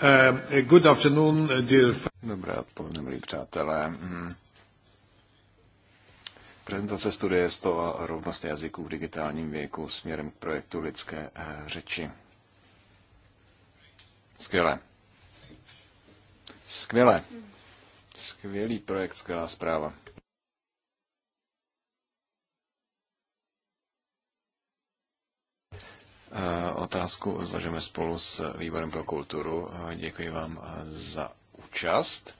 Eh, good afternoon, eh, dear... Dobré odpoledne, milí přátelé. Hmm. Prezentace studie 100 a rovnost jazyků v digitálním věku směrem k projektu lidské eh, řeči. Skvělé. Skvělé. Skvělý projekt, skvělá zpráva. Eh, otázku zvažujeme spolu s Výborem pro kulturu. Eh, děkuji vám eh, za účast.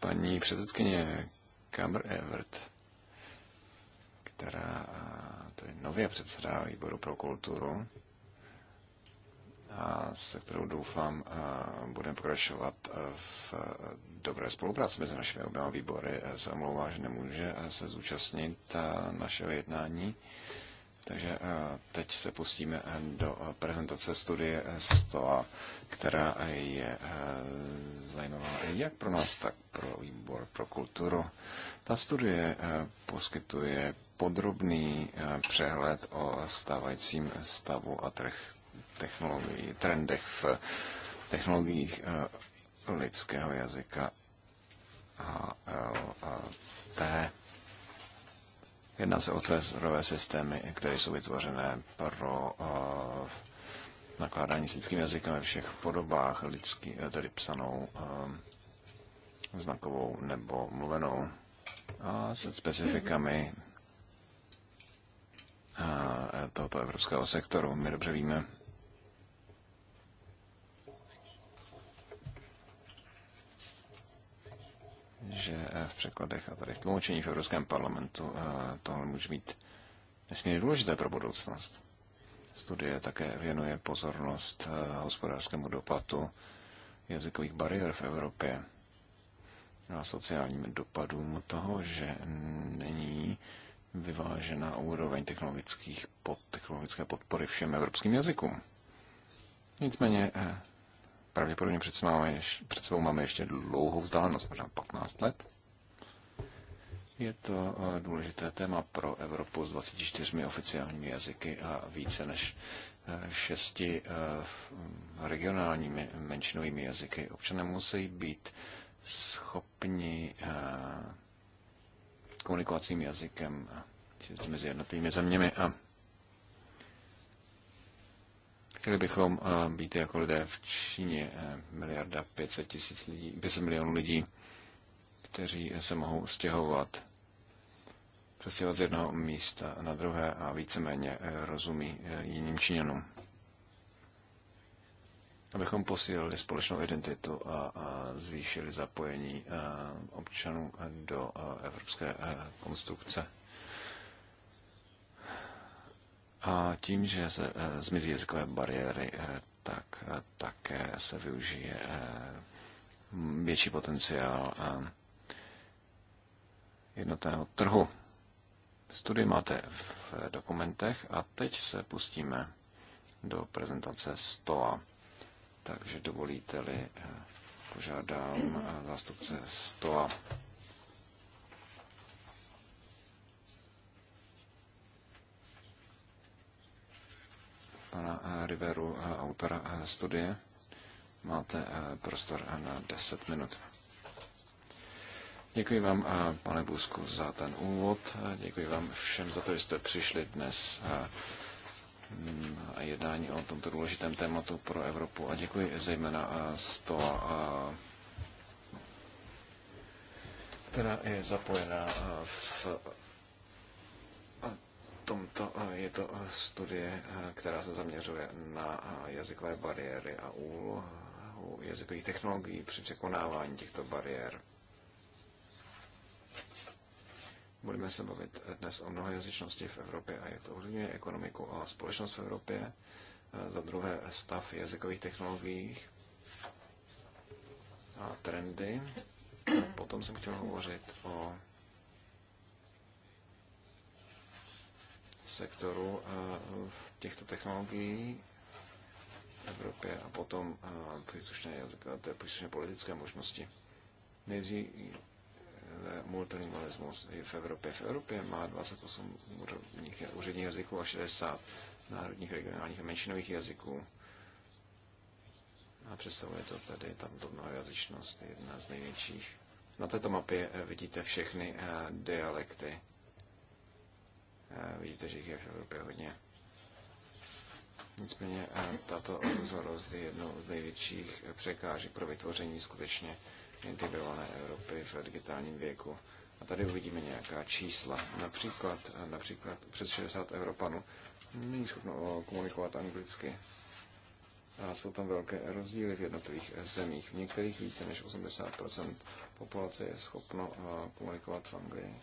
Paní předsedkyně Kamr Evert, která to je nově předseda Výboru pro kulturu, se kterou doufám budeme pokračovat v dobré spolupráci mezi našimi oběma výbory. Se omlouvá, že nemůže se zúčastnit našeho jednání. Takže teď se pustíme do prezentace studie STOA, která je zajímavá jak pro nás, tak pro výbor pro kulturu. Ta studie poskytuje podrobný přehled o stávajícím stavu a trh technologií, trendech v technologiích eh, lidského jazyka a HLT. Jedná se o tvorové systémy, které jsou vytvořené pro eh, nakládání s lidským jazykem ve všech podobách, lidský, eh, tedy psanou, znakovou nebo mluvenou a se specifikami tohoto evropského sektoru. My dobře víme, že eh, v překladech a tady v tlumočení v Evropském parlamentu eh, tohle může být nesmírně důležité pro budoucnost. Studie také věnuje pozornost eh, hospodářskému dopadu jazykových bariér v Evropě a sociálním dopadům toho, že není vyvážená úroveň technologických pod, technologické podpory všem evropským jazykům. Nicméně pravděpodobně před sebou, máme, před sebou máme ještě dlouhou vzdálenost, možná 15 let. Je to eh, důležité téma pro Evropu s 24 oficiálními jazyky a více než eh, šesti eh, mm, regionálními menšinovými jazyky. Občané musí být schopni komunikovacím jazykem mezi jednotlivými zeměmi a Chtěli bychom eh, být jako lidé v Číně eh, miliarda 500, tisíc lidí, 500 milionů lidí, kteří se mohou stěhovat přestěhovat z jednoho místa na druhé a víceméně eh, rozumí jiným Číňanům. Abychom posílili společnou identitu a, a zvýšili zapojení občanů do evropské konstrukce. A tím, že se eh, zmizí jazykové bariéry, eh, tak eh, také se využije větší potenciál jednotného trhu. Studie máte v dokumentech a teď se pustíme do prezentace STOA. Takže dovolíte-li, požádám zástupce STOA. pana eh, Riveru, eh, autora eh, studie. Máte prostor na 10 minut. Děkuji vám, pane Bůzku, za ten úvod. Děkuji vám všem za to, že jste přišli dnes a jednání o tomto důležitém tématu pro Evropu. A děkuji zejména z toho, která je zapojená v tomto eh, je to eh, studie, eh, která se zaměřuje na jazykové bariéry a úlohu jazykových technologií při překonávání těchto bariér. Budeme se bavit dnes o mnohojazyčnosti v Evropě a jak to ovlivňuje ekonomiku a společnost v Evropě. Za druhé stav jazykových technologií a trendy. A potom jsem chtěl hovořit o sektoru eh, těchto technologií v Evropě a potom eh, příslušné, jazykové, příslušné politické možnosti. Nejdřív eh, multilingualismus i v Evropě. V Evropě má 28 úředních, jazyků a 60 národních, regionálních a menšinových jazyků. A představuje to tady tamto jazyčnost jedna z největších. Na této mapě vidíte všechny dialekty Eh, vidíte, že jich je v Evropě hodně. Nicméně eh, tato různorodost je jednou z největších eh, překážek pro vytvoření skutečně integrované Evropy v digitálním věku. A tady uvidíme nějaká čísla. Například, například přes 60 Evropanů není schopno komunikovat anglicky. A jsou tam velké rozdíly v jednotlivých zemích. V některých více než 80% populace je schopno komunikovat v Anglii,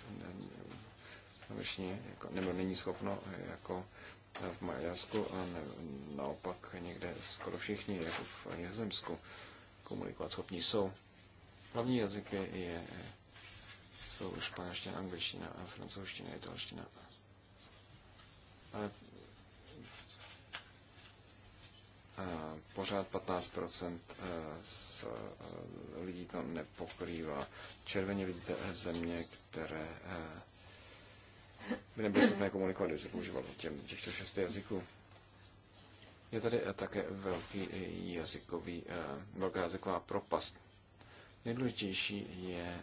Většině, jako, nebo není schopno jako v Maďarsku a ne, naopak někde skoro všichni, jako v Jezemsku, komunikovat schopní jsou. Hlavní jazyky je, jsou španělština, angličtina a francouzština, italština. Ale a pořád 15% e, z e, lidí to nepokrývá. Červeně vidíte e, země, které by nebyly schopné komunikovat, kdyby se používalo těm, těchto šesti jazyků. Je tady eh, také velký eh, jazykový, eh, velká jazyková propast. Nejdůležitější je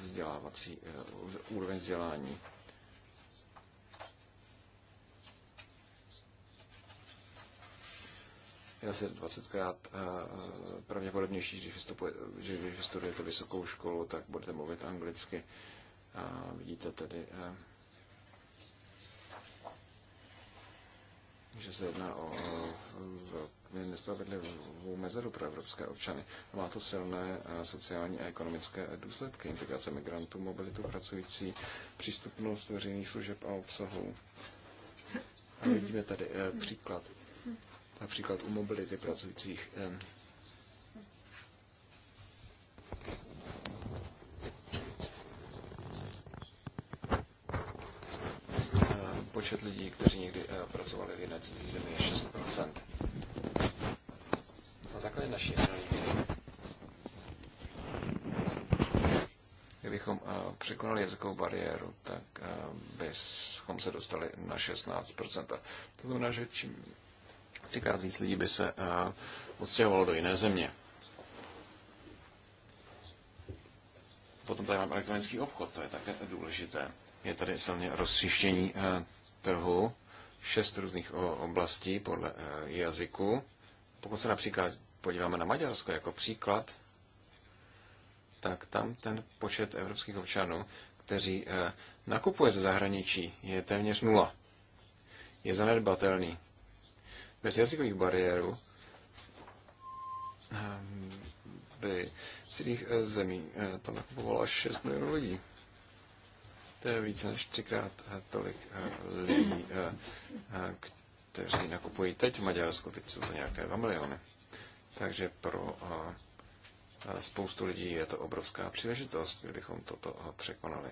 vzdělávací, úroveň vzdělání. je asi 20krát pravděpodobnější, když, vystupuje, že když vystudujete vysokou školu, tak budete mluvit anglicky. A vidíte tedy, eh, že se jedná o velmi nespravedlivou mezeru pro evropské občany. Má to silné eh, sociální a ekonomické důsledky. Integrace migrantů, mobilitu pracující, přístupnost veřejných služeb a obsahu. A vidíme tady eh, příklad, například u mobility pracujících počet lidí, kteří někdy eh, pracovali v jiné zemi, je 6%. Na základě naší analýzy, kdybychom eh, překonali jazykovou bariéru, tak eh, bychom se dostali na 16%. To znamená, že čím třikrát víc lidí by se odstěhovalo do jiné země. Potom tady máme elektronický obchod, to je také důležité. Je tady silně rozšíření trhu šest různých oblastí podle e, jazyku. Pokud se například podíváme na Maďarsko jako příklad, tak tam ten počet evropských občanů, kteří e, nakupuje ze zahraničí, je téměř nula. Je zanedbatelný. Bez jazykových bariérů e, by z jiných zemí to nakupovalo až 6 milionů lidí. To je více než třikrát eh, tolik eh, lidí, eh, kteří nakupují teď v Maďarsku, teď jsou to nějaké 2 miliony. Takže pro spoustu lidí je to obrovská příležitost, kdybychom toto překonali.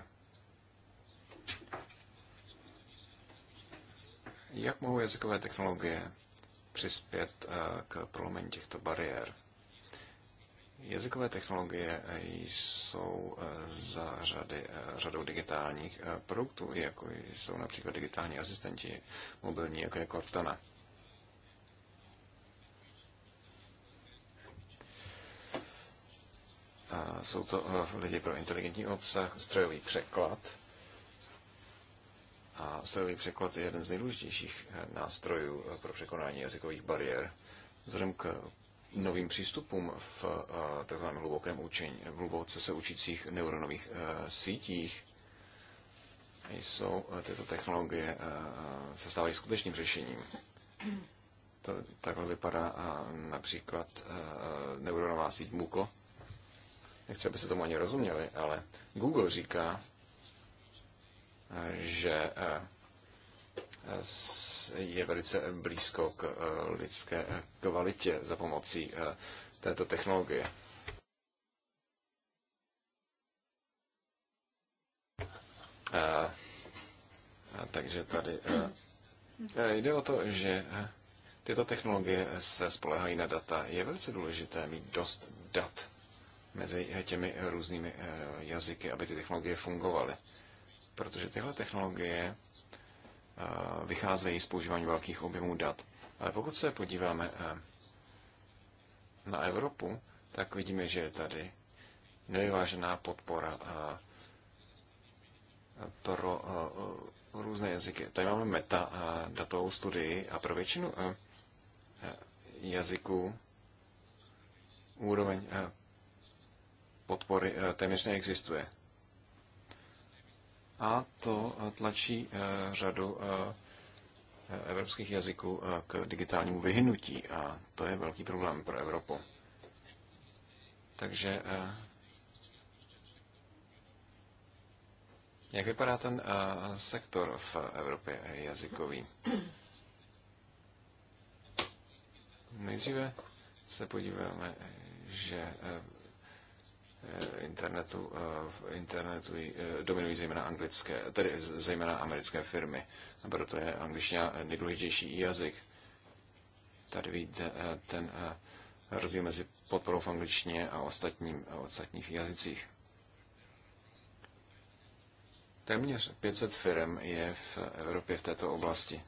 Jak mohou jazykové technologie přispět k prolomení těchto bariér? Jazykové technologie jsou eh, za řady, eh, řadou digitálních eh, produktů, jako jsou například digitální asistenti mobilní, jako je Cortana. A jsou to lidi pro inteligentní obsah, strojový překlad. A strojový překlad je jeden z nejdůležitějších nástrojů pro překonání jazykových bariér. Vzhledem k novým přístupům v eh, tzv. hlubokém učení, v hluboce se učících neuronových eh, sítích, jsou eh, tyto technologie, se stávají skutečným řešením. To, takhle vypadá například neuronová síť MUCO. Nechci, aby se tomu ani rozuměli, ale Google říká, že je velice blízko k eh, lidské eh, kvalitě za pomocí eh, této technologie. Takže tady jde o to, že tyto technologie se spolehají na data. Je velice důležité mít dost dat mezi těmi různými jazyky, aby ty technologie fungovaly. Protože tyhle technologie Eh, vycházejí z používání velkých objemů dat. Ale pokud se podíváme eh, na Evropu, tak vidíme, že je tady nevyvážená podpora eh, pro různé jazyky. Tady máme meta datovou studii a pro většinu jazyků úroveň podpory téměř neexistuje a to tlačí eh, řadu eh, evropských jazyků eh, k digitálnímu vyhnutí a to je velký problém pro Evropu. Takže jak vypadá ten sektor v Evropě jazykový? Nejdříve se podíváme, že Eh, internetu, eh, v internetu eh, dominují zejména anglické, tedy zejména americké firmy. A proto je angličtina nejdůležitější jazyk. Tady vidíte ten rozdíl mezi podporou v angličtině a ostatním, ostatních jazycích. Téměř 500 firm je v Evropě v této oblasti.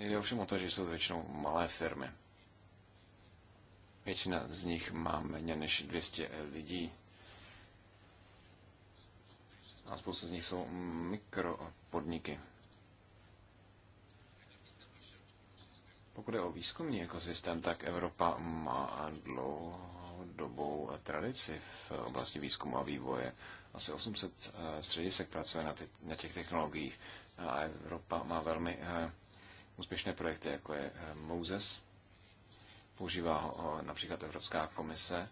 Jde ovšem o to, že jsou to většinou malé firmy. Většina z nich má méně než 200 lidí. A spousta z nich jsou mikropodniky. Pokud je o výzkumný ekosystém, tak Evropa má dlouhodobou tradici v oblasti výzkumu a vývoje. Asi 800 středisek pracuje na, na těch technologiích a Evropa má velmi eh, úspěšné projekty, jako je eh, MOSES. Používá ho eh, například Evropská komise,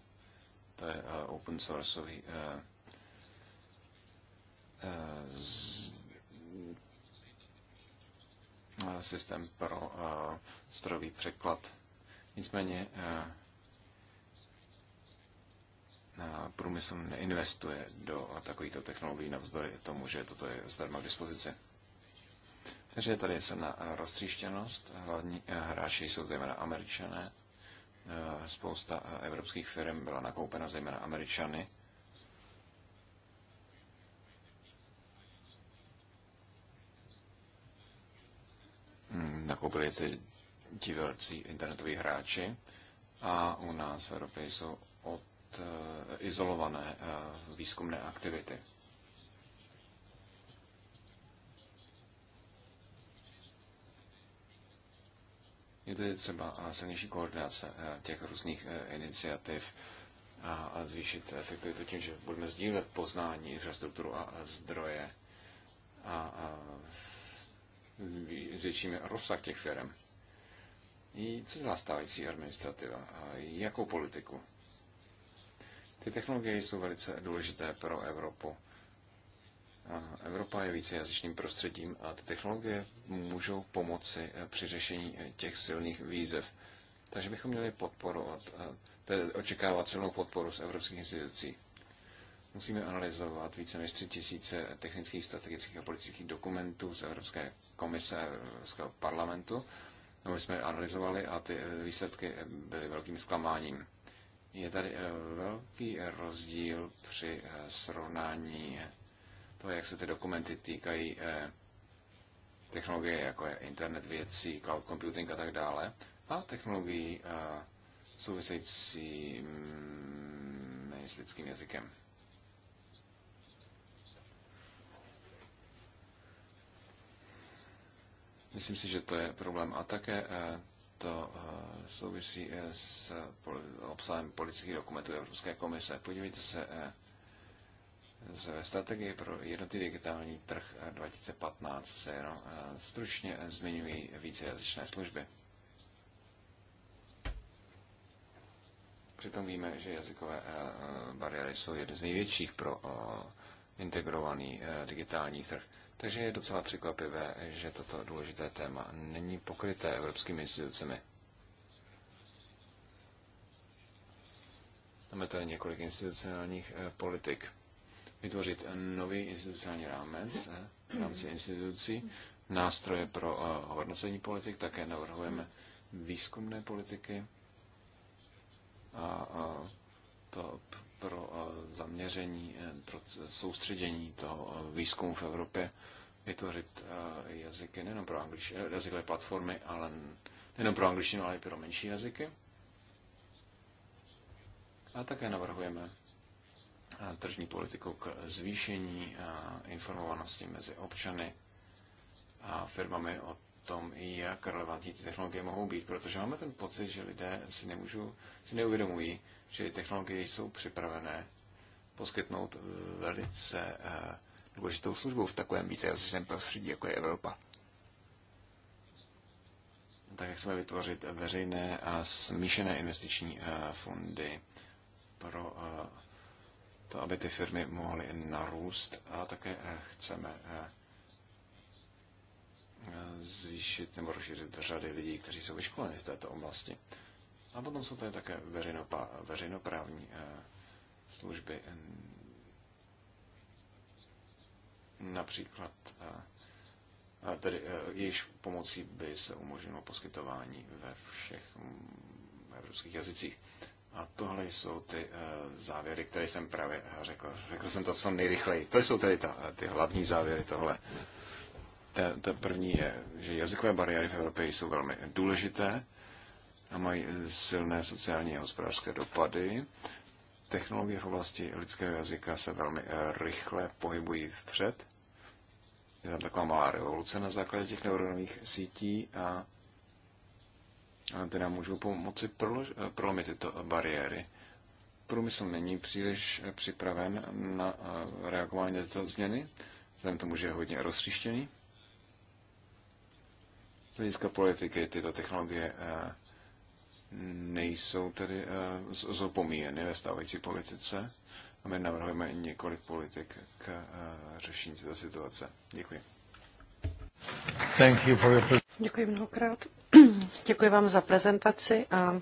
to je eh, open source systém pro strojový překlad. Nicméně průmysl neinvestuje do takovýchto technologií navzdory tomu, že toto je zdarma k dispozici. Takže tady je silná roztříštěnost. Hlavní eh, hráči jsou zejména američané. Eh, spousta eh, evropských firm byla nakoupena zejména američany. Hmm, nakoupili ty ti velcí internetoví hráči a u nás v Evropě jsou od izolované výzkumné aktivity. Je tedy třeba silnější koordinace eh, těch různých eh, iniciativ a zvýšit efektivitu tím, že budeme sdílet poznání, infrastrukturu a zdroje a řešíme rozsah těch firm. I co dělá stávající administrativa? Jakou politiku? Ty technologie jsou velice důležité pro Evropu Evropa je více jazyčným prostředím a ty technologie můžou pomoci eh, při řešení eh, těch silných výzev. Takže bychom měli podporovat, eh, tedy očekávat silnou podporu z evropských institucí. Musíme analyzovat více než 3 tisíce technických, strategických a politických dokumentů z Evropské komise a Evropského parlamentu. My jsme je analyzovali a ty výsledky byly velkým zklamáním. Je tady velký rozdíl při srovnání to, jak se ty dokumenty týkají eh, technologie, jako je internet věcí, cloud computing a tak dále, a technologií eh, související mm, s lidským jazykem. Myslím si, že to je problém. A také eh, to souvisí s obsahem politických dokumentů Evropské komise. Podívejte se ve strategii pro jednotný digitální trh 2015 se jenom eh, stručně zmiňují jazyčné služby. Přitom víme, že jazykové eh, bariéry jsou jeden z největších pro eh, integrovaný digitální trh. Takže je docela překvapivé, že toto důležité téma není pokryté evropskými institucemi. Máme tady několik institucionálních politik vytvořit nový institucionální rámec eh, v rámci institucí, nástroje pro eh, hodnocení politik, také navrhujeme výzkumné politiky a to pro eh, zaměření, pro soustředění toho výzkumu v Evropě, vytvořit jazyky nejen pro angličtinu, jazykové platformy, ale nejen pro angličtinu, ale i pro menší jazyky. A také navrhujeme tržní politikou k zvýšení informovanosti mezi občany a firmami o tom, jak relevantní ty technologie mohou být, protože máme ten pocit, že lidé si, nemůžu, si neuvědomují, že technologie jsou připravené poskytnout velice důležitou službu v takovém jazyčném prostředí, jako je Evropa. Tak chceme vytvořit veřejné a smíšené investiční fondy pro to, aby ty firmy mohly narůst a také eh, chceme eh, zvýšit nebo rozšířit řady lidí, kteří jsou vyškoleni v této oblasti. A potom jsou tady také veřejnoprávní eh, služby, například tedy jejíž pomocí by se umožnilo poskytování ve všech mm, evropských jazycích. A tohle jsou ty eh, závěry, které jsem právě řekl. Řekl jsem to co nejrychleji. To jsou tedy ta, ty hlavní závěry tohle. Ta, ta první je, že jazykové bariéry v Evropě jsou velmi důležité a mají silné sociální a hospodářské dopady. Technologie v oblasti lidského jazyka se velmi eh, rychle pohybují vpřed. Je tam taková malá revoluce na základě těch neuronových sítí a ty nám můžou pomoci prolož, eh, prolomit tyto bariéry. Průmysl není příliš eh, připraven na eh, reagování na tyto změny, vzhledem tomu, že je hodně rozstříštěný. Z hlediska politiky tyto technologie nejsou tedy zopomíjeny ve stávající politice a my navrhujeme několik politik k řešení této situace. Děkuji. Thank you for your... Děkuji mnohokrát Děkuji vám za prezentaci a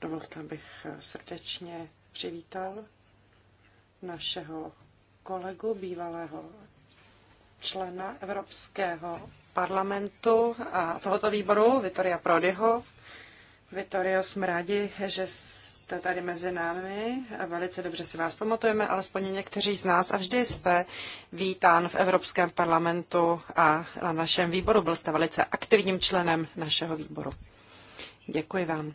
dovolte, abych srdečně přivítal našeho kolegu, bývalého člena Evropského parlamentu a tohoto výboru, Vitoria Prodyho. Vitorio, jsme rádi, že tady mezi námi. Velice dobře si vás pamatujeme, alespoň někteří z nás. A vždy jste vítán v Evropském parlamentu a na našem výboru. Byl jste velice aktivním členem našeho výboru. Děkuji vám.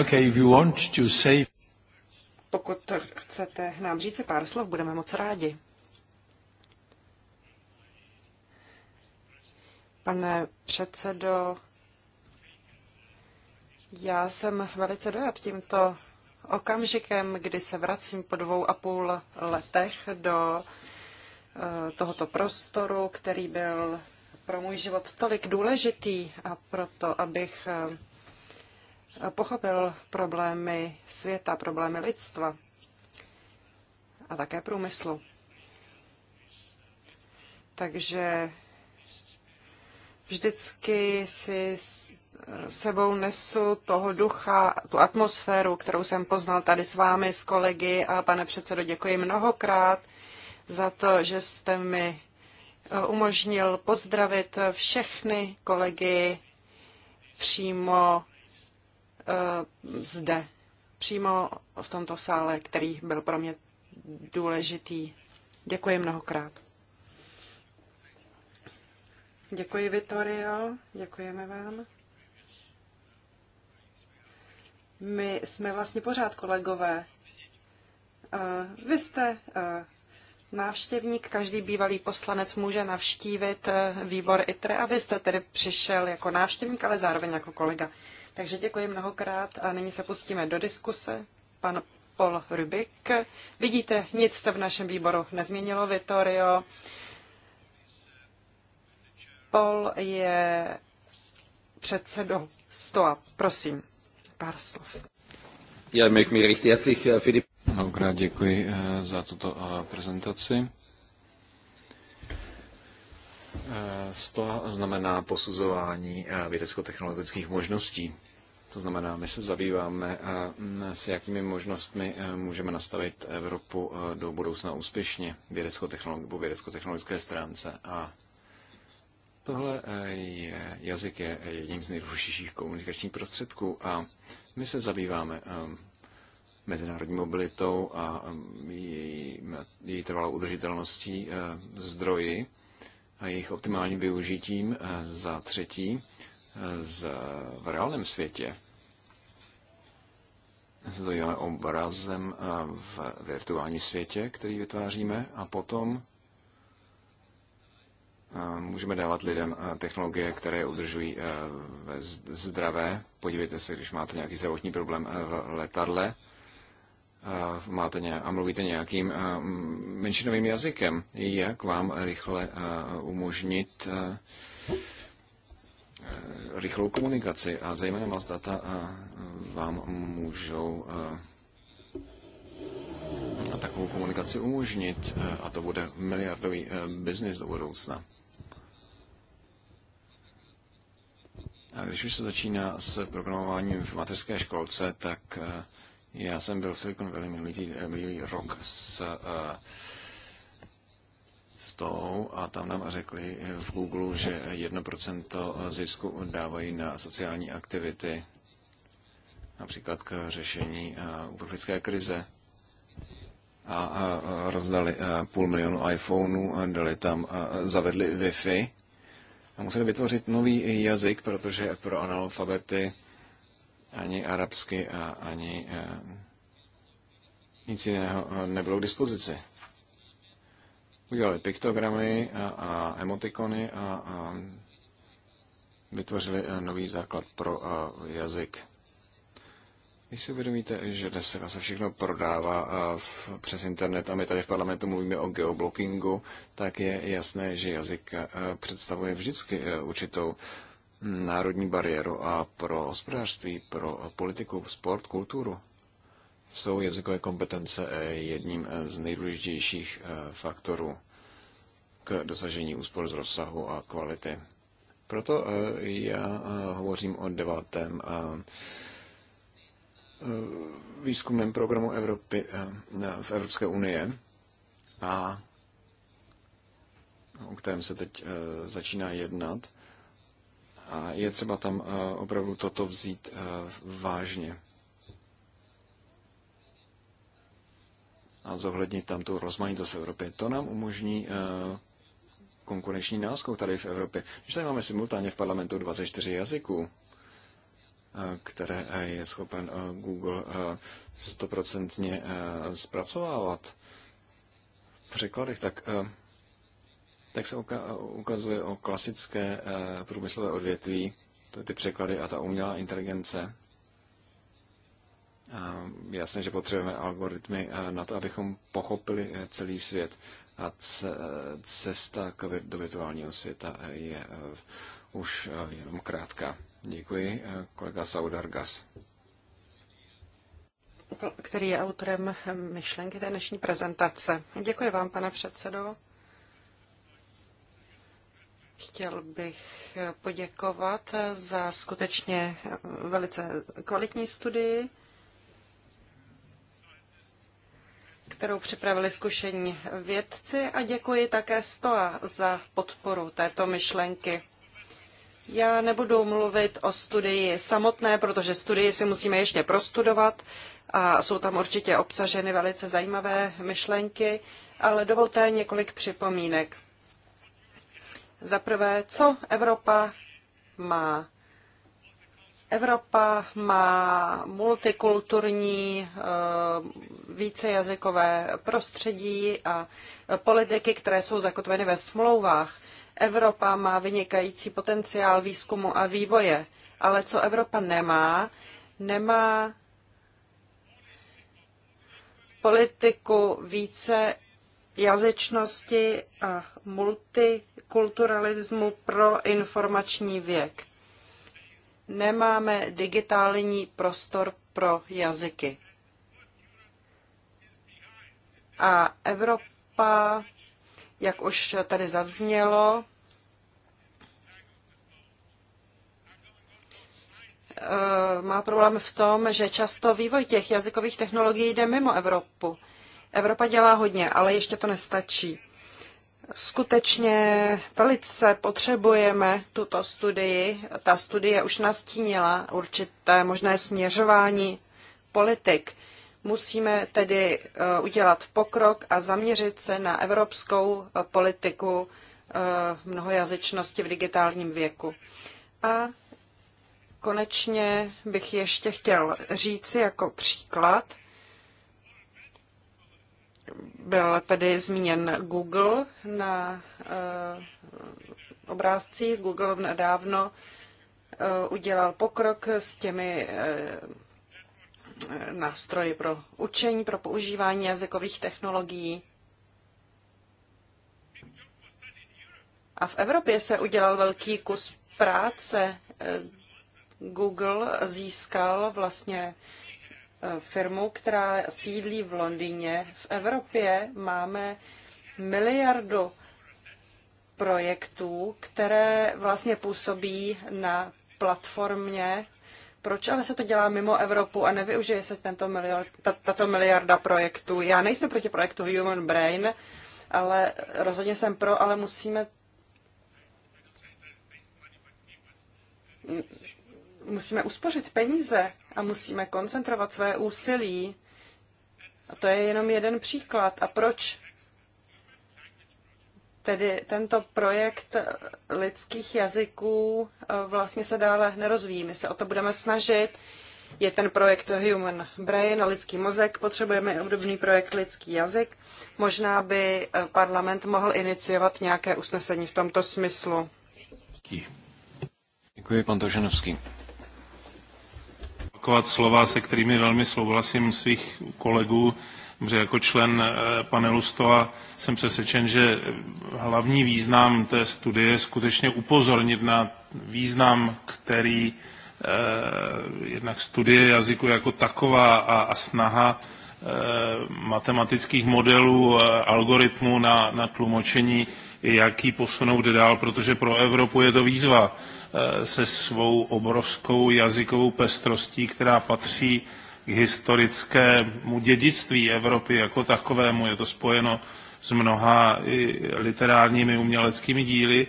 Okay, if you want to say... Pokud chcete nám říct pár slov, budeme moc rádi. Pane předsedo, já jsem velice dojat tímto okamžikem, kdy se vracím po dvou a půl letech do eh, tohoto prostoru, který byl pro můj život tolik důležitý a proto, abych eh, pochopil problémy světa, problémy lidstva a také průmyslu. Takže vždycky si sebou nesu toho ducha, tu atmosféru, kterou jsem poznal tady s vámi, s kolegy a pane předsedo, děkuji mnohokrát za to, že jste mi eh, umožnil pozdravit všechny kolegy přímo eh, zde, přímo v tomto sále, který byl pro mě důležitý. Děkuji mnohokrát. Děkuji, Vittorio. Děkujeme vám. My jsme vlastně pořád kolegové. Eh, vy jste eh, návštěvník, každý bývalý poslanec může navštívit eh, výbor ITRE a vy jste tedy přišel jako návštěvník, ale zároveň jako kolega. Takže děkuji mnohokrát a nyní se pustíme do diskuse. Pan Paul Rubik. Vidíte, nic se v našem výboru nezměnilo, Vittorio. Pol je předsedou STOA. Prosím, pár slov. Já bych mi recht jacích, eh, Filip. Mnohokrát děkuji eh, za tuto eh, prezentaci. STOA znamená posuzování vědecko-technologických možností. To znamená, my se zabýváme, s jakými možnostmi můžeme nastavit Evropu do budoucna úspěšně vědecko-technologické stránce a Tohle eh, je, jazyk je eh, jedním z nejdůležitějších komunikačních prostředků a my se zabýváme ehm, mezinárodní mobilitou a ehm, její, její trvalou udržitelností eh, zdroji a jejich optimálním využitím za třetí v reálném světě. Se to obrazem v virtuální světě, který vytváříme a potom můžeme dávat lidem eh, technologie, které udržují eh, zdravé. Podívejte se, když máte nějaký zdravotní problém eh, v letadle máte a mluvíte nějakým menšinovým jazykem, jak vám rychle umožnit rychlou komunikaci a zejména vás data vám můžou takovou komunikaci umožnit a to bude miliardový biznis do budoucna. A když už se začíná s programováním v mateřské školce, tak eh, já jsem byl v Silicon Valley minulý, eh, minulý rok s, eh, s tou a tam nám řekli v Google, že 1% zisku dávají na sociální aktivity, například k řešení uprchlické krize a rozdali půl milionu iPhoneů, dali tam, zavedli Wi-Fi a museli vytvořit nový jazyk, protože pro analfabety ani arabsky a ani eh, nic jiného eh, nebylo k dispozici. Udělali piktogramy a, a emotikony a, a vytvořili eh, nový základ pro a, jazyk. Když si uvědomíte, že dnes se všechno prodává a eh, v, přes internet a my tady v parlamentu mluvíme o geoblockingu, tak je jasné, že jazyk eh, představuje vždycky eh, určitou hm, národní bariéru a pro hospodářství, pro politiku, sport, kulturu jsou jazykové kompetence jedním z nejdůležitějších faktorů k dosažení úspor z rozsahu a kvality. Proto já hovořím o devátém Eh, výzkumném programu Evropy, eh, v Evropské unie a o kterém se teď eh, začíná jednat. A je třeba tam opravdu toto vzít vážně. A zohlednit tam tu rozmanitost v Evropě. To nám umožní konkurenční náskok tady v Evropě. Když tady máme simultánně v parlamentu 24 jazyků, které je schopen Google stoprocentně zpracovávat v překladech, tak, tak se ukazuje o klasické průmyslové odvětví, to ty překlady a ta umělá inteligence. Jasně, že potřebujeme algoritmy na to, abychom pochopili e, celý svět a e, cesta do virtuálního světa je e, už jenom krátká. Děkuji. Eh, kolega Saudargas který je autorem myšlenky té dnešní prezentace. Děkuji vám, pane předsedo. Chtěl bych poděkovat za skutečně velice kvalitní studii, kterou připravili zkušení vědci a děkuji také STOA za podporu této myšlenky. Já nebudu mluvit o studii samotné, protože studii si musíme ještě prostudovat a jsou tam určitě obsaženy velice zajímavé myšlenky, ale dovolte několik připomínek. Za prvé, co Evropa má? Evropa má multikulturní, eh, vícejazykové prostředí a politiky, které jsou zakotveny ve smlouvách. Evropa má vynikající potenciál výzkumu a vývoje, ale co Evropa nemá, nemá politiku více jazyčnosti a multikulturalismu pro informační věk. Nemáme digitální prostor pro jazyky. A Evropa jak už tady zaznělo, eh, má problém v tom, že často vývoj těch jazykových technologií jde mimo Evropu. Evropa dělá hodně, ale ještě to nestačí. Skutečně velice potřebujeme tuto studii. Ta studie už nastínila určité možné směřování politik. Musíme tedy eh, udělat pokrok a zaměřit se na evropskou eh, politiku eh, mnohojazyčnosti v digitálním věku. A konečně bych ještě chtěl říci jako příklad, byl tedy zmíněn Google na obrázcích. Google nedávno udělal pokrok s těmi nástroji pro učení, pro používání jazykových technologií. A v Evropě se udělal velký kus práce. Google získal vlastně eh, firmu, která sídlí v Londýně. V Evropě máme miliardu projektů, které vlastně působí na platformě proč ale se to dělá mimo Evropu a nevyužije se tento miliard, tato miliarda projektů? Já nejsem proti projektu Human Brain, ale rozhodně jsem pro, ale musíme musíme uspořit peníze a musíme koncentrovat své úsilí. A to je jenom jeden příklad. A proč Tedy tento projekt lidských jazyků eh, vlastně se dále nerozvíjí. My se o to budeme snažit. Je ten projekt Human Brain, lidský mozek, potřebujeme obdobný projekt lidský jazyk. Možná by eh, parlament mohl iniciovat nějaké usnesení v tomto smyslu. Děkuji, pan Toženovský. Opakovat slova, se kterými velmi souhlasím svých kolegů protože jako člen eh, panelu STOA jsem přesvědčen, že hlavní význam té studie je skutečně upozornit na význam, který eh, jednak studie jazyku jako taková a, a snaha eh, matematických modelů, algoritmů na, na tlumočení, jak ji posunout dál, protože pro Evropu je to výzva se svou obrovskou jazykovou pestrostí, která patří k historickému dědictví Evropy jako takovému. Je to spojeno s mnoha literárními uměleckými díly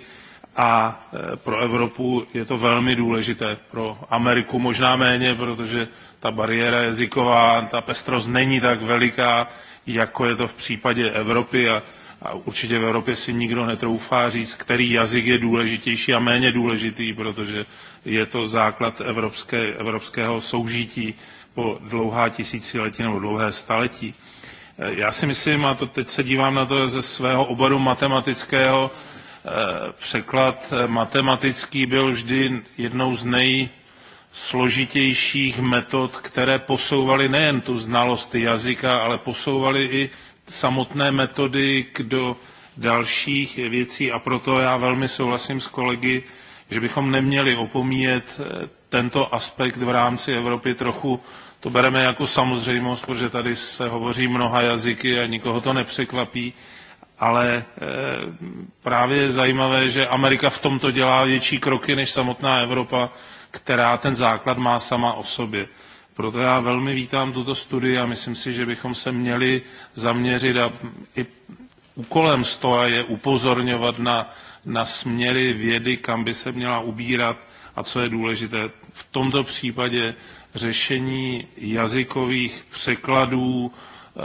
a e, pro Evropu je to velmi důležité. Pro Ameriku možná méně, protože ta bariéra jazyková, ta pestrost není tak veliká, jako je to v případě Evropy a, a určitě v Evropě si nikdo netroufá říct, který jazyk je důležitější a méně důležitý, protože je to základ evropské, evropského soužití po dlouhá tisíciletí nebo dlouhé staletí. E, já si myslím, a to teď se dívám na to ze svého oboru matematického, e, překlad e, matematický byl vždy jednou z nejsložitějších metod, které posouvaly nejen tu znalost jazyka, ale posouvaly i samotné metody k do dalších věcí a proto já velmi souhlasím s kolegy, že bychom neměli opomíjet tento aspekt v rámci Evropy trochu to bereme jako samozřejmost, protože tady se hovoří mnoha jazyky a nikoho to nepřekvapí, ale e, právě je zajímavé, že Amerika v tomto dělá větší kroky než samotná Evropa, která ten základ má sama o sobě. Proto já velmi vítám tuto studii a myslím si, že bychom se měli zaměřit a i úkolem toho je upozorňovat na, na směry vědy, kam by se měla ubírat a co je důležité. V tomto případě řešení jazykových překladů, eh,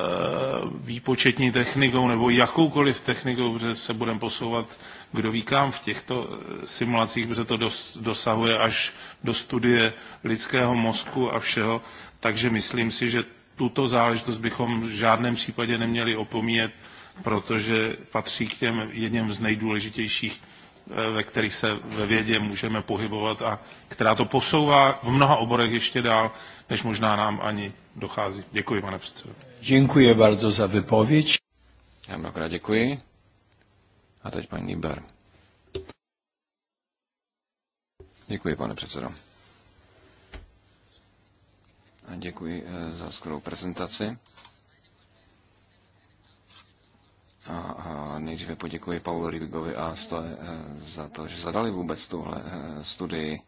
výpočetní technikou nebo jakoukoliv technikou, protože se budeme posouvat kdo ví kam v těchto eh, simulacích, protože to dos, dosahuje až do studie lidského mozku a všeho. Takže myslím si, že tuto záležitost bychom v žádném případě neměli opomíjet, protože patří k těm jedním z nejdůležitějších Eh, ve kterých se ve vědě můžeme pohybovat a která to posouvá v mnoha oborech ještě dál, než možná nám ani dochází. Děkuji, pane předsedo. Děkuji bardzo za vypověď. Já mnohokrát děkuji. A teď paní Niber. Děkuji, pane předsedo. A děkuji eh, za skvělou prezentaci. A, a nejdříve poděkuji Paulu Rivigovi a Stoje eh, za to, že zadali vůbec tuhle eh, studii.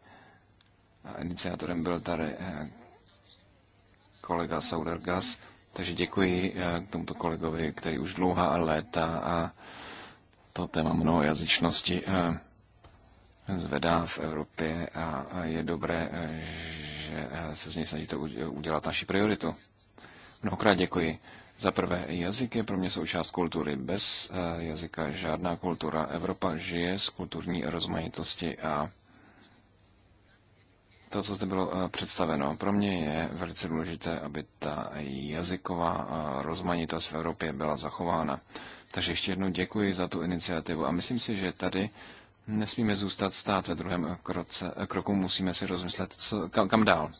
Iniciátorem byl tady eh, kolega Saudergas, takže děkuji tomuto kolegovi, který už dlouhá léta a to téma mnoho jazyčnosti zvedá v Evropě a je dobré, že se z něj snaží to udělat naši prioritu. Mnohokrát děkuji. Za prvé, jazyk je pro mě součást kultury. Bez eh, jazyka žádná kultura. Evropa žije z kulturní rozmanitosti a to, co zde bylo eh, představeno, pro mě je velice důležité, aby ta jazyková eh, rozmanitost v Evropě byla zachována. Takže ještě jednou děkuji za tu iniciativu a myslím si, že tady nesmíme zůstat stát ve druhém kroce, kroku, musíme si rozmyslet, co, kam, kam dál.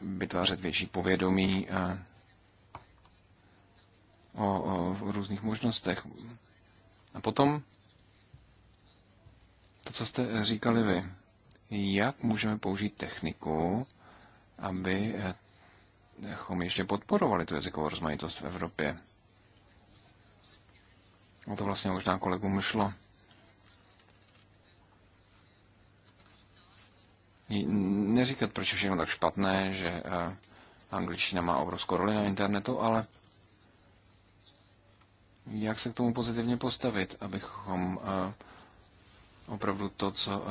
Vytvářet větší povědomí. A o, o různých možnostech. A potom to, co jste říkali vy, jak můžeme použít techniku, aby abychom eh, ještě podporovali tu jazykovou rozmanitost v Evropě. O to vlastně možná kolegům šlo. Neříkat, proč je všechno tak špatné, že eh, angličtina má obrovskou roli na internetu, ale jak se k tomu pozitivně postavit, abychom eh, opravdu to, co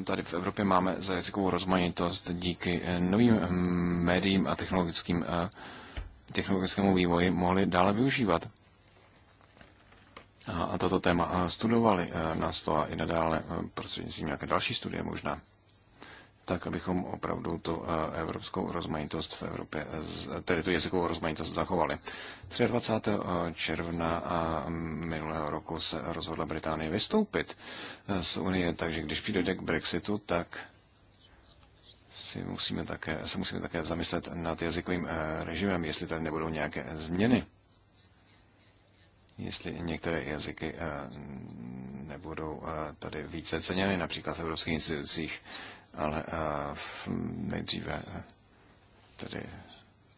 eh, tady v Evropě máme za jazykovou rozmanitost díky eh, novým médiím a technologickým, technologickému vývoji, mohli dále využívat. A toto téma studovali na to a i nadále prostřednictvím nějaké další studie možná tak abychom opravdu tu eh, evropskou rozmanitost v Evropě, eh, tedy tu jazykovou rozmanitost zachovali. 23. Eh, června minulého roku se rozhodla Británie vystoupit z Unie, takže když přijde k Brexitu, tak si musíme také, se musíme také zamyslet nad jazykovým režimem, jestli tady nebudou nějaké změny. Jestli některé jazyky nebudou tady více ceněny, například v evropských institucích ale eh, nejdříve eh, tedy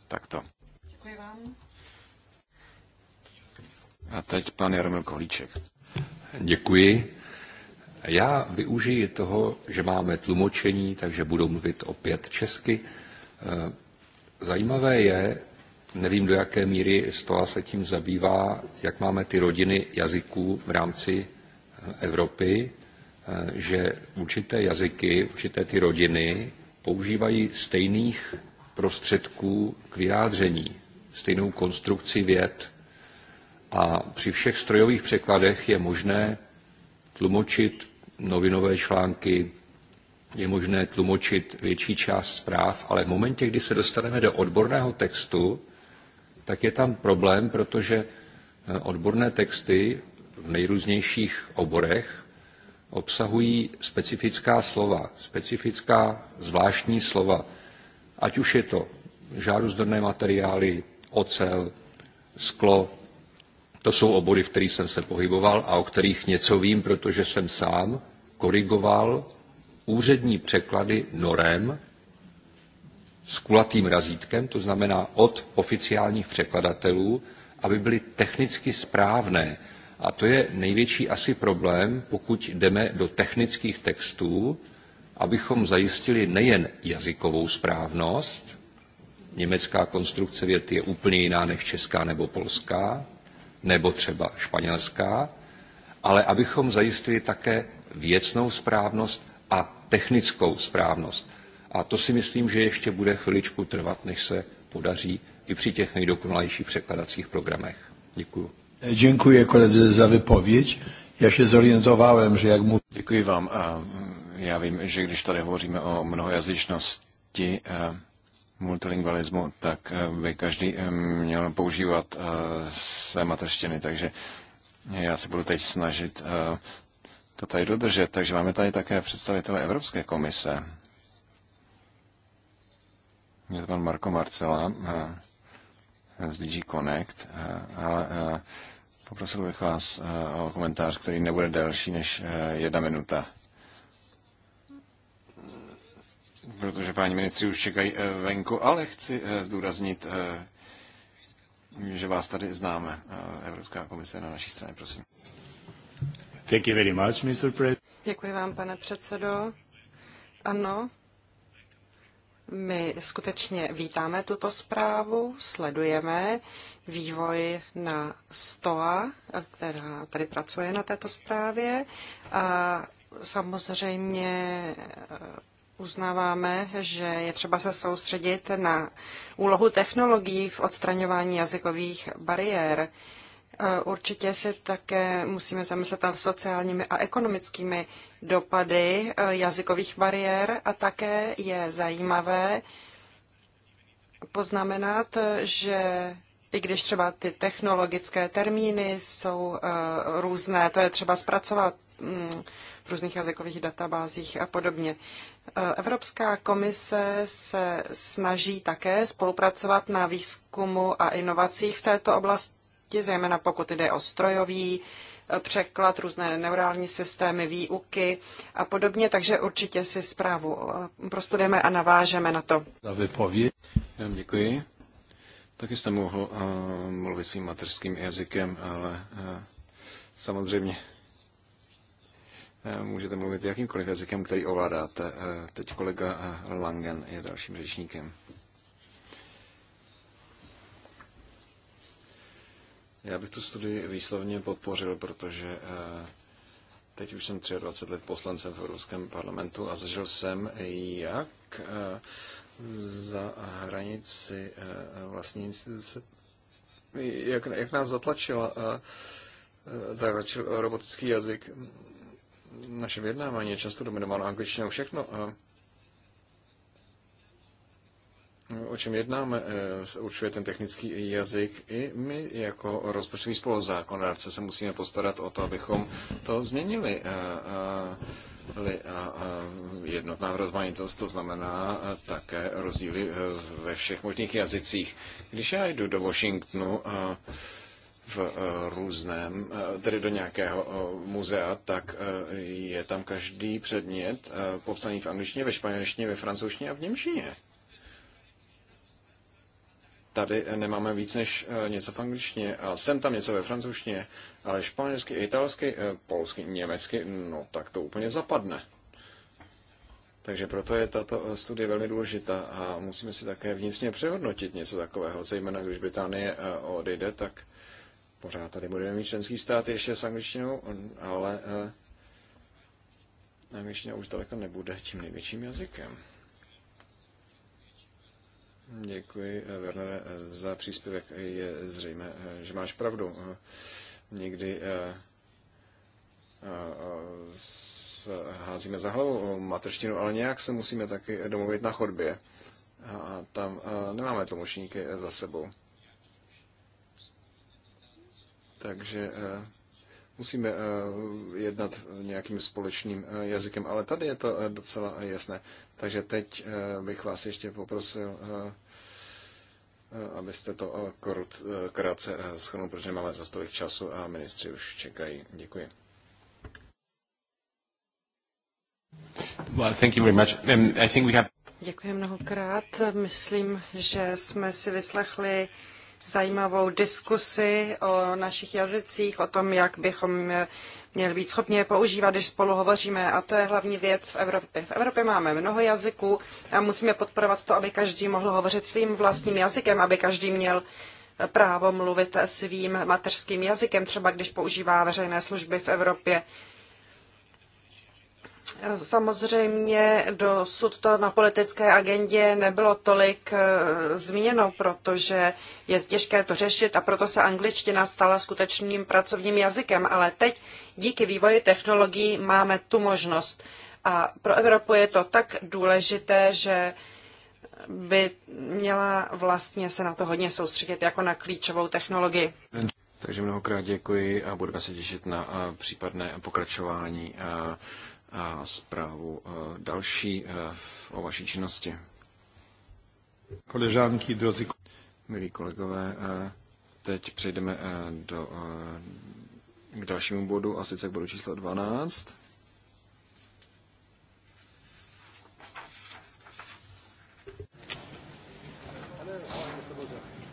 takto. Děkuji vám. A teď pan Jaromil Kolíček. Děkuji. Já využiji toho, že máme tlumočení, takže budu mluvit opět česky. Eh, zajímavé je, nevím do jaké míry STOA se tím zabývá, jak máme ty rodiny jazyků v rámci Evropy. Eh, že určité jazyky, určité ty rodiny používají stejných prostředků k vyjádření, stejnou konstrukci věd. A při všech strojových překladech je možné tlumočit novinové články, je možné tlumočit větší část zpráv, ale v momentě, kdy se dostaneme do odborného textu, tak je tam problém, protože eh, odborné texty v nejrůznějších oborech obsahují specifická slova, specifická zvláštní slova. Ať už je to žáruzdorné materiály, ocel, sklo, to jsou obory, v kterých jsem se pohyboval a o kterých něco vím, protože jsem sám korigoval úřední překlady norem s kulatým razítkem, to znamená od oficiálních překladatelů, aby byly technicky správné, a to je největší asi problém, pokud jdeme do technických textů, abychom zajistili nejen jazykovou správnost, německá konstrukce věty je úplně jiná než česká nebo polská, nebo třeba španělská, ale abychom zajistili také věcnou správnost a technickou správnost. A to si myslím, že ještě bude chviličku trvat, než se podaří i při těch nejdokonalejších překladacích programech. Děkuju. E, dziękuję koledze za wypowiedź. Já se zorientowałem, že jak mówię... Děkuji vám. Mm, já vím, že když tady hovoříme o mnohojazyczności, e, multilingualismu, tak e, by každý měl používat své mateřštiny, takže já se budu teď snažit to tady dodržet. Takže máme tady také představitele Evropské komise. Je to pan Marko Marcela, z DG Connect, eh, ale eh, poprosil bych vás eh, o komentář, který nebude delší než jedna minuta. Protože páni ministři už čekají venku, ale chci zdůraznit, že vás tady známe. Evropská komise na naší straně, prosím. Thank you very much, Mr. Děkuji vám, pane předsedo. Ano, my skutečně vítáme tuto zprávu, sledujeme vývoj na STOA, která tady pracuje na této zprávě a samozřejmě eh, uznáváme, že je třeba se soustředit na úlohu technologií v odstraňování jazykových bariér. Eh, určitě se také musíme zamyslet nad sociálními a ekonomickými dopady eh, jazykových bariér a také je zajímavé poznamenat, eh, že i když třeba ty technologické termíny jsou eh, různé, to je třeba zpracovat mm, v různých jazykových databázích a podobně. Evropská komise se snaží také spolupracovat na výzkumu a inovacích v této oblasti, zejména pokud jde o strojový překlad, různé neurální systémy, výuky a podobně, takže určitě si zprávu eh, prostudujeme a navážeme na to. Za vypověď. Děkuji. Taky jste mohl uh, mluvit svým mateřským jazykem, ale uh, samozřejmě Můžete mluvit jakýmkoliv jazykem, který ovládáte. Teď kolega Langen je dalším řečníkem. Já bych tu studii výslovně podpořil, protože eh, teď už jsem 23 let poslancem v Evropském parlamentu a zažil jsem, jak eh, za hranici eh, vlastní instituce, jak, jak nás zatlačila zatlačil robotický jazyk. Naše vyjednávání je často dominováno angličtinou. Všechno o čem jednáme, eh, určuje ten technický jazyk. I my jako rozpočtový spoluzákonodárce se musíme postarat o to, abychom to změnili. Eh, eh, jednotná rozmanitost, to znamená také rozdíly ve všech možných jazycích. Když já jdu do Washingtonu, v různém, tedy do nějakého muzea, tak je tam každý předmět popsaný v angličtině, ve španělštině, ve francouzštině a v němčině tady nemáme víc než eh, něco v angličtině a jsem tam něco ve francouzštině, ale španělsky, italsky, eh, polsky, německy, no tak to úplně zapadne. Takže proto je tato eh, studie velmi důležitá a musíme si také vnitřně přehodnotit něco takového, zejména když Británie odejde, tak pořád tady budeme mít členský stát ještě s angličtinou, ale angličtina už daleko nebude tím největším jazykem. Děkuji, Werner, za příspěvek. Je zřejmé, že máš pravdu. Někdy eh, eh, házíme za hlavu materštinu, ale nějak se musíme taky domluvit na chodbě. A tam eh, nemáme tlumočníky za sebou. Takže musíme eh, jednat nějakým společným eh, jazykem, ale tady je to eh, docela jasné. Takže teď bych vás ještě poprosil, abyste to krátce schrnul, protože máme za tolik času a ministři už čekají. Děkuji. Well, thank you very much. Um, I think we have... Děkuji mnohokrát. Myslím, že jsme si vyslechli zajímavou diskusi o našich jazycích, o tom, jak bychom měli být schopni je používat, když spolu hovoříme. A to je hlavní věc v Evropě. V Evropě máme mnoho jazyků a musíme podporovat to, aby každý mohl hovořit svým vlastním jazykem, aby každý měl právo mluvit svým mateřským jazykem, třeba když používá veřejné služby v Evropě. Samozřejmě dosud to na politické agendě nebylo tolik eh, zmíněno, protože je těžké to řešit a proto se angličtina stala skutečným pracovním jazykem, ale teď díky vývoji technologií máme tu možnost. A pro Evropu je to tak důležité, že by měla vlastně se na to hodně soustředit jako na klíčovou technologii. Takže mnohokrát děkuji a budeme se těšit na eh, případné pokračování. Eh, a zprávu e, další e, o vaší činnosti. Koležánky, drozy. Milí kolegové, e, teď přejdeme do, k dalšímu bodu, a sice k bodu číslo 12.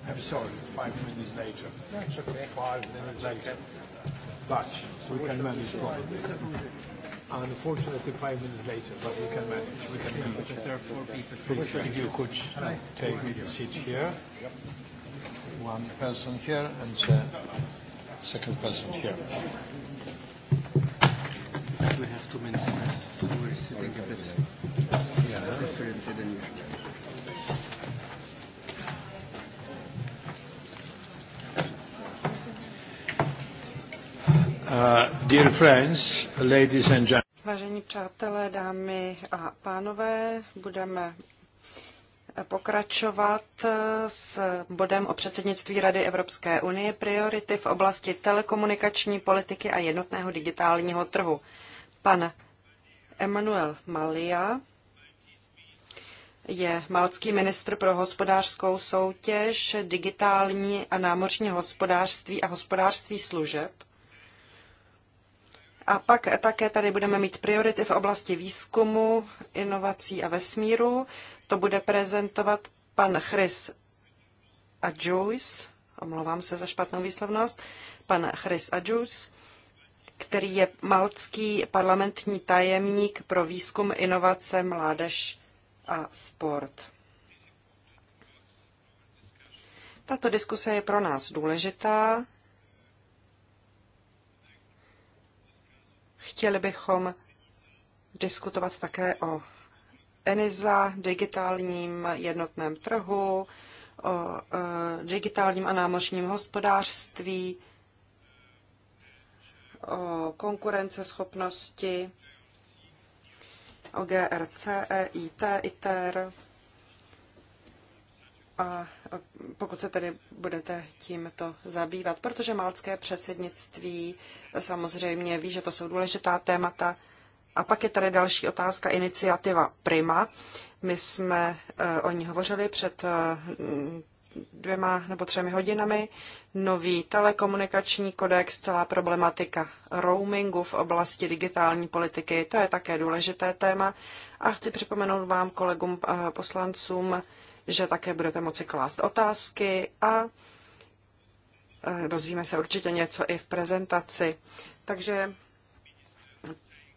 I'm sorry, five minutes later. it's okay. Five minutes later. But we can manage problems. Unfortunately, five minutes later, but we can manage. We can manage. Because there are four people. if you could uh, take a seat here. One person here and the second person here. We have two minutes left, so we're sitting a bit yeah. differently than usual. Uh, dear friends, ladies and gentlemen. Vážení přátelé, dámy a pánové, budeme pokračovat s bodem o předsednictví Rady Evropské unie priority v oblasti telekomunikační politiky a jednotného digitálního trhu. Pan Emmanuel Malia je malcký ministr pro hospodářskou soutěž, digitální a námořní hospodářství a hospodářství služeb. A pak také tady budeme mít priority v oblasti výzkumu, inovací a vesmíru. To bude prezentovat pan Chris Adjuis, omlouvám se za špatnou výslovnost, pan Chris Adjuis, který je maltský parlamentní tajemník pro výzkum, inovace, mládež a sport. Tato diskuse je pro nás důležitá, Chtěli bychom diskutovat také o ENISA, digitálním jednotném trhu, o e, digitálním a námořním hospodářství, o konkurenceschopnosti, o GRC, EIT, ITER a pokud se tedy budete tímto zabývat, protože malcké předsednictví samozřejmě ví, že to jsou důležitá témata. A pak je tady další otázka, iniciativa Prima. My jsme e, o ní hovořili před e, dvěma nebo třemi hodinami. Nový telekomunikační kodex, celá problematika roamingu v oblasti digitální politiky, to je také důležité téma. A chci připomenout vám, kolegům e, poslancům, že také budete moci klást otázky a eh, dozvíme se určitě něco i v prezentaci. Takže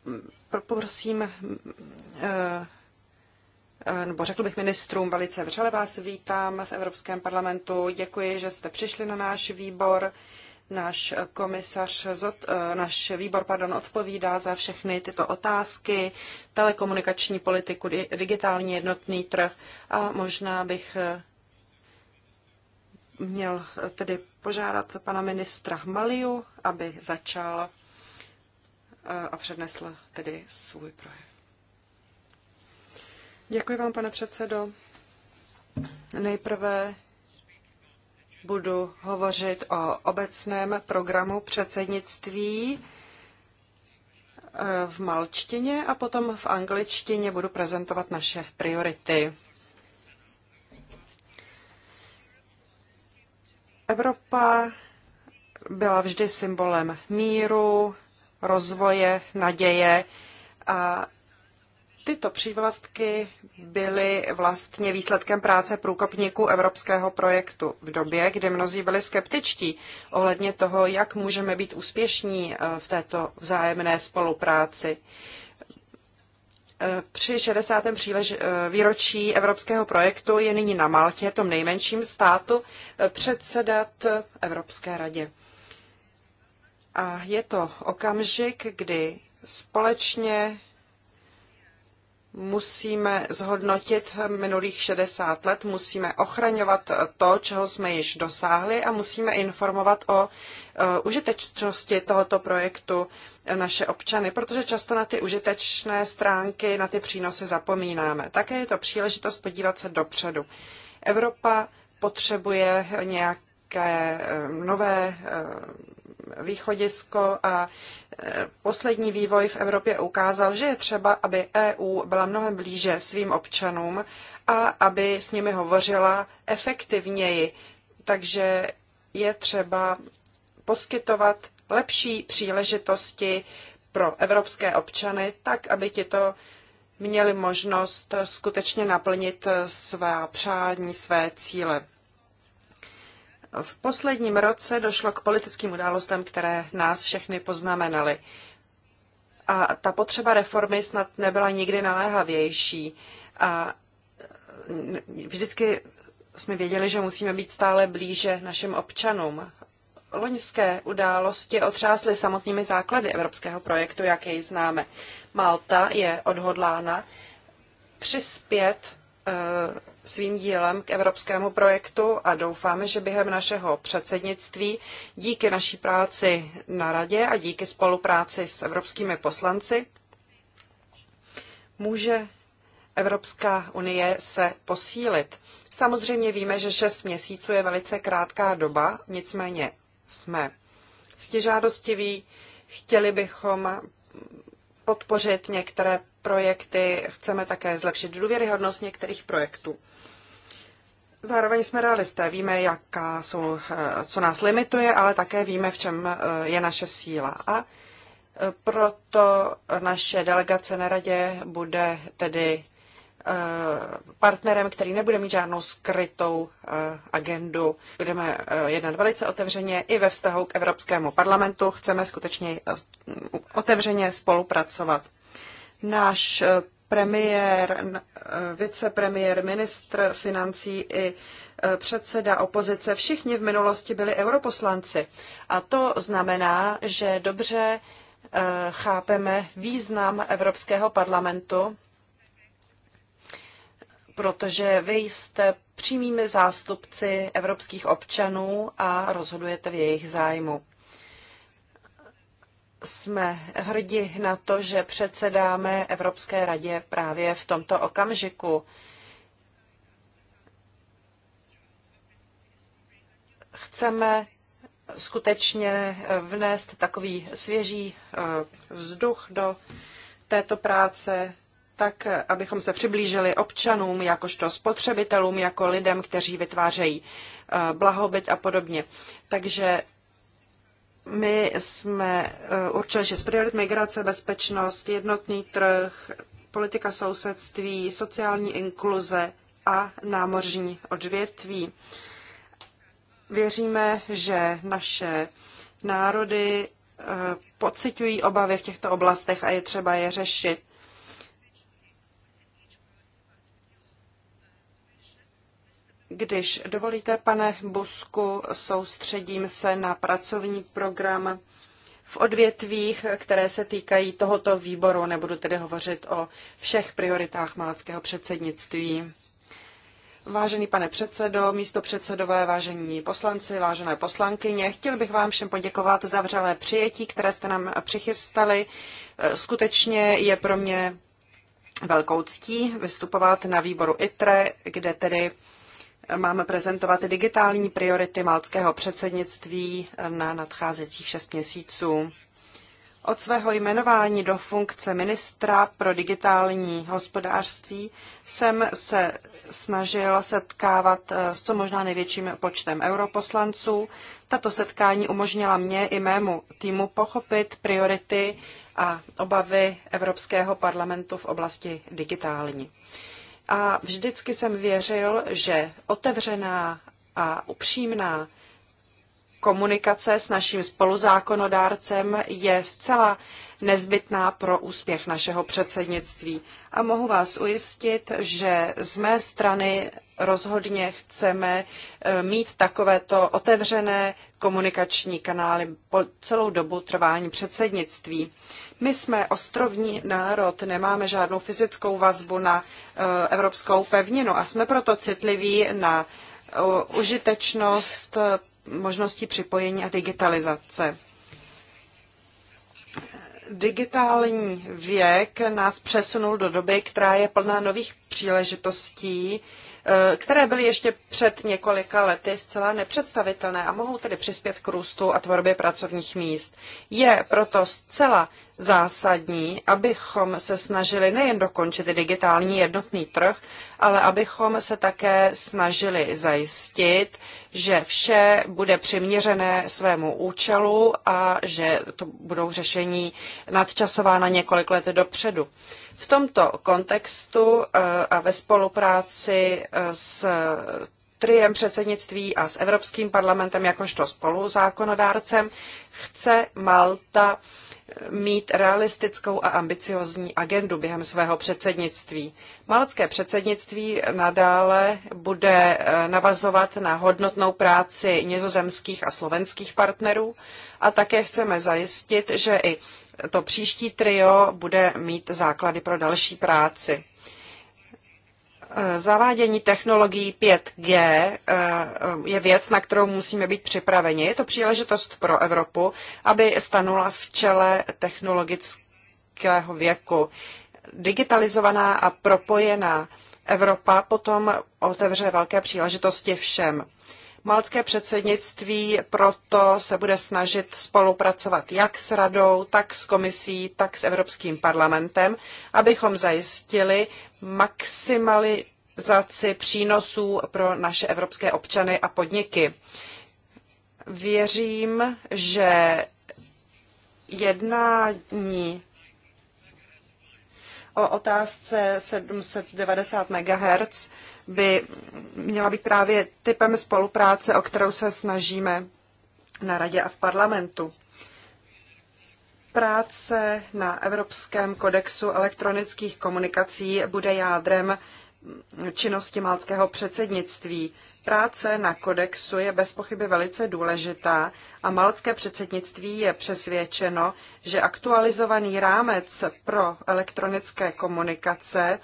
mm, poprosím, eh, eh, nebo řekl bych ministrům, velice vřele vás vítám v Evropském parlamentu. Děkuji, že jste přišli na náš výbor. Náš komisař, eh, náš výbor pardon, odpovídá za všechny tyto otázky, telekomunikační politiku, digitální jednotný trh a možná bych eh, měl eh, tedy požádat pana ministra Maliu, aby začal a přednesl tedy svůj projev. Děkuji vám, pane předsedo. Nejprve budu hovořit o obecném programu předsednictví eh, v malčtině a potom v angličtině budu prezentovat naše priority. Evropa byla vždy symbolem míru, rozvoje, naděje a Tyto přívlastky byly vlastně výsledkem práce průkopníků evropského projektu v době, kdy mnozí byli skeptičtí ohledně toho, jak můžeme být úspěšní eh, v této vzájemné spolupráci. Eh, při 60. Přílež- eh, výročí evropského projektu je nyní na Maltě, tom nejmenším státu, předsedat Evropské radě. A je to okamžik, kdy společně musíme zhodnotit minulých 60 let, musíme ochraňovat to, čeho jsme již dosáhli a musíme informovat o eh, užitečnosti tohoto projektu naše občany, protože často na ty užitečné stránky, na ty přínosy zapomínáme. Také je to příležitost podívat se dopředu. Evropa potřebuje nějaké eh, nové eh, východisko a e, poslední vývoj v Evropě ukázal, že je třeba, aby EU byla mnohem blíže svým občanům a aby s nimi hovořila efektivněji. Takže je třeba poskytovat lepší příležitosti pro evropské občany, tak aby tito měli možnost skutečně naplnit svá přání, své cíle. V posledním roce došlo k politickým událostem, které nás všechny poznamenaly. A ta potřeba reformy snad nebyla nikdy naléhavější. A vždycky jsme věděli, že musíme být stále blíže našim občanům. Loňské události otřásly samotnými základy evropského projektu, jak jej známe. Malta je odhodlána přispět eh, svým dílem k evropskému projektu a doufáme, že během našeho předsednictví díky naší práci na radě a díky spolupráci s evropskými poslanci může Evropská unie se posílit. Samozřejmě víme, že šest měsíců je velice krátká doba, nicméně jsme stěžádostiví, chtěli bychom podpořit některé projekty, chceme také zlepšit důvěryhodnost některých projektů. Zároveň jsme realisté, víme, jaká jsou, eh, co nás limituje, ale také víme, v čem eh, je naše síla. A eh, proto naše delegace na radě bude tedy partnerem, který nebude mít žádnou skrytou agendu. Budeme jednat velice otevřeně i ve vztahu k Evropskému parlamentu. Chceme skutečně otevřeně spolupracovat. Náš premiér, e, vicepremiér, ministr financí i e, předseda opozice, všichni v minulosti byli europoslanci. A to znamená, že dobře e, chápeme význam Evropského parlamentu, protože vy jste přímými zástupci evropských občanů a rozhodujete v jejich zájmu jsme hrdi na to, že předsedáme Evropské radě právě v tomto okamžiku. Chceme skutečně vnést takový svěží eh, vzduch do této práce, tak abychom se přiblížili občanům, jakožto spotřebitelům, jako lidem, kteří vytvářejí eh, blahobyt a podobně. Takže my jsme eh, určili šest priorit migrace, bezpečnost, jednotný trh, politika sousedství, sociální inkluze a námořní odvětví. Věříme, že naše národy eh, pocitují obavy v těchto oblastech a je třeba je řešit. Když dovolíte, pane Busku, soustředím se na pracovní program v odvětvích, které se týkají tohoto výboru. Nebudu tedy hovořit o všech prioritách malackého předsednictví. Vážený pane předsedo, místo předsedové, vážení poslanci, vážené poslankyně, chtěl bych vám všem poděkovat za vřelé přijetí, které jste nám přichystali. Skutečně je pro mě velkou ctí vystupovat na výboru ITRE, kde tedy Máme prezentovat digitální priority maltského předsednictví na nadcházejících šest měsíců. Od svého jmenování do funkce ministra pro digitální hospodářství jsem se snažil setkávat s co možná největším počtem europoslanců. Tato setkání umožnila mě i mému týmu pochopit priority a obavy Evropského parlamentu v oblasti digitální. A vždycky jsem věřil, že otevřená a upřímná komunikace s naším spoluzákonodárcem je zcela nezbytná pro úspěch našeho předsednictví. A mohu vás ujistit, že z mé strany rozhodně chceme eh, mít takovéto otevřené komunikační kanály po celou dobu trvání předsednictví. My jsme ostrovní národ, nemáme žádnou fyzickou vazbu na eh, evropskou pevninu a jsme proto citliví na eh, užitečnost možností připojení a digitalizace digitální věk nás přesunul do doby, která je plná nových příležitostí, eh, které byly ještě před několika lety zcela nepředstavitelné a mohou tedy přispět k růstu a tvorbě pracovních míst. Je proto zcela zásadní, abychom se snažili nejen dokončit digitální jednotný trh, ale abychom se také snažili zajistit, že vše bude přiměřené svému účelu a že to budou řešení nadčasová na několik let dopředu. V tomto kontextu eh, a ve spolupráci eh, s triem předsednictví a s Evropským parlamentem jakožto spoluzákonodárcem chce Malta mít realistickou a ambiciozní agendu během svého předsednictví. Malcké předsednictví nadále bude eh, navazovat na hodnotnou práci nizozemských a slovenských partnerů a také chceme zajistit, že i to příští trio bude mít základy pro další práci. Eh, zavádění technologií 5G eh, je věc, na kterou musíme být připraveni. Je to příležitost pro Evropu, aby stanula v čele technologického věku. Digitalizovaná a propojená Evropa potom otevře velké příležitosti všem. Malcké předsednictví proto se bude snažit spolupracovat jak s radou, tak s komisí, tak s Evropským parlamentem, abychom zajistili, maximalizaci přínosů pro naše evropské občany a podniky. Věřím, že jednání o otázce 790 MHz by měla být právě typem spolupráce, o kterou se snažíme na radě a v parlamentu. Práce na Evropském kodexu elektronických komunikací bude jádrem činnosti malckého předsednictví. Práce na kodexu je bez pochyby velice důležitá a malcké předsednictví je přesvědčeno, že aktualizovaný rámec pro elektronické komunikace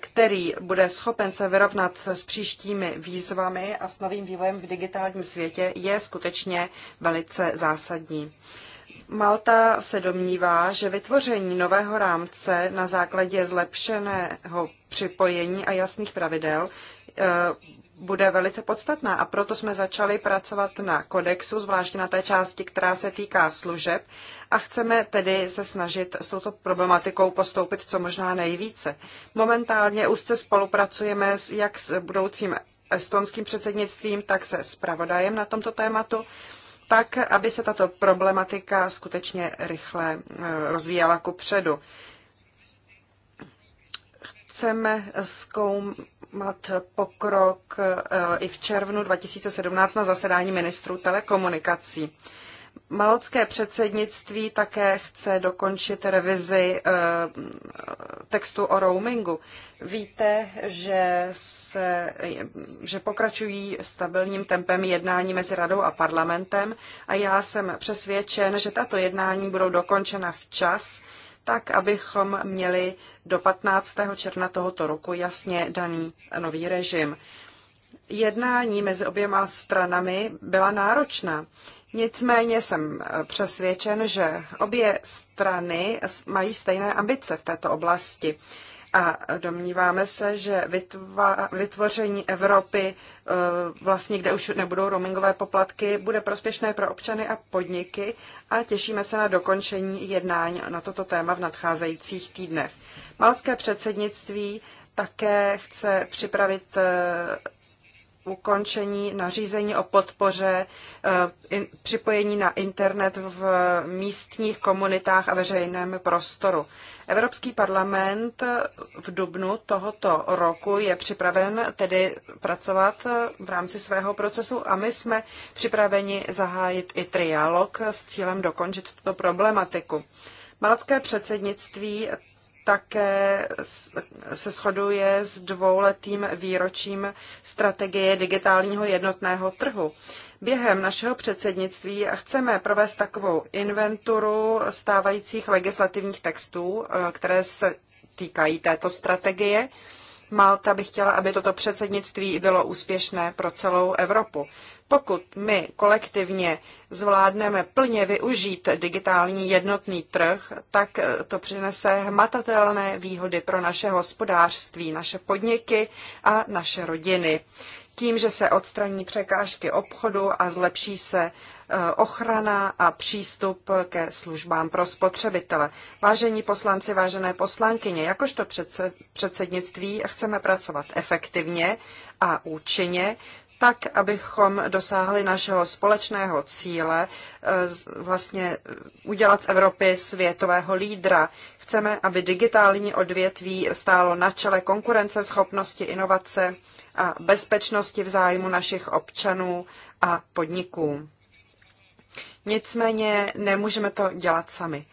který bude schopen se vyrovnat s příštími výzvami a s novým vývojem v digitálním světě, je skutečně velice zásadní. Malta se domnívá, že vytvoření nového rámce na základě zlepšeného připojení a jasných pravidel eh, bude velice podstatná a proto jsme začali pracovat na kodexu, zvláště na té části, která se týká služeb a chceme tedy se snažit s touto problematikou postoupit co možná nejvíce. Momentálně úzce spolupracujeme jak s budoucím estonským předsednictvím, tak se spravodajem na tomto tématu tak, aby se tato problematika skutečně rychle eh, rozvíjela ku předu. Chceme zkoumat pokrok eh, i v červnu 2017 na zasedání ministrů telekomunikací. Malcké předsednictví také chce dokončit revizi eh, textu o roamingu. Víte, že, se, že pokračují stabilním tempem jednání mezi radou a parlamentem a já jsem přesvědčen, že tato jednání budou dokončena včas, tak abychom měli do 15. června tohoto roku jasně daný nový režim jednání mezi oběma stranami byla náročná. Nicméně jsem eh, přesvědčen, že obě strany mají stejné ambice v této oblasti. A domníváme se, že vytvoření Evropy, eh, vlastně kde už nebudou roamingové poplatky, bude prospěšné pro občany a podniky a těšíme se na dokončení jednání na toto téma v nadcházejících týdnech. Malské předsednictví také chce připravit eh, ukončení nařízení o podpoře eh, připojení na internet v místních komunitách a veřejném prostoru. Evropský parlament v dubnu tohoto roku je připraven tedy pracovat eh, v rámci svého procesu a my jsme připraveni zahájit i trialog s cílem dokončit tuto problematiku. Malacké předsednictví také se shoduje s dvouletým výročím strategie digitálního jednotného trhu. Během našeho předsednictví chceme provést takovou inventuru stávajících legislativních textů, eh, které se týkají této strategie Malta by chtěla, aby toto předsednictví bylo úspěšné pro celou Evropu. Pokud my kolektivně zvládneme plně využít digitální jednotný trh, tak eh, to přinese hmatatelné výhody pro naše hospodářství, naše podniky a naše rodiny. Tím, že se odstraní překážky obchodu a zlepší se Eh, ochrana a přístup ke službám pro spotřebitele. Vážení poslanci, vážené poslankyně, jakožto předsednictví chceme pracovat efektivně a účinně, tak, abychom dosáhli našeho společného cíle eh, vlastně udělat z Evropy světového lídra. Chceme, aby digitální odvětví stálo na čele konkurenceschopnosti, inovace a bezpečnosti v zájmu našich občanů a podniků. Nicméně nemůžeme to dělat sami.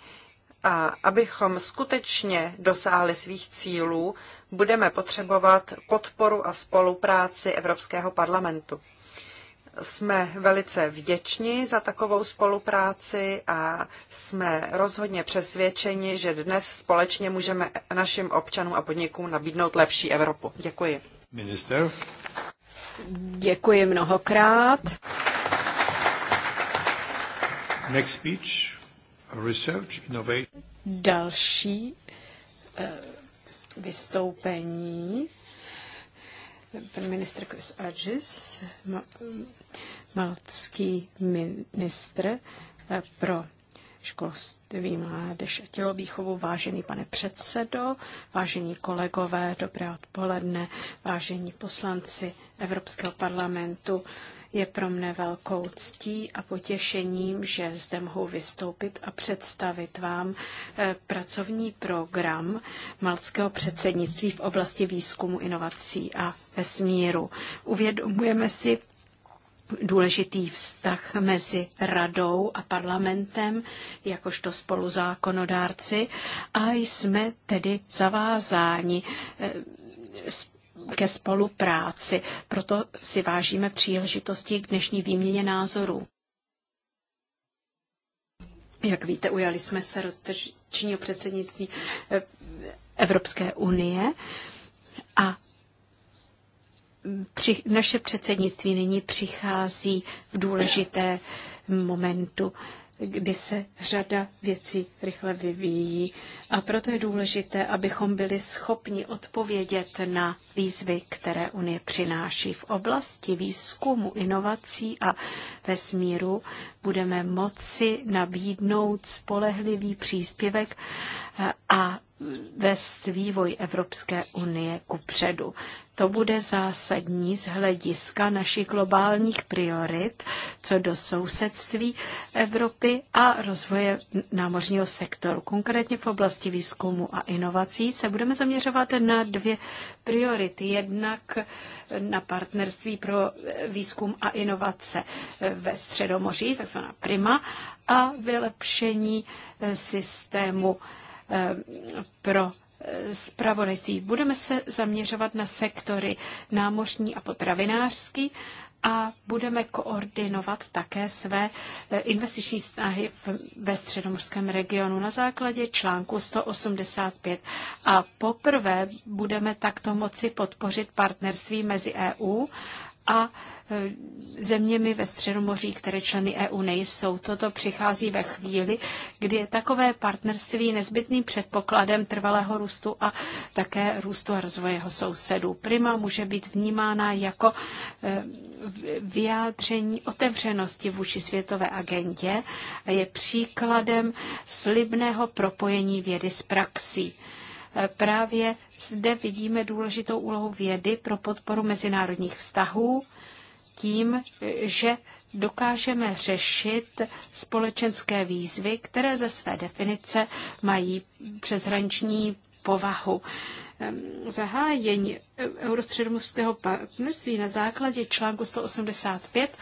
A abychom skutečně dosáhli svých cílů, budeme potřebovat podporu a spolupráci Evropského parlamentu. Jsme velice vděční za takovou spolupráci a jsme rozhodně přesvědčeni, že dnes společně můžeme našim občanům a podnikům nabídnout lepší Evropu. Děkuji. Minister. Děkuji mnohokrát. Next speech, research, innovation. Další eh, vystoupení. Pan ministr Chris Adjus, maltský ministr eh, pro školství, mládež a tělovýchovu. Vážený pane předsedo, vážení kolegové, dobré odpoledne, vážení poslanci Evropského parlamentu. Je pro mne velkou ctí a potěšením, že zde mohu vystoupit a představit vám eh, pracovní program malckého předsednictví v oblasti výzkumu, inovací a vesmíru. Uvědomujeme si, důležitý vztah mezi radou a parlamentem, jakožto spoluzákonodárci, a jsme tedy zavázáni eh, ke spolupráci. Proto si vážíme příležitosti k dnešní výměně názorů. Jak víte, ujali jsme se rotačního předsednictví eh, Evropské unie a při, naše předsednictví nyní přichází v důležité momentu, kdy se řada věcí rychle vyvíjí a proto je důležité, abychom byli schopni odpovědět na výzvy, které Unie přináší. V oblasti výzkumu, inovací a vesmíru budeme moci nabídnout spolehlivý příspěvek eh, a vést vývoj Evropské unie ku předu. To bude zásadní z hlediska našich globálních priorit co do sousedství Evropy a rozvoje námořního sektoru. Konkrétně v oblasti oblasti výzkumu a inovací se budeme zaměřovat na dvě priority. Jednak na partnerství pro výzkum a inovace ve Středomoří, takzvaná PRIMA, a vylepšení eh, systému eh, pro eh, zpravodajství. Budeme se zaměřovat na sektory námořní a potravinářský a budeme koordinovat také své eh, investiční snahy ve středomorském regionu na základě článku 185. A poprvé budeme takto moci podpořit partnerství mezi EU a e, zeměmi ve Středomoří, které členy EU nejsou. Toto přichází ve chvíli, kdy je takové partnerství nezbytným předpokladem trvalého růstu a také růstu a rozvoje jeho sousedů. Prima může být vnímána jako e, vyjádření otevřenosti vůči světové agendě a je příkladem slibného propojení vědy s praxí. Právě zde vidíme důležitou úlohu vědy pro podporu mezinárodních vztahů tím, že dokážeme řešit společenské výzvy, které ze své definice mají přeshraniční povahu. Ehm, zahájení Eurostředomorského partnerství na základě článku 185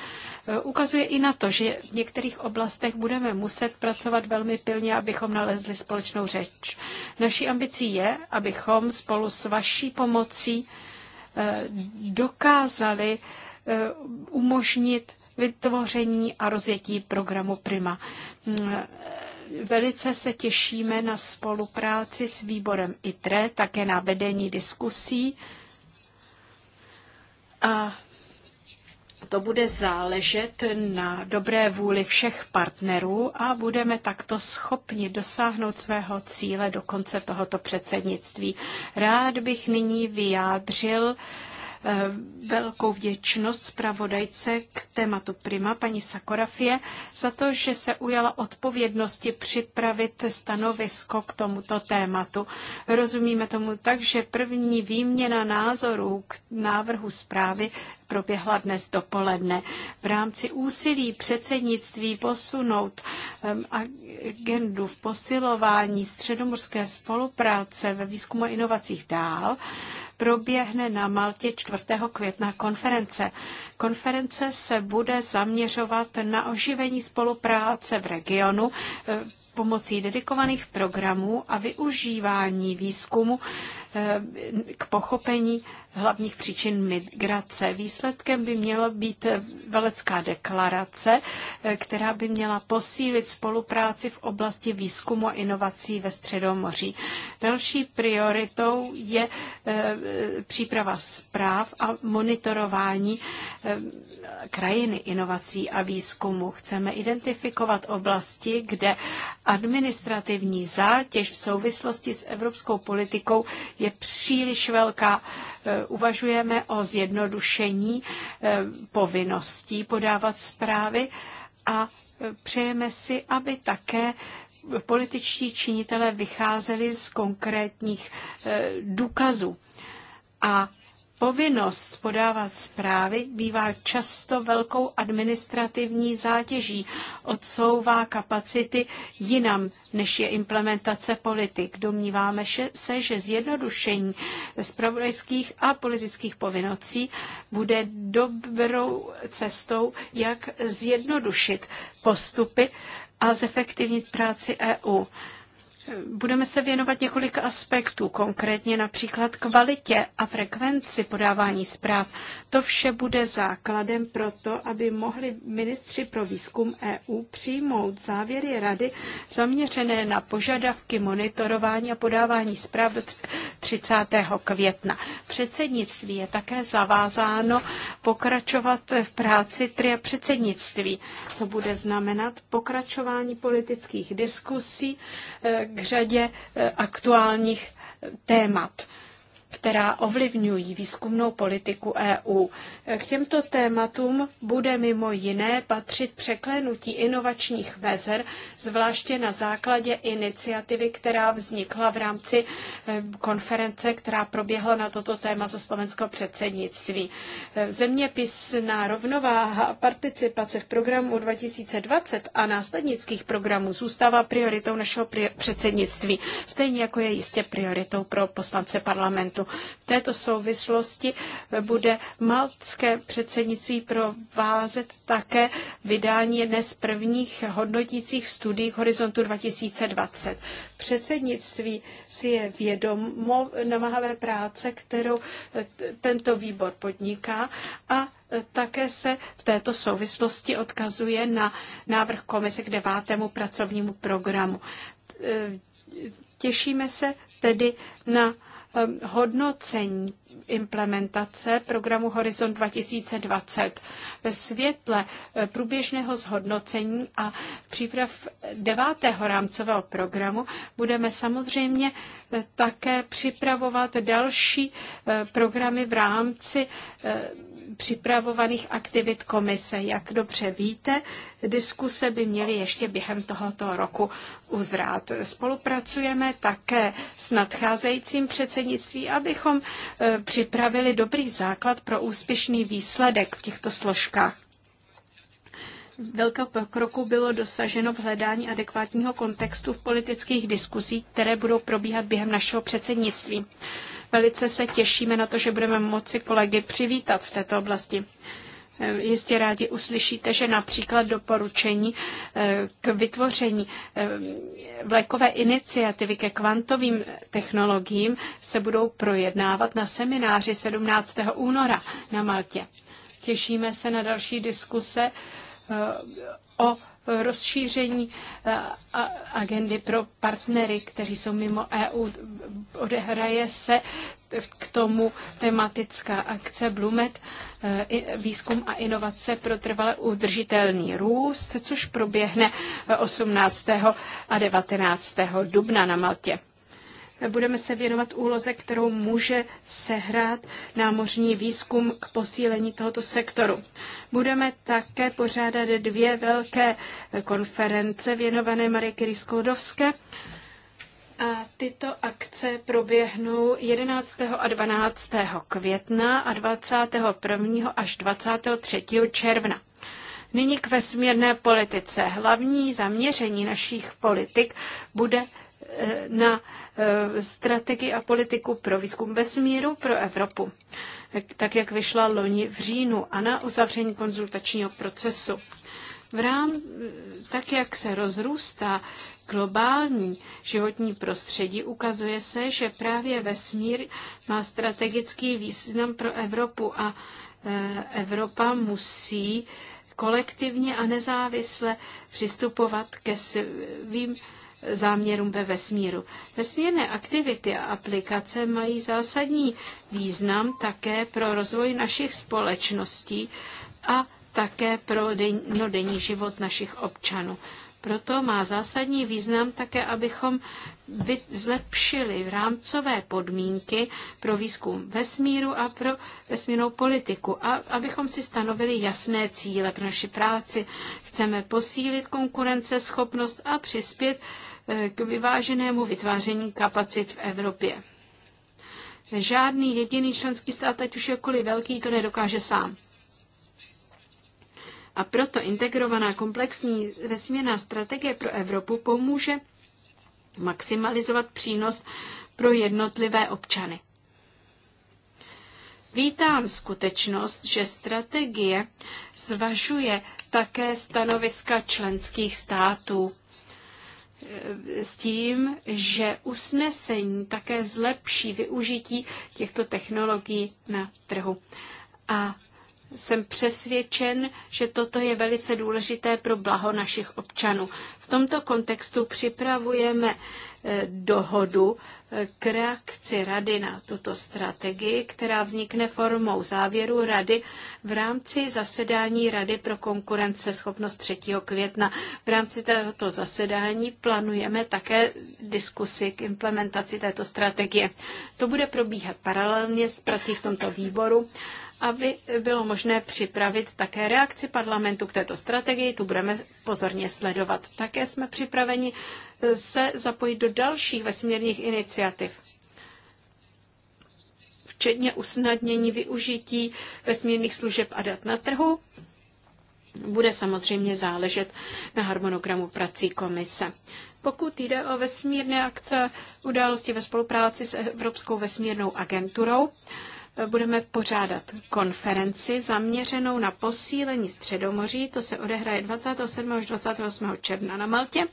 Eh, ukazuje i na to, že v některých oblastech budeme muset pracovat velmi pilně, abychom nalezli společnou řeč. Naší ambicí je, abychom spolu s vaší pomocí eh, dokázali eh, umožnit vytvoření a rozjetí programu Prima. Mm, velice se těšíme na spolupráci s výborem ITRE, také na vedení diskusí. A to bude záležet na dobré vůli všech partnerů a budeme takto schopni dosáhnout svého cíle do konce tohoto předsednictví. Rád bych nyní vyjádřil uh, Eh, velkou vděčnost zpravodajce k tématu Prima, paní Sakorafie, za to, že se ujala odpovědnosti připravit stanovisko k tomuto tématu. Rozumíme tomu tak, že první výměna názorů k návrhu zprávy proběhla dnes dopoledne. V rámci úsilí předsednictví posunout eh, agendu v posilování středomorské spolupráce ve výzkumu a inovacích dál, proběhne na Maltě 4. května konference. Konference se bude zaměřovat na oživení spolupráce v regionu eh, pomocí dedikovaných programů a využívání výzkumu eh, k pochopení hlavních příčin migrace. Výsledkem by měla být eh, velecká deklarace, která by měla posílit spolupráci v oblasti výzkumu a inovací ve Středomoří. Další prioritou je příprava zpráv a monitorování Eh, krajiny inovací a výzkumu. Chceme identifikovat oblasti, kde administrativní zátěž v souvislosti s evropskou politikou je příliš velká. Eh, uvažujeme o zjednodušení eh, povinností podávat zprávy a přejeme si, aby také političtí činitelé vycházeli z konkrétních důkazů. A povinnost podávat zprávy bývá často velkou administrativní zátěží, odsouvá kapacity jinam, než je implementace politik. Domníváme se, že zjednodušení zpravodajských a politických povinností bude dobrou cestou, jak zjednodušit postupy a zefektivnit práci EU. Budeme se věnovat několika aspektů, konkrétně například kvalitě a frekvenci podávání zpráv. To vše bude základem pro to, aby mohli ministři pro výzkum EU přijmout závěry rady zaměřené na požadavky monitorování a podávání zpráv do 30. května. Předsednictví je také zavázáno pokračovat v práci tria předsednictví. To bude znamenat pokračování politických diskusí, eh, k řadě eh, aktuálních eh, témat, která ovlivňují výzkumnou politiku EU. K těmto tématům bude mimo jiné patřit překlenutí inovačních mezer, zvláště na základě iniciativy, která vznikla v rámci eh, konference, která proběhla na toto téma za slovenského předsednictví. Eh, zeměpisná rovnováha a participace v programu 2020 a následnických programů zůstává prioritou našeho předsednictví, stejně jako je jistě prioritou pro poslance parlamentu. V této souvislosti eh, bude Malc Švédské předsednictví provázet také vydání jedné z prvních hodnotících studií k horizontu 2020. Předsednictví si je vědomo namáhavé práce, kterou eh, tento výbor podniká a eh, také se v této souvislosti odkazuje na návrh komise k devátému pracovnímu programu. Eh, těšíme se tedy na hodnocení implementace programu Horizon 2020. Ve světle eh, průběžného zhodnocení a příprav devátého rámcového programu budeme samozřejmě eh, také připravovat další eh, programy v rámci připravovaných aktivit komise. Jak dobře víte, diskuse by měly ještě během tohoto roku uzrát. Spolupracujeme také s nadcházejícím předsednictví, abychom e, připravili dobrý základ pro úspěšný výsledek v těchto složkách. Velkého pokroku bylo dosaženo v hledání adekvátního kontextu v politických diskusích, které budou probíhat během našeho předsednictví. Velice se těšíme na to, že budeme moci kolegy přivítat v této oblasti. Eh, jistě rádi uslyšíte, že například doporučení eh, k vytvoření eh, vlekové iniciativy ke kvantovým technologiím se budou projednávat na semináři 17. února na Maltě. Těšíme se na další diskuse o rozšíření eh, agendy pro partnery, kteří jsou mimo EU. Odehraje se k tomu tematická akce Blumet eh, výzkum a inovace pro trvale udržitelný růst, což proběhne 18. Eh, a 19. dubna na Maltě. Budeme se věnovat úloze, kterou může sehrát námořní výzkum k posílení tohoto sektoru. Budeme také pořádat dvě velké konference věnované Marie Curie Sklodovské. A tyto akce proběhnou 11. a 12. května a 21. až 23. června. Nyní k vesmírné politice. Hlavní zaměření našich politik bude eh, na Eh, strategii a politiku pro výzkum vesmíru pro Evropu, tak jak vyšla loni v říjnu a na uzavření konzultačního procesu. V rám, tak jak se rozrůstá globální životní prostředí, ukazuje se, že právě vesmír má strategický význam pro Evropu a eh, Evropa musí kolektivně a nezávisle přistupovat ke svým záměrům ve vesmíru. Vesmírné aktivity a aplikace mají zásadní význam také pro rozvoj našich společností a také pro no, denní život našich občanů. Proto má zásadní význam také, abychom zlepšili rámcové podmínky pro výzkum vesmíru a pro vesmírnou politiku a abychom si stanovili jasné cíle pro naši práci. Chceme posílit konkurenceschopnost a přispět k vyváženému vytváření kapacit v Evropě. Žádný jediný členský stát, ať už jakkoliv velký, to nedokáže sám. A proto integrovaná komplexní vesmírná strategie pro Evropu pomůže maximalizovat přínos pro jednotlivé občany. Vítám skutečnost, že strategie zvažuje také stanoviska členských států s tím, že usnesení také zlepší využití těchto technologií na trhu. A jsem přesvědčen, že toto je velice důležité pro blaho našich občanů. V tomto kontextu připravujeme eh, dohodu k reakci Rady na tuto strategii, která vznikne formou závěru Rady v rámci zasedání Rady pro konkurenceschopnost 3. května. V rámci tohoto zasedání plánujeme také diskusi k implementaci této strategie. To bude probíhat paralelně s prací v tomto výboru aby bylo možné připravit také reakci parlamentu k této strategii. Tu budeme pozorně sledovat. Také jsme připraveni eh, se zapojit do dalších vesmírných iniciativ včetně usnadnění využití vesmírných služeb a dat na trhu, bude samozřejmě záležet na harmonogramu prací komise. Pokud jde o vesmírné akce, události ve spolupráci s Evropskou vesmírnou agenturou, budeme pořádat konferenci zaměřenou na posílení Středomoří. To se odehraje 27. až 28. června na Maltě.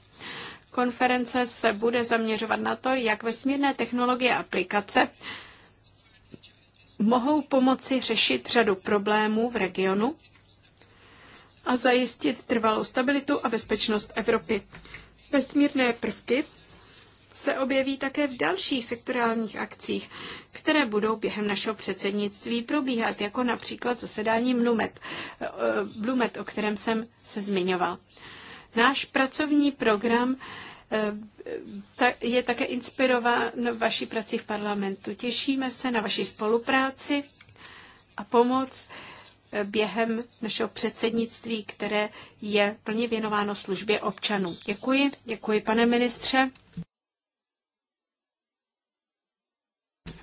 Konference se bude zaměřovat na to, jak vesmírné technologie a aplikace mohou pomoci řešit řadu problémů v regionu a zajistit trvalou stabilitu a bezpečnost Evropy. Vesmírné prvky se objeví také v dalších sektorálních akcích, které budou během našeho předsednictví probíhat, jako například zasedání Mlumet, eh, Blumet, o kterém jsem se zmiňoval. Náš pracovní program eh, je také inspirován vaší prací v parlamentu. Těšíme se na vaši spolupráci a pomoc eh, během našeho předsednictví, které je plně věnováno službě občanů. Děkuji, děkuji pane ministře.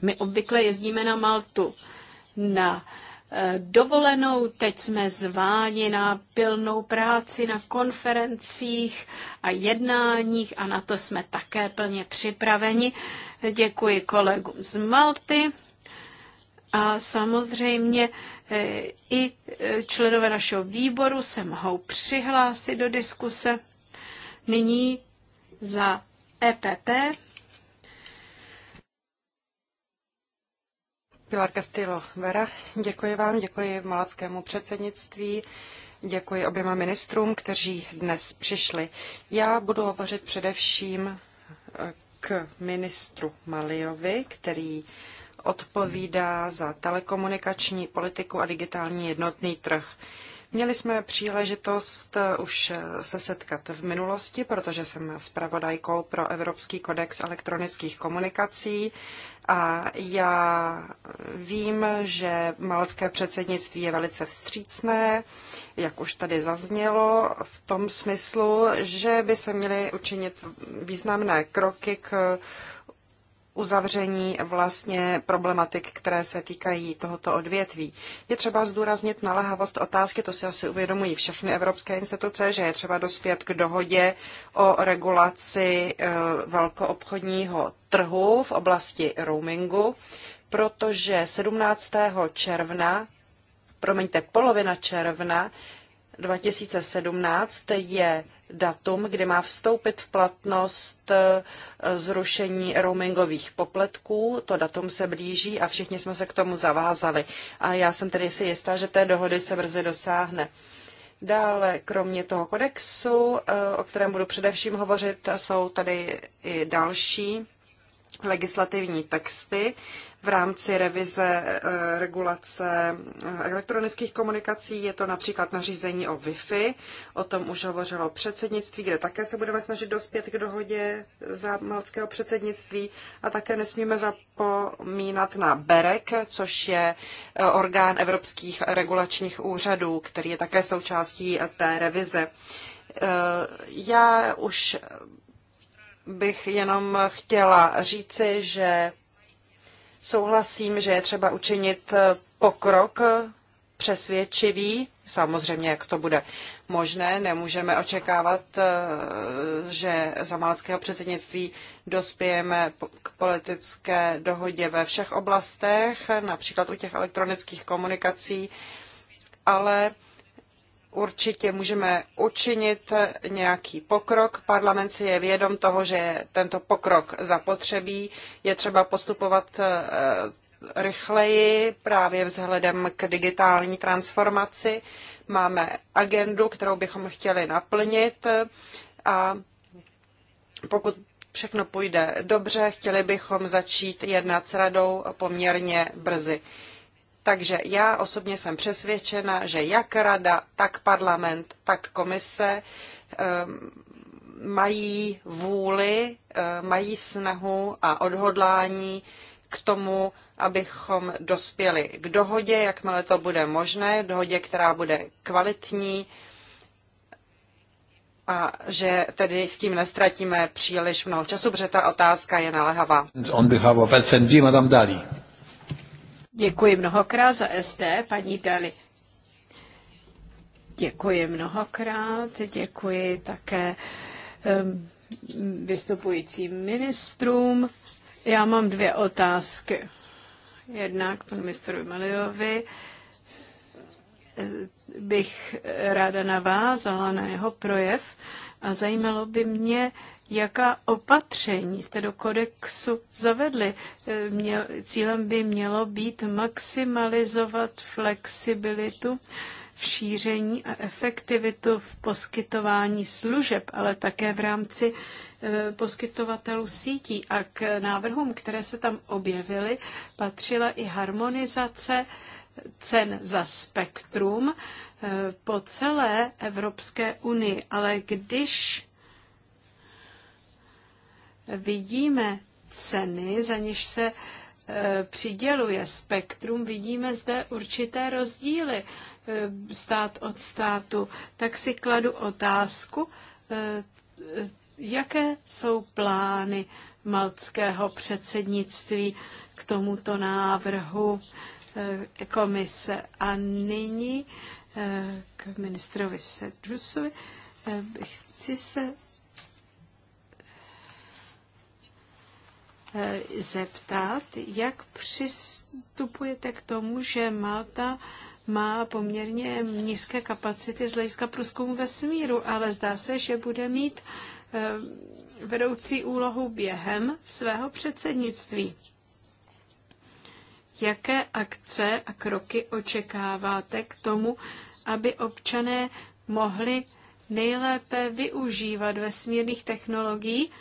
My obvykle jezdíme na Maltu na eh, dovolenou, teď jsme zváni na pilnou práci, na konferencích a jednáních a na to jsme také plně připraveni. Děkuji kolegům z Malty a samozřejmě eh, i eh, členové našeho výboru se mohou přihlásit do diskuse. Nyní za EPP Pilar Castillo Vera, děkuji vám, děkuji malackému předsednictví, děkuji oběma ministrům, kteří dnes přišli. Já budu hovořit především eh, k ministru Maliovi, který odpovídá za telekomunikační politiku a digitální jednotný trh. Měli jsme příležitost eh, už eh, se setkat v minulosti, protože jsem zpravodajkou pro Evropský kodex elektronických komunikací a já vím, že malcké předsednictví je velice vstřícné, jak už tady zaznělo, v tom smyslu, že by se měly učinit významné kroky k uzavření vlastně problematik, které se týkají tohoto odvětví. Je třeba zdůraznit naléhavost otázky, to si asi uvědomují všechny evropské instituce, že je třeba dospět k dohodě o regulaci eh, velkoobchodního trhu v oblasti roamingu, protože 17. června promiňte, polovina června 2017 je datum, kdy má vstoupit v platnost e, zrušení roamingových poplatků. To datum se blíží a všichni jsme se k tomu zavázali. A já jsem tedy si jistá, že té dohody se brzy dosáhne. Dále, kromě toho kodexu, e, o kterém budu především hovořit, jsou tady i další legislativní texty v rámci revize eh, regulace eh, elektronických komunikací. Je to například nařízení o Wi-Fi, o tom už hovořilo předsednictví, kde také se budeme snažit dospět k dohodě za malckého předsednictví a také nesmíme zapomínat na BEREK, což je eh, orgán evropských regulačních úřadů, který je také součástí té revize. Já už bych jenom chtěla říci, že Souhlasím, že je třeba učinit eh, pokrok eh, přesvědčivý. Samozřejmě, jak to bude možné, nemůžeme očekávat, eh, že za malckého předsednictví dospějeme k politické dohodě ve všech oblastech, například u těch elektronických komunikací, ale určitě můžeme učinit nějaký pokrok. Parlament si je vědom toho, že tento pokrok zapotřebí. Je třeba postupovat eh, rychleji právě vzhledem k digitální transformaci. Máme agendu, kterou bychom chtěli naplnit a pokud všechno půjde dobře, chtěli bychom začít jednat s radou poměrně brzy. Takže já osobně jsem přesvědčena, že jak rada, tak parlament, tak komise ehm, mají vůli, eh, mají snahu a odhodlání k tomu, abychom dospěli k dohodě, jakmile to bude možné, dohodě, která bude kvalitní a že tedy s tím nestratíme příliš mnoho času, protože ta otázka je naléhavá. On behalf of SND, Madame Dali. Děkuji mnohokrát za SD, paní Deli. Děkuji mnohokrát, děkuji také vystupujícím ministrům. Já mám dvě otázky. k panu ministru Maliovi bych ráda navázala na jeho projev a zajímalo by mě, Jaká opatření jste do kodexu zavedli? E, měl, cílem by mělo být maximalizovat flexibilitu v šíření a efektivitu v poskytování služeb, ale také v rámci e, poskytovatelů sítí. A k návrhům, které se tam objevily, patřila i harmonizace cen za spektrum e, po celé Evropské unii. Ale když vidíme ceny, za něž se e, přiděluje spektrum, vidíme zde určité rozdíly e, stát od státu, tak si kladu otázku, e, jaké jsou plány maltského předsednictví k tomuto návrhu komise. A nyní k ministrovi Sedrusovi. Chci se Eh, zeptat, jak přistupujete k tomu, že Malta má poměrně nízké kapacity z hlediska průzkumu vesmíru, ale zdá se, že bude mít eh, vedoucí úlohu během svého předsednictví. Jaké akce a kroky očekáváte k tomu, aby občané mohli nejlépe využívat vesmírných technologií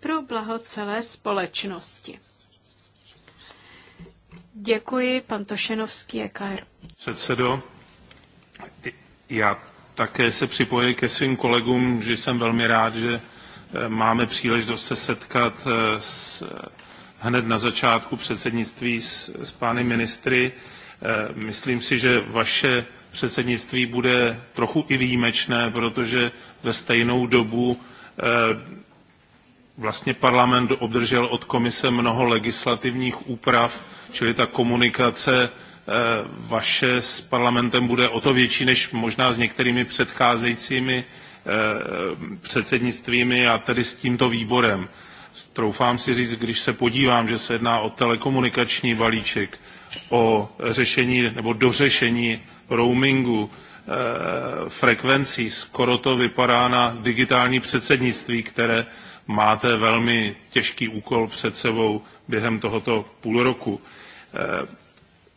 pro blaho celé společnosti. Děkuji, pan Tošenovský, EKR. Předsedo, já také se připojuji ke svým kolegům, že jsem velmi rád, že eh, máme příležitost se setkat eh, s, eh, hned na začátku předsednictví s, s pány ministry. Myslím si, že vaše předsednictví bude trochu i výjimečné, protože ve stejnou dobu vlastně parlament obdržel od komise mnoho legislativních úprav, čili ta komunikace eh, vaše s parlamentem bude o to větší než možná s některými předcházejícími eh, předsednictvími a tedy s tímto výborem. Troufám si říct, když se podívám, že se jedná o telekomunikační balíček, o řešení nebo dořešení roamingu, eh, frekvencí. Skoro to vypadá na digitální předsednictví, které máte velmi těžký úkol před sebou během tohoto půl roku.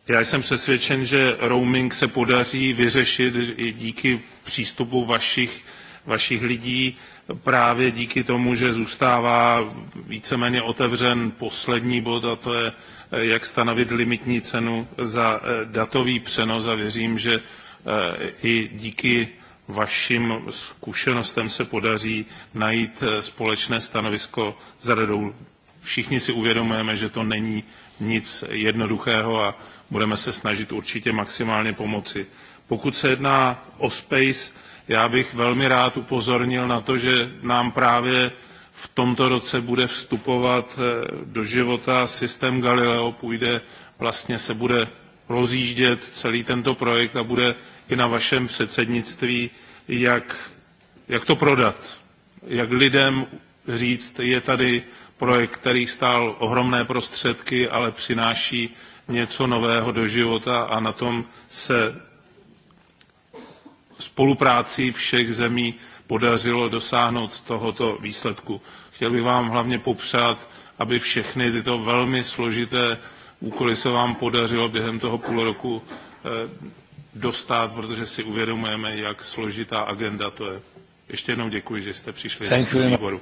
Eh, já jsem přesvědčen, že roaming se podaří vyřešit i díky přístupu vašich, vašich lidí právě díky tomu, že zůstává víceméně otevřen poslední bod a to je, eh, jak stanovit limitní cenu za eh, datový přenos a věřím, že i díky vašim zkušenostem se podaří najít eh, společné stanovisko s radou. Všichni si uvědomujeme, že to není nic jednoduchého a budeme se snažit určitě maximálně pomoci. Pokud se jedná o space, já bych velmi rád upozornil na to, že nám právě v tomto roce bude vstupovat eh, do života systém Galileo, půjde, vlastně se bude rozjíždět celý tento projekt a bude i na vašem předsednictví jak, jak to prodat, jak lidem říct, je tady projekt, který stál ohromné prostředky, ale přináší něco nového do života a na tom se spoluprácí všech zemí podařilo dosáhnout tohoto výsledku. Chtěl bych vám hlavně popřát, aby všechny tyto velmi složité úkoly se vám podařilo během toho půl roku eh, dostat, protože si uvědomujeme, jak složitá agenda to je. Ještě jednou děkuji, že jste přišli Thank do výboru.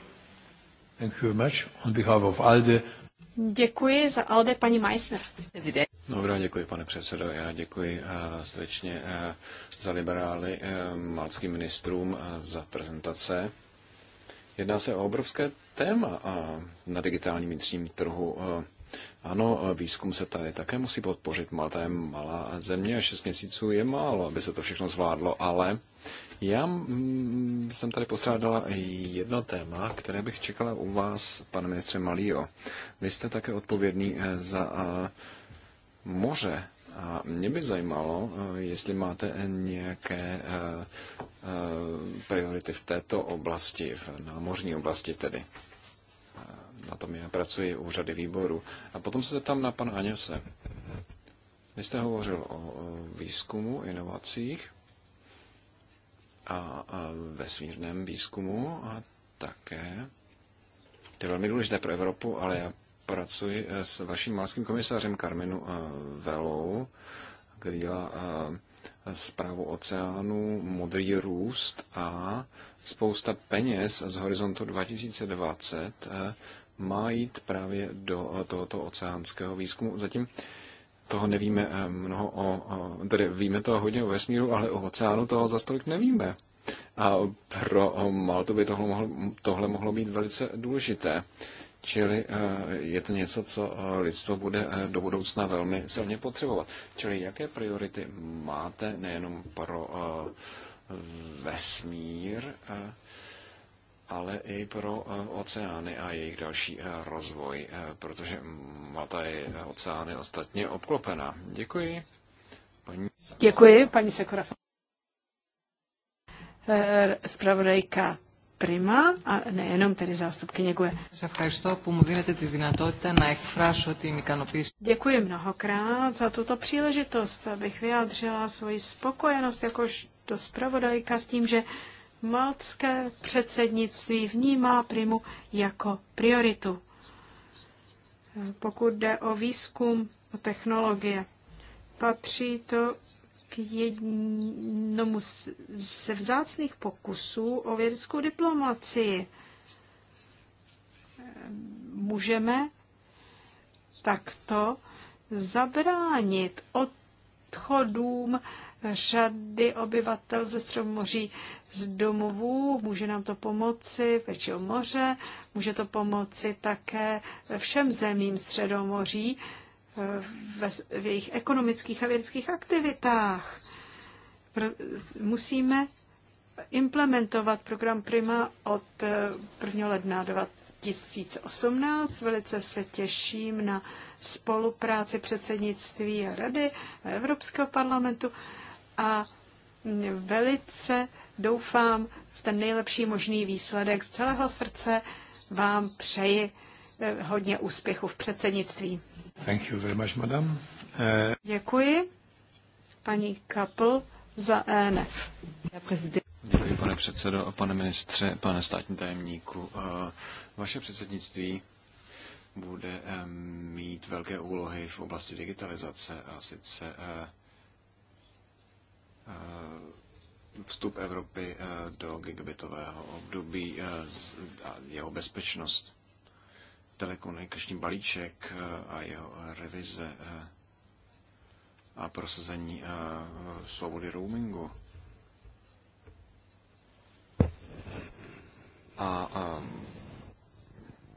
Thank you very much. On behalf of ALDE. Děkuji za ALDE, paní Meissner. Dobrá, děkuji, pane předsedo. Já děkuji uh, srdečně eh, za liberály uh, eh, malckým ministrům uh, za prezentace. Jedná se o obrovské téma uh, na digitálním vnitřním trhu. Uh, ano, výzkum se tady také musí podpořit. Malta je malá země a 6 měsíců je málo, aby se to všechno zvládlo, ale já mm, jsem tady postrádala jedno téma, které bych čekala u vás, pane ministře Malío. Vy jste také odpovědný eh, za eh, moře a mě by zajímalo, eh, jestli máte nějaké priority v této oblasti, v námořní oblasti tedy na tom já pracuji u řady výborů. A potom se zeptám na pana Aňose. Vy jste hovořil o výzkumu, inovacích a vesmírném výzkumu a také. To je velmi důležité pro Evropu, ale já pracuji eh, s vaším malským komisařem Karminu eh, Velou, který dělá eh, zprávu oceánu, modrý růst a spousta peněz z horizontu 2020 má jít právě do tohoto oceánského výzkumu. Zatím toho nevíme eh, mnoho o, tedy víme toho hodně o vesmíru, ale o oceánu toho za stolik nevíme. A pro Maltu by tohle mohlo, tohle mohlo být velice důležité. Čili eh, je to něco, co eh, lidstvo bude do budoucna velmi silně potřebovat. Čili jaké priority máte nejenom pro vesmír, ale i pro eh, oceány a jejich další eh, rozvoj, eh, protože Malta je oceány ostatně obklopena. Děkuji. Paní... Děkuji, paní Sekora. Spravodajka Prima a nejenom tedy zástupkyně GUE. Děkuji mnohokrát za tuto příležitost, abych vyjádřila svoji spokojenost jakožto spravodajka s tím, že maltské předsednictví vnímá Primu jako prioritu, pokud jde o výzkum, o technologie. Patří to k jednomu ze vzácných pokusů o vědeckou diplomacii. Můžeme takto zabránit odchodům řady obyvatel ze Stromoří z domovů, může nám to pomoci peči o moře, může to pomoci také všem zemím Středomoří eh, ve, v jejich ekonomických a vědeckých aktivitách. Pro, musíme implementovat program Prima od 1. Eh, ledna 2018. Velice se těším na spolupráci předsednictví a Rady Evropského parlamentu a velice doufám v ten nejlepší možný výsledek. Z celého srdce vám přeji eh, hodně úspěchu v předsednictví. Thank you very much, madam. Uh... Děkuji paní Kapl za ENF. Děkuji, pane předsedo a pane ministře, pane státní tajemníku. Eh, vaše předsednictví bude mít velké úlohy v oblasti digitalizace a sice vstup Evropy eh, do gigabitového období eh, a jeho bezpečnost. Telekomunikační balíček eh, a jeho revize a prosazení svobody roamingu. A, a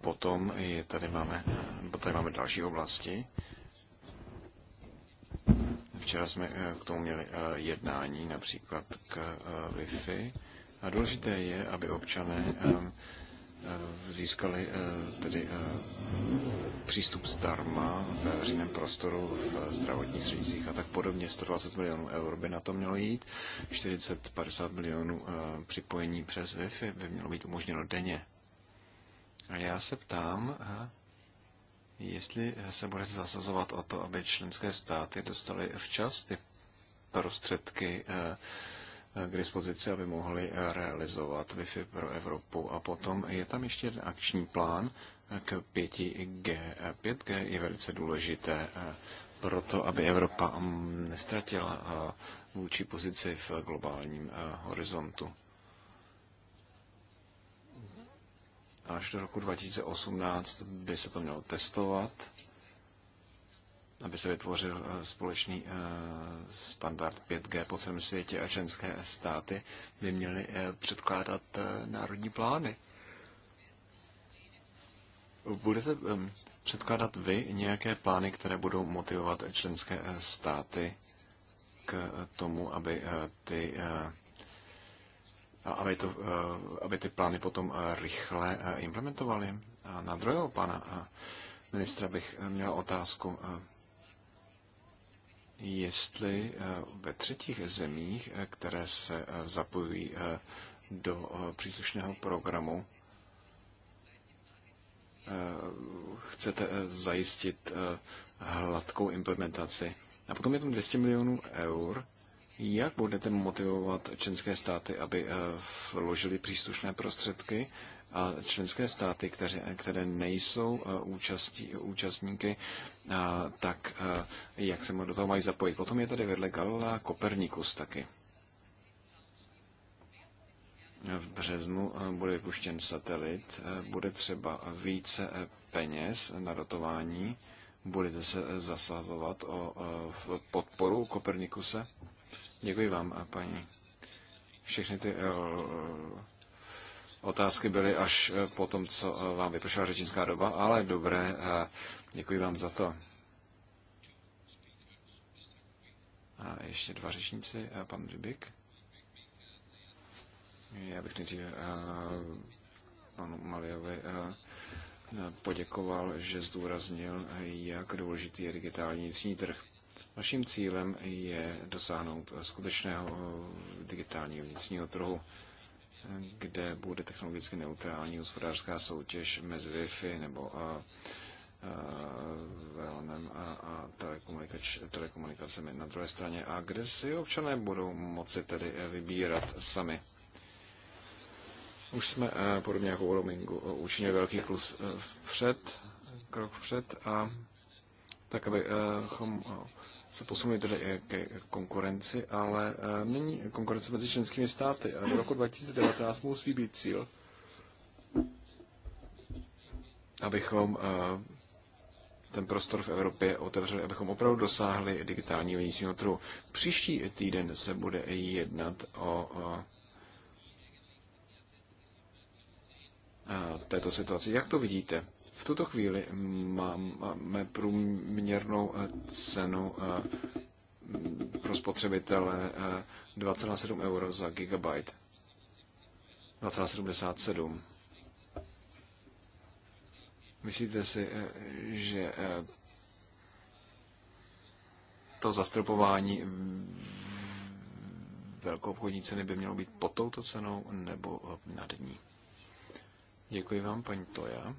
potom je tady máme, tady máme další oblasti, Včera jsme eh, k tomu měli eh, jednání například k eh, Wi-Fi. A důležité je, aby občané ehm, získali tedy přístup zdarma ve veřejném prostoru v zdravotních střediscích a tak podobně. 120 milionů eur by na to mělo jít, 40-50 milionů připojení přes Wi-Fi by mělo být umožněno denně. A já se ptám, jestli se budete zasazovat o to, aby členské státy dostaly včas ty prostředky eh, eh, k dispozici, aby mohly eh, realizovat Wi-Fi pro Evropu. A potom je tam ještě jeden akční plán k 5G. 5G je velice důležité pro to, aby Evropa mm, nestratila vůči pozici v globálním horizontu. Až do roku 2018 by se to mělo testovat, aby se vytvořil eh, společný eh, standard 5G po celém světě a členské státy by měly eh, předkládat národní plány. Budete ehm, předkládat vy nějaké plány, které budou motivovat členské státy k tomu, aby ty a aby, to, eh, aby ty plány potom eh, rychle eh, implementovali. A na druhého pana ministra bych měl otázku, jestli ve třetích zemích, které se zapojují do příslušného programu, chcete zajistit hladkou implementaci. A potom je tam 200 milionů eur, jak budete motivovat členské státy, aby eh, vložili příslušné prostředky a členské státy, které, které nejsou eh, účastí, účastníky, eh, tak jak se do toho mají zapojit? Potom je tady vedle Galilea Kopernikus taky. V březnu bude vypuštěn satelit, bude třeba více peněz na dotování, budete se zasazovat o podporu Kopernikuse? Děkuji vám, a paní. Všechny ty eh, otázky byly až eh, po tom, co eh, vám vypršela řečnická doba, ale dobré, děkuji vám za to. A ještě dva řečníci, pan Rybik. Já bych nejdříve panu Maliovi poděkoval, že zdůraznil, jak důležitý je digitální vnitřní trh. Naším cílem je dosáhnout skutečného eh, digitálního vnitřního trhu, kde bude technologicky neutrální hospodářská soutěž mezi Wi-Fi nebo eh, eh, a, a, a, a telekomunikacemi na druhé straně a kde si občané budou moci tedy vybírat sami. Už jsme podobně jako u roamingu učinili velký kus vpřed, krok vpřed a tak, abychom se posunuli tedy eh, ke konkurenci, ale eh, není konkurence mezi členskými státy. A do roku 2019 musí být cíl, abychom eh, ten prostor v Evropě otevřeli, abychom opravdu dosáhli digitálního vnitřního trhu. Příští týden se bude jednat o této situaci. Jak to vidíte? V tuto chvíli máme průměrnou eh, cenu eh, pro spotřebitele 2,7 eh, euro za gigabyte. 2,77. Myslíte si, že to zastropování velkou obchodní ceny by mělo být pod touto cenou nebo nad ní? Děkuji vám, paní Toja.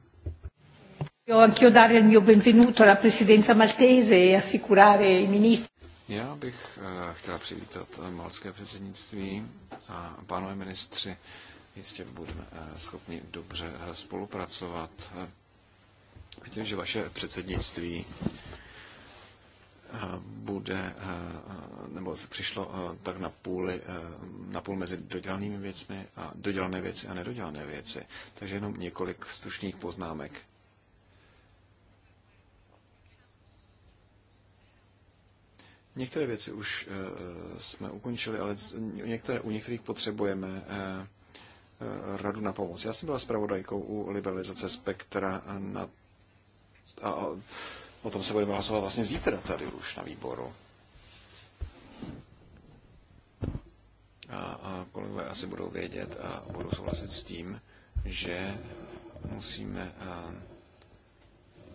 Voglio anch'io dare il mio benvenuto alla presidenza maltese e assicurare i ministri. Já bych eh, chtěla přivítat eh, malské předsednictví a pánové ministři, jistě budeme eh, schopni dobře spolupracovat. Myslím, že vaše předsednictví bude, nebo přišlo tak na, půli, na půl mezi dodělanými věcmi a dodělané věci a nedodělané věci. Takže jenom několik stručných poznámek. Některé věci už eh, jsme ukončili, ale některé, u některých potřebujeme eh, eh, radu na pomoc. Já jsem byla zpravodajkou u liberalizace spektra na, a o tom se budeme hlasovat vlastně zítra tady už na výboru. A, a kolegové asi budou vědět a budou souhlasit s tím, že musíme Uh,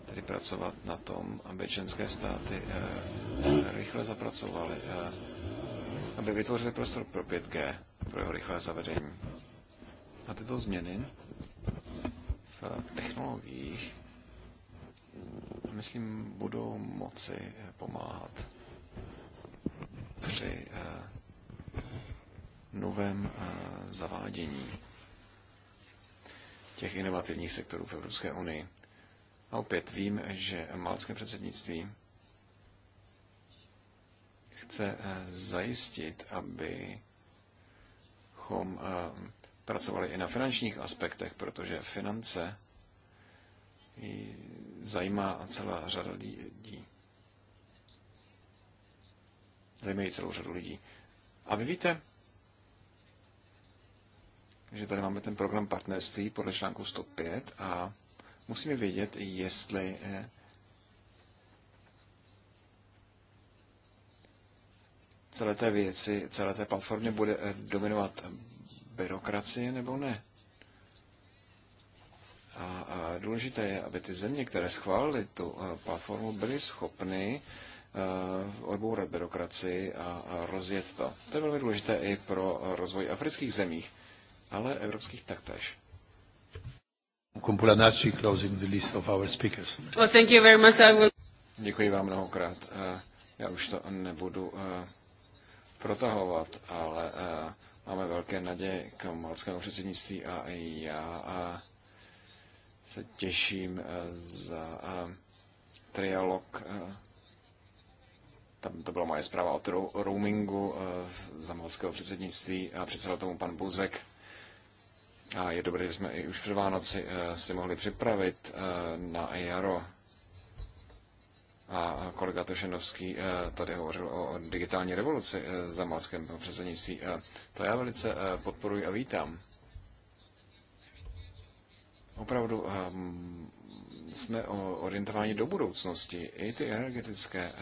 tedy pracovat na tom, aby členské státy eh, rychle zapracovaly, eh, aby vytvořili prostor pro 5G, pro jeho rychlé zavedení. A tyto změny v technologiích, myslím, budou moci eh, pomáhat při novém zavádění těch inovativních sektorů v Evropské unii. A opět vím, že malské předsednictví chce eh, zajistit, abychom eh, pracovali i na finančních aspektech, protože finance zajímá celá řada lidí. Zajímají celou řadu lidí. A vy víte, že tady máme ten program partnerství podle článku 105 a musíme vědět, jestli eh, celé té věci, celé té platformě bude eh, dominovat byrokracie nebo ne. A důležité je, aby ty země, které schválily tu eh, platformu, byly schopny odbourat byrokracii a rozjet to. To je velmi důležité i pro rozvoj afrických zemích, ale evropských taktéž. Kumpulanacci closing the list of our speakers. Well, thank you very much. I will... Děkuji vám mnohokrát. Eh, já už to nebudu eh, protahovat, ale eh, máme velké naděje k malckému předsednictví a já se těším za trialog. Tam to byla moje zpráva o roamingu za malckého předsednictví a předsedal tomu pan Buzek. A je dobré, že jsme i už před Vánoci eh, si mohli připravit eh, na jaro. A kolega Tošenovský eh, tady hovořil o digitální revoluci za malském předsednictví. To já velice podporuji a vítám. Opravdu jsme orientováni do budoucnosti. I ty energetické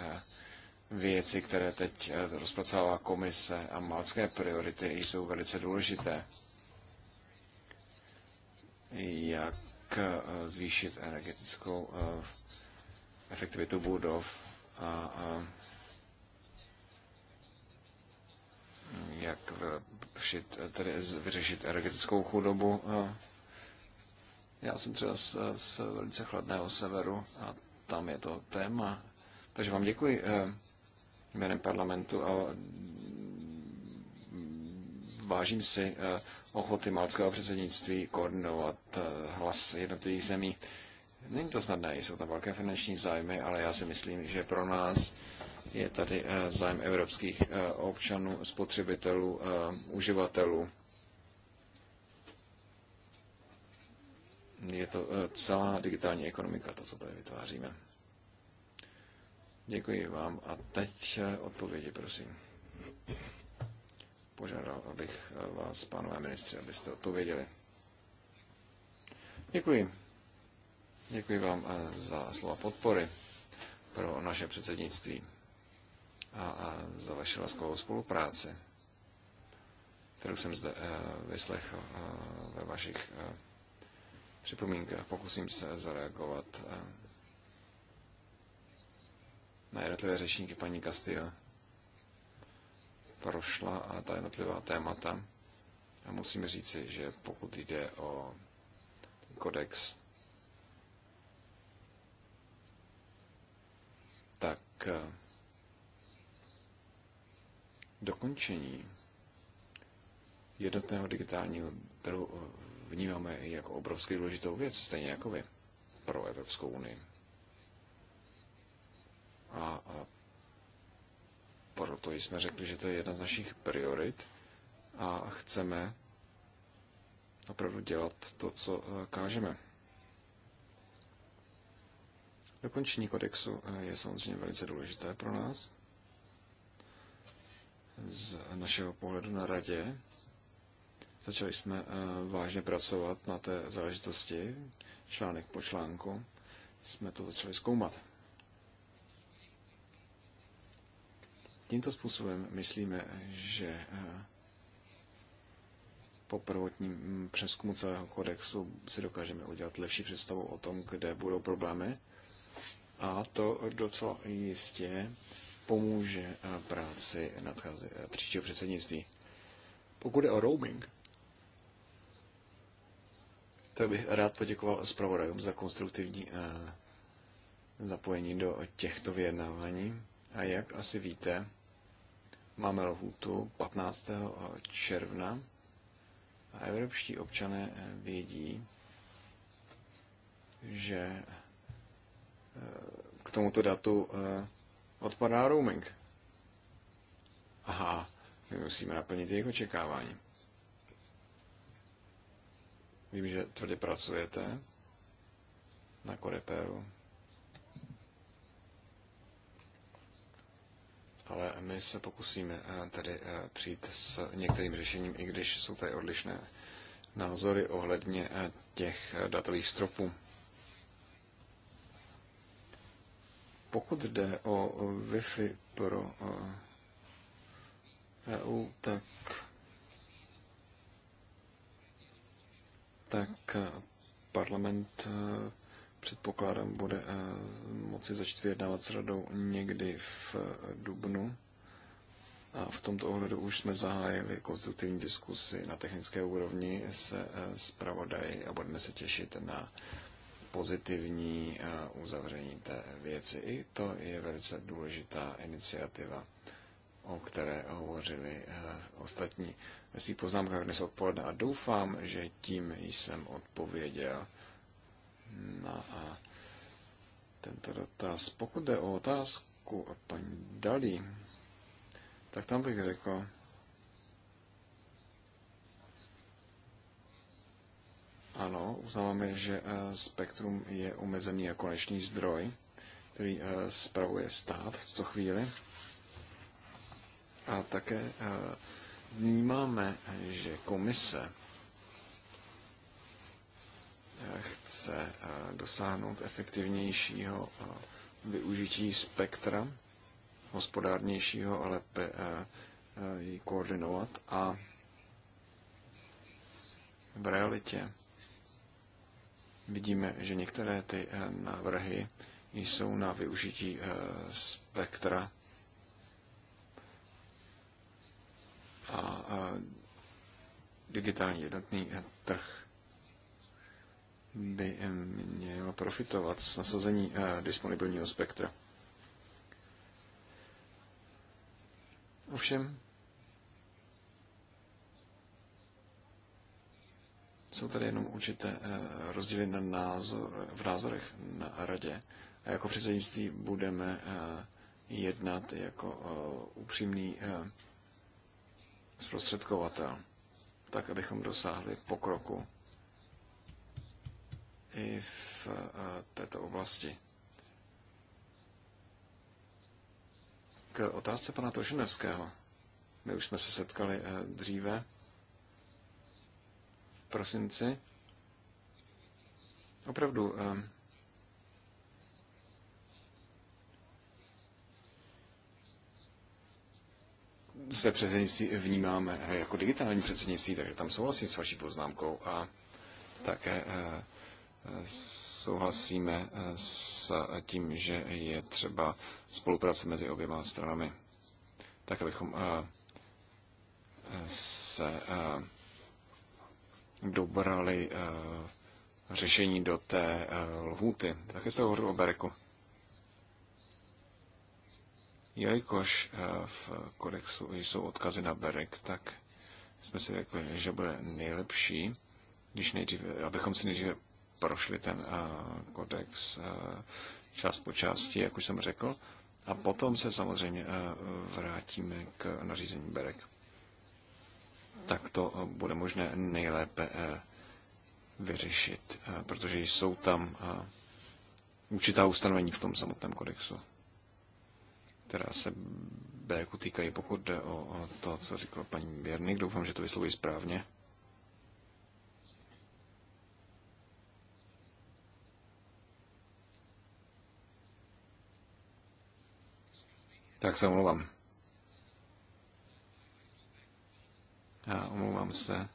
věci, které teď rozpracovává komise a malské priority jsou velice důležité jak eh, zvýšit energetickou eh, efektivitu budov a eh, jak vyřešit, tedy vyřešit energetickou chudobu. Já jsem třeba z, z velice chladného severu a tam je to téma. Takže vám děkuji jménem parlamentu a mm, vážím si ochoty malckého předsednictví koordinovat eh, hlas jednotlivých zemí. Není to snadné, jsou tam velké finanční zájmy, ale já si myslím, že pro nás je tady eh, zájem evropských eh, občanů, spotřebitelů, uživatelů. Je to celá digitální ekonomika, to, co tady vytváříme. Děkuji vám a teď odpovědi, prosím požádal, abych eh, vás, pánové ministři, abyste odpověděli. Děkuji. Děkuji vám eh, za slova podpory pro naše předsednictví a za vaši laskovou spolupráci, kterou jsem zde eh, vyslechl ve vašich připomínkách. Pokusím se zareagovat na jednotlivé řečníky paní Castillo prošla a ta jednotlivá témata. A musíme říci, že pokud jde o kodex, tak eh, dokončení jednotného digitálního trhu eh, vnímáme jako obrovsky důležitou věc, stejně jako vy, pro Evropskou unii. A, a proto jsme řekli, že to je jedna z našich priorit a chceme opravdu dělat to, co eh, kážeme. Dokončení kodexu eh, je samozřejmě velice důležité pro nás. Z našeho pohledu na radě začali jsme eh, vážně pracovat na té záležitosti, článek po článku, jsme to začali zkoumat. Tímto způsobem myslíme, že eh, po prvotním mm, přeskumu celého kodexu si dokážeme udělat lepší představu o tom, kde budou problémy. A to docela jistě pomůže eh, práci nadcháze- eh, příštího předsednictví. Pokud je o roaming, tak bych rád poděkoval zpravodajům za konstruktivní zapojení do těchto vyjednávání. A jak asi víte, máme lhůtu 15. června a evropští občané vědí, že eh, k tomuto datu eh, odpadá roaming. Aha, my musíme naplnit jejich očekávání. Vím, že tvrdě pracujete na Koreperu. ale my se pokusíme eh, tedy eh, přijít s některým řešením, i když jsou tady odlišné názory ohledně eh, těch datových stropů. Pokud jde o Wi-Fi pro EU, e tak, tak parlament předpokládám, bude eh, moci začít vyjednávat s radou někdy v eh, dubnu. A v tomto ohledu už jsme zahájili konstruktivní diskusy na technické úrovni se eh, zpravodají a budeme se těšit na pozitivní uzavření té věci. I to je velice důležitá iniciativa, o které hovořili ostatní ve svých poznámkách dnes odpoledne a doufám, že tím jsem odpověděl a tento dotaz. Pokud jde o otázku a paní Dali, tak tam bych řekl, ano, uznáváme, že eh, spektrum je omezený a jako konečný zdroj, který eh, spravuje stát v tuto chvíli. A také eh, vnímáme, že komise chce eh, dosáhnout efektivnějšího eh, využití spektra, hospodárnějšího a lépe eh, ji koordinovat a v realitě vidíme, že některé ty návrhy jsou na využití spektra a digitální jednotný trh by eh, měl profitovat z nasazení eh, disponibilního spektra. Ovšem, jsou tady jenom určité eh, rozdíly na názor, v názorech na radě. A jako předsednictví budeme jednat jako upřímný zprostředkovatel, tak abychom dosáhli pokroku i v eh, této oblasti. K otázce pana Tošinevského. My už jsme se setkali eh, dříve v prosinci. Opravdu eh, své předsednictví vnímáme jako digitální předsednictví, takže tam souhlasím s vaší poznámkou a také souhlasíme eh, s tím, že je třeba spolupráce mezi oběma stranami, tak abychom eh, se eh, dobrali řešení do té lhůty. Také jste hovořil o Bereku. Jelikož v kodexu jsou odkazy na Berek, tak jsme si řekli, že bude nejlepší, když nejdříve, abychom si nejdříve prošli ten eh, kodex eh, část po části, jak už jsem řekl. A potom se samozřejmě eh, vrátíme k nařízení Berek. Tak to bude možné nejlépe vyřešit, protože jsou tam určitá ustanovení v tom samotném kodexu, která se Berku týkají, pokud jde o to, co říkala paní Běrnik. Doufám, že to vyslovuji správně. Tak se omlouvám. Já omlouvám se.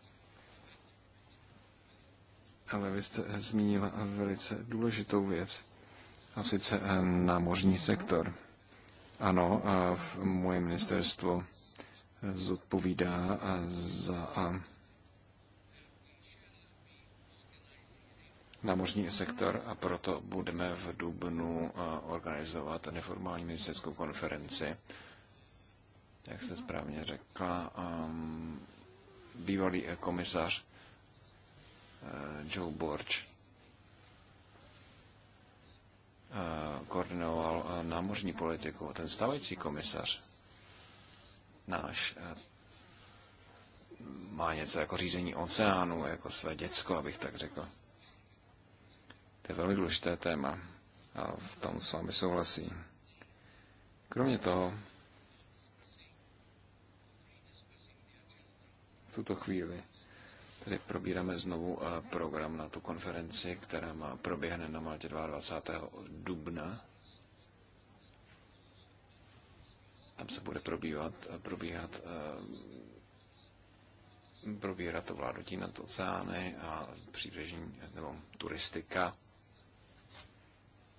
Ale vy jste zmínila velice důležitou věc, a sice eh, námořní sektor. Ano, a eh, moje ministerstvo zodpovídá eh, za námořní sektor a proto budeme v Dubnu eh, organizovat neformální ministerskou konferenci, jak se správně řekla, um, bývalý eh, komisař eh, Joe Borch koordinoval námořní politiku. Ten stávající komisař náš má něco jako řízení oceánu, jako své děcko, abych tak řekl. To je velmi důležité téma a v tom s vámi souhlasím. Kromě toho, v tuto chvíli tedy probíráme znovu eh, program na tu konferenci, která má, proběhne na Maltě 22. dubna. Tam se bude eh, probíhat, probíhat eh, probírat to vládnutí nad oceány a příbřežní nebo turistika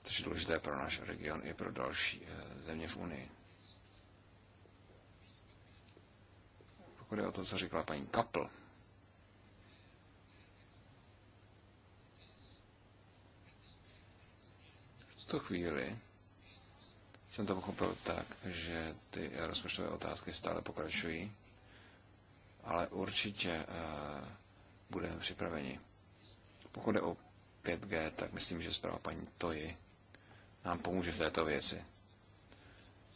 což je důležité pro náš region i pro další eh, země v Unii. Pokud je o to, co říkala paní Kapl, v tuto chvíli jsem to pochopil tak, že ty rozpočtové otázky stále pokračují, ale určitě eh, budeme připraveni. Pokud je o 5G, tak myslím, že zpráva paní Toji nám pomůže v této věci.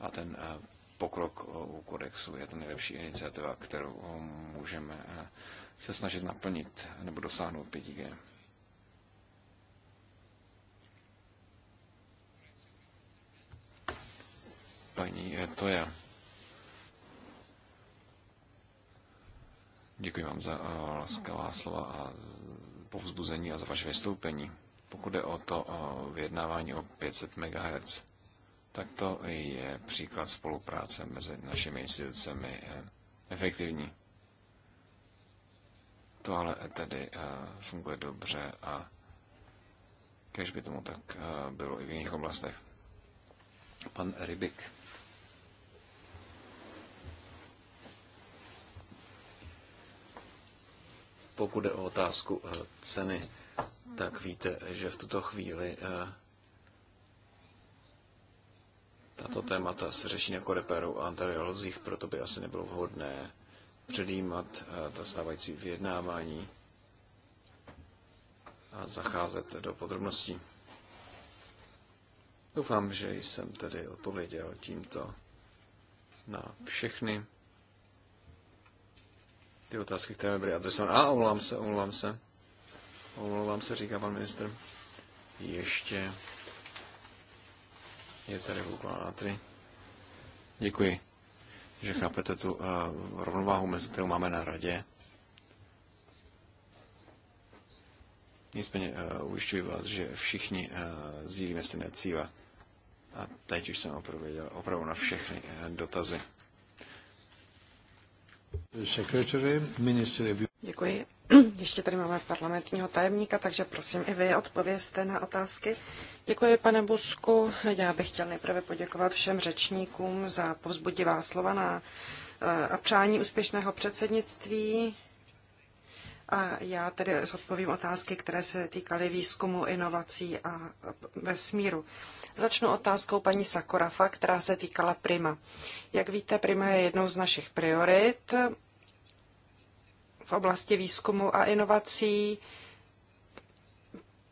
A ten eh, pokrok eh, u kodexu je to nejlepší iniciativa, kterou eh, můžeme se snažit naplnit nebo dosáhnout 5G. Paní je. Děkuji vám za laskavá slova a povzbuzení a za vaše vystoupení pokud jde o to o vyjednávání o 500 MHz, tak to je příklad spolupráce mezi našimi institucemi eh, efektivní. To ale tedy eh, funguje dobře a kež by tomu tak eh, bylo i v jiných oblastech. Pan Rybik. Pokud je o otázku ceny tak víte, že v tuto chvíli eh, tato témata se řeší jako reperu a anteriolozích, proto by asi nebylo vhodné předjímat eh, ta stávající vyjednávání a zacházet do podrobností. Doufám, že jsem tedy odpověděl tímto na všechny ty otázky, které mi byly adresovány. A omlouvám se, omlouvám se. Omlouvám se, říká pan ministr. Ještě je tady na tři. Děkuji, že chápete tu uh, rovnováhu, mezi kterou máme na radě. Nicméně uh, ujišťuji vás, že všichni uh, sdílíme stejné cíle. A teď už jsem opravdu věděl opravdu na všechny uh, dotazy. Secretary, minister Děkuji. Ještě tady máme parlamentního tajemníka, takže prosím i vy odpovězte na otázky. Děkuji, pane Busku. Já bych chtěl nejprve poděkovat všem řečníkům za povzbudivá slova na, eh, a přání úspěšného předsednictví. A já tedy odpovím otázky, které se týkaly výzkumu, inovací a vesmíru. Začnu otázkou paní Sakorafa, která se týkala Prima. Jak víte, Prima je jednou z našich priorit v oblasti výzkumu a inovací.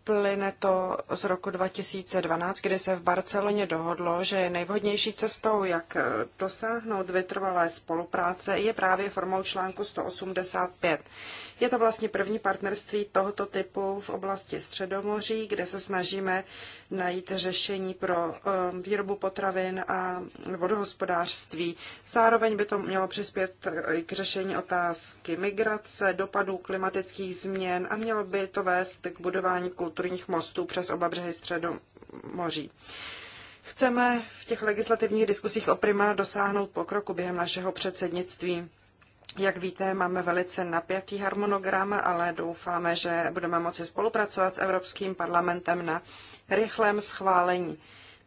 Plyne to z roku 2012, kdy se v Barceloně dohodlo, že nejvhodnější cestou, jak dosáhnout vytrvalé spolupráce, je právě formou článku 185. Je to vlastně první partnerství tohoto typu v oblasti Středomoří, kde se snažíme najít řešení pro um, výrobu potravin a vodohospodářství. Zároveň by to mělo přispět eh, k řešení otázky migrace, dopadů klimatických změn a mělo by to vést k budování kulturních mostů přes oba břehy Středomoří. Chceme v těch legislativních diskusích o prima dosáhnout pokroku během našeho předsednictví. Jak víte, máme velice napjatý harmonogram, ale doufáme, že budeme moci spolupracovat s Evropským parlamentem na rychlém schválení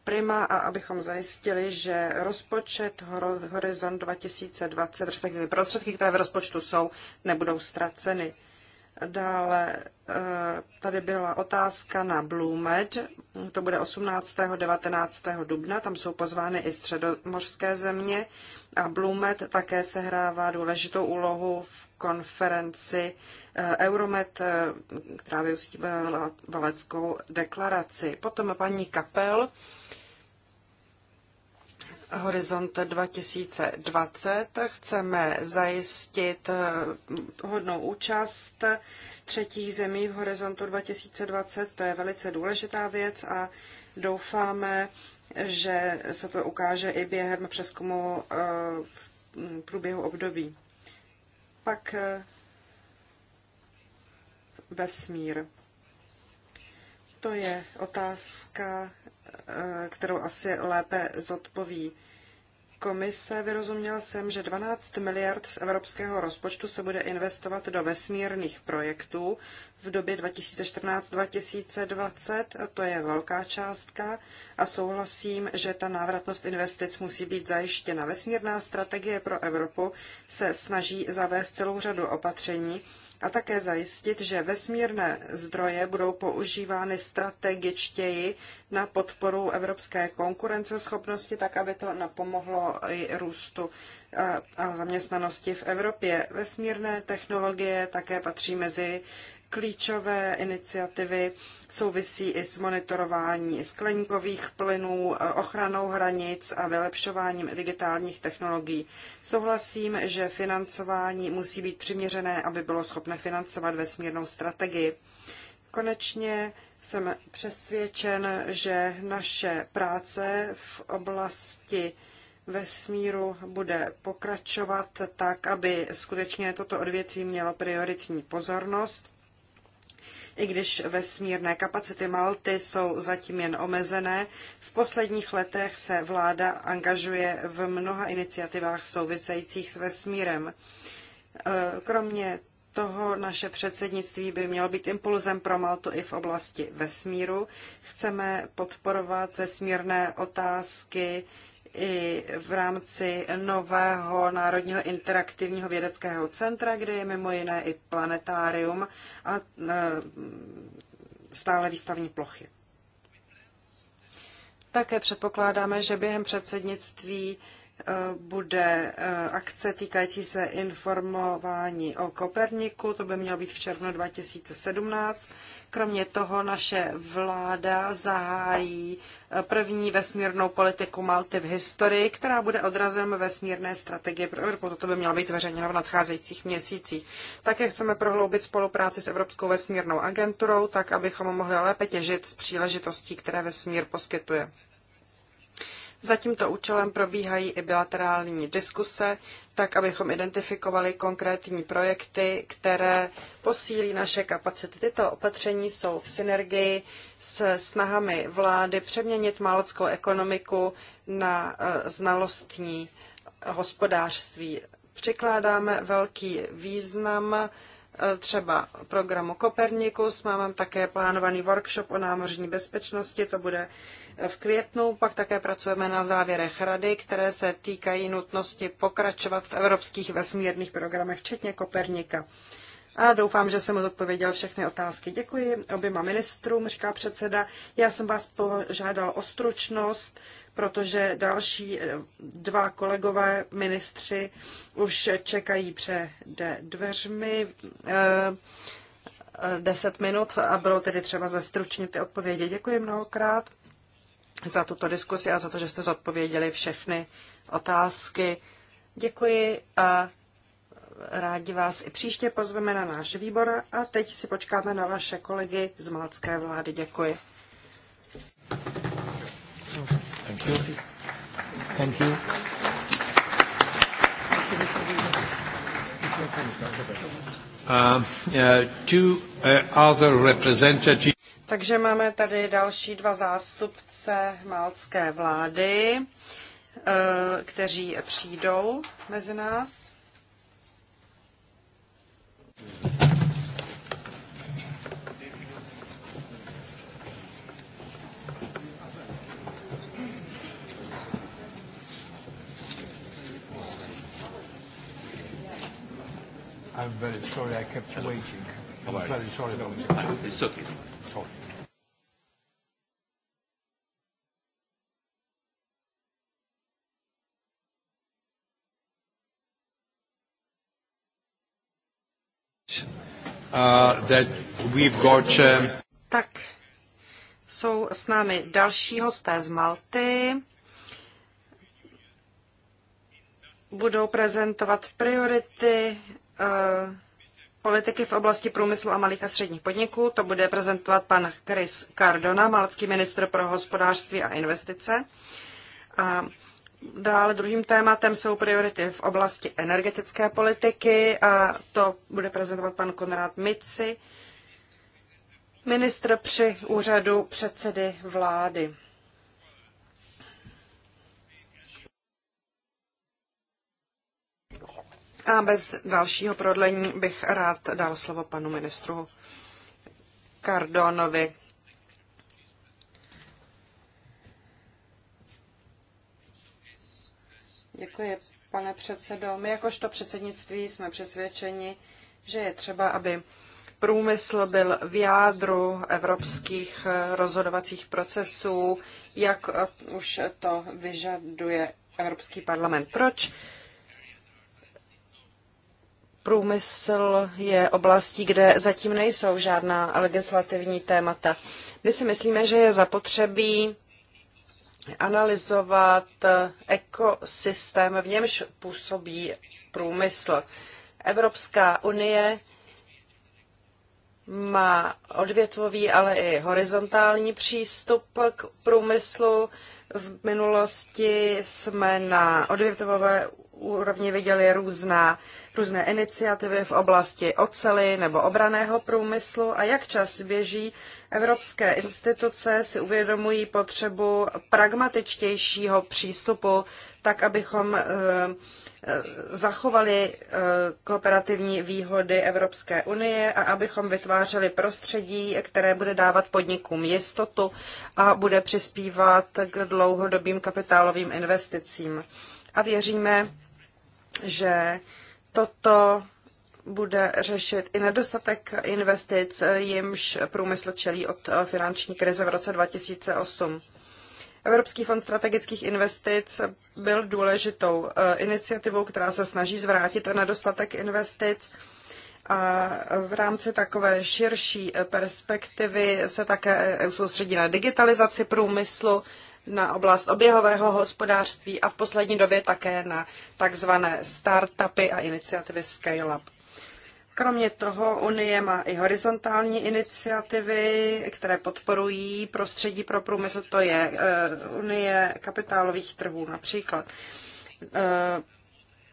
prima a abychom zajistili, že rozpočet horizont 2020, respektive prostředky, které v rozpočtu jsou, nebudou ztraceny. Dále eh, tady byla otázka na BlueMed, to bude 18. 19. dubna, tam jsou pozvány i středomořské země a Blumet také sehrává důležitou úlohu v konferenci eh, Euromed, eh, která vyústila valeckou deklaraci. Potom paní Kapel, Horizont 2020. Chceme zajistit eh, hodnou účast třetích zemí v Horizontu 2020. To je velice důležitá věc a doufáme, že se to ukáže i během přeskumu eh, v průběhu období. Pak eh, vesmír. To je otázka, eh, kterou asi lépe zodpoví komise, vyrozuměl jsem, že 12 miliard z evropského rozpočtu se bude investovat do vesmírných projektů v době 2014-2020, to je velká částka a souhlasím, že ta návratnost investic musí být zajištěna. Vesmírná strategie pro Evropu se snaží zavést celou řadu opatření, a také zajistit, že vesmírné zdroje budou používány strategičtěji na podporu evropské konkurenceschopnosti, tak aby to napomohlo i růstu a zaměstnanosti v Evropě. Vesmírné technologie také patří mezi Klíčové iniciativy souvisí i s monitorování skleníkových plynů, ochranou hranic a vylepšováním digitálních technologií. Souhlasím, že financování musí být přiměřené, aby bylo schopné financovat vesmírnou strategii. Konečně jsem přesvědčen, že naše práce v oblasti vesmíru bude pokračovat tak, aby skutečně toto odvětví mělo prioritní pozornost i když vesmírné kapacity Malty jsou zatím jen omezené. V posledních letech se vláda angažuje v mnoha iniciativách souvisejících s vesmírem. E, kromě toho naše předsednictví by mělo být impulzem pro Maltu i v oblasti vesmíru. Chceme podporovat vesmírné otázky i v rámci nového Národního interaktivního vědeckého centra, kde je mimo jiné i planetárium a e, stále výstavní plochy. Také předpokládáme, že během předsednictví Eh, bude eh, akce týkající se informování o Koperniku, to by mělo být v červnu 2017. Kromě toho naše vláda zahájí eh, první vesmírnou politiku Malty v historii, která bude odrazem vesmírné strategie pro Evropu. Toto by mělo být zveřejněno v nadcházejících měsících. Také chceme prohloubit spolupráci s Evropskou vesmírnou agenturou, tak abychom mohli lépe těžit z příležitostí, které vesmír poskytuje. Za tímto účelem probíhají i bilaterální diskuse, tak abychom identifikovali konkrétní projekty, které posílí naše kapacity. Tyto opatření jsou v synergii s snahami vlády přeměnit malockou ekonomiku na eh, znalostní hospodářství. Přikládáme velký význam eh, třeba programu Kopernikus. Mám také plánovaný workshop o námořní bezpečnosti, to bude v květnu pak také pracujeme na závěrech rady, které se týkají nutnosti pokračovat v evropských vesmírných programech, včetně Kopernika. A doufám, že jsem odpověděl všechny otázky. Děkuji oběma ministrům, říká předseda. Já jsem vás požádal o stručnost, protože další eh, dva kolegové ministři už čekají před dveřmi eh, eh, deset minut a bylo tedy třeba zestručnit ty odpovědi. Děkuji mnohokrát za tuto diskusi a za to, že jste zodpověděli všechny otázky. Děkuji a rádi vás i příště pozveme na náš výbor a teď si počkáme na vaše kolegy z malcké vlády. Děkuji. Thank you. Thank you. Uh, uh, two uh, other representatives. Takže máme tady další dva zástupce malcké vlády, eh, kteří přijdou mezi nás. I'm very sorry I kept waiting. Uh, um, tak jsou s námi další hosté z Malty. Budou prezentovat priority uh, politiky v oblasti průmyslu a malých a středních podniků. To bude prezentovat pan Chris Cardona, malcký ministr pro hospodářství a investice. A dále druhým tématem jsou priority v oblasti energetické politiky a to bude prezentovat pan Konrad Mici, ministr při úřadu předsedy vlády. A bez dalšího prodlení bych rád dal slovo panu ministru Cardonovi. Děkuji, pane předsedo. My jakožto předsednictví jsme přesvědčeni, že je třeba, aby průmysl byl v jádru evropských eh, rozhodovacích procesů, jak eh, už to vyžaduje Evropský parlament. Proč Průmysl je oblastí, kde zatím nejsou žádná legislativní témata. My si myslíme, že je zapotřebí analyzovat ekosystém, v němž působí průmysl. Evropská unie má odvětvový, ale i horizontální přístup k průmyslu. V minulosti jsme na odvětvové úrovni viděli různá, různé iniciativy v oblasti ocely nebo obraného průmyslu a jak čas běží, evropské instituce si uvědomují potřebu pragmatičtějšího přístupu, tak abychom eh, eh, zachovali eh, kooperativní výhody Evropské unie a abychom vytvářeli prostředí, které bude dávat podnikům jistotu a bude přispívat k dlouhodobým kapitálovým investicím. A věříme, že toto bude řešit i nedostatek investic, jimž průmysl čelí od finanční krize v roce 2008. Evropský fond strategických investic byl důležitou eh, iniciativou, která se snaží zvrátit nedostatek investic. A v rámci takové širší eh, perspektivy se také eh, soustředí na digitalizaci průmyslu na oblast oběhového hospodářství a v poslední době také na takzvané startupy a iniciativy Scale Up. Kromě toho Unie má i horizontální iniciativy, které podporují prostředí pro průmysl, to je eh, Unie kapitálových trhů například. Eh,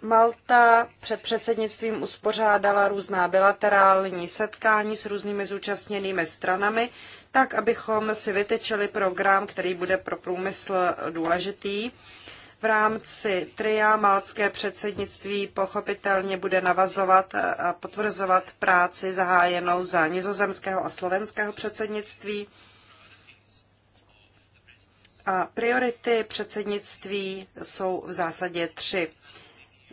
Malta před předsednictvím uspořádala různá bilaterální setkání s různými zúčastněnými stranami, tak abychom si vytyčili program, který bude pro průmysl důležitý. V rámci tria malcké předsednictví pochopitelně bude navazovat a potvrzovat práci zahájenou za nizozemského a slovenského předsednictví. A priority předsednictví jsou v zásadě tři.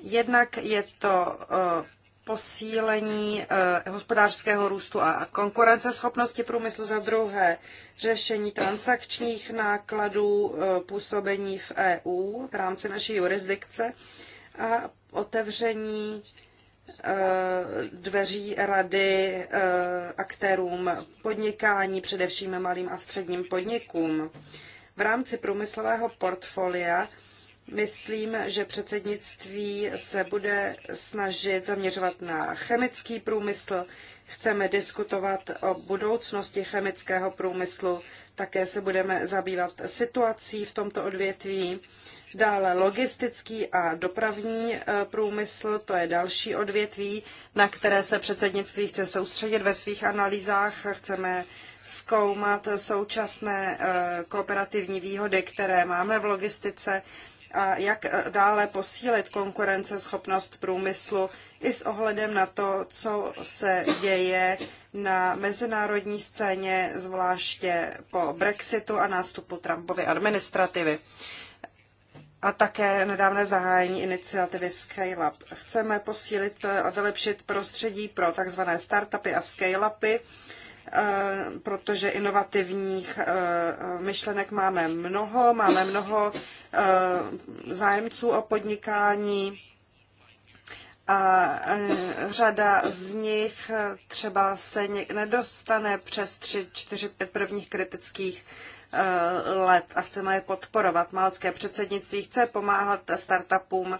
Jednak je to eh, posílení eh, hospodářského růstu a konkurenceschopnosti průmyslu, za druhé řešení transakčních nákladů eh, působení v EU v rámci naší jurisdikce a otevření eh, dveří rady aktérům podnikání, především malým a středním podnikům. V rámci průmyslového portfolia Myslím, že předsednictví se bude snažit zaměřovat na chemický průmysl. Chceme diskutovat o budoucnosti chemického průmyslu. Také se budeme zabývat situací v tomto odvětví. Dále logistický a dopravní e, průmysl, to je další odvětví, na které se předsednictví chce soustředit ve svých analýzách. Chceme zkoumat současné e, kooperativní výhody, které máme v logistice a jak eh, dále posílit konkurenceschopnost průmyslu i s ohledem na to, co se děje na mezinárodní scéně, zvláště po Brexitu a nástupu Trumpovy administrativy a také nedávné zahájení iniciativy Scale Up. Chceme posílit eh, a vylepšit prostředí pro tzv. startupy a scale-upy Eh, protože inovativních eh, myšlenek máme mnoho, máme mnoho eh, zájemců o podnikání a řada z nich třeba se nedostane přes 3, 4, 5 prvních kritických let a chceme je podporovat. Malcké předsednictví chce pomáhat startupům,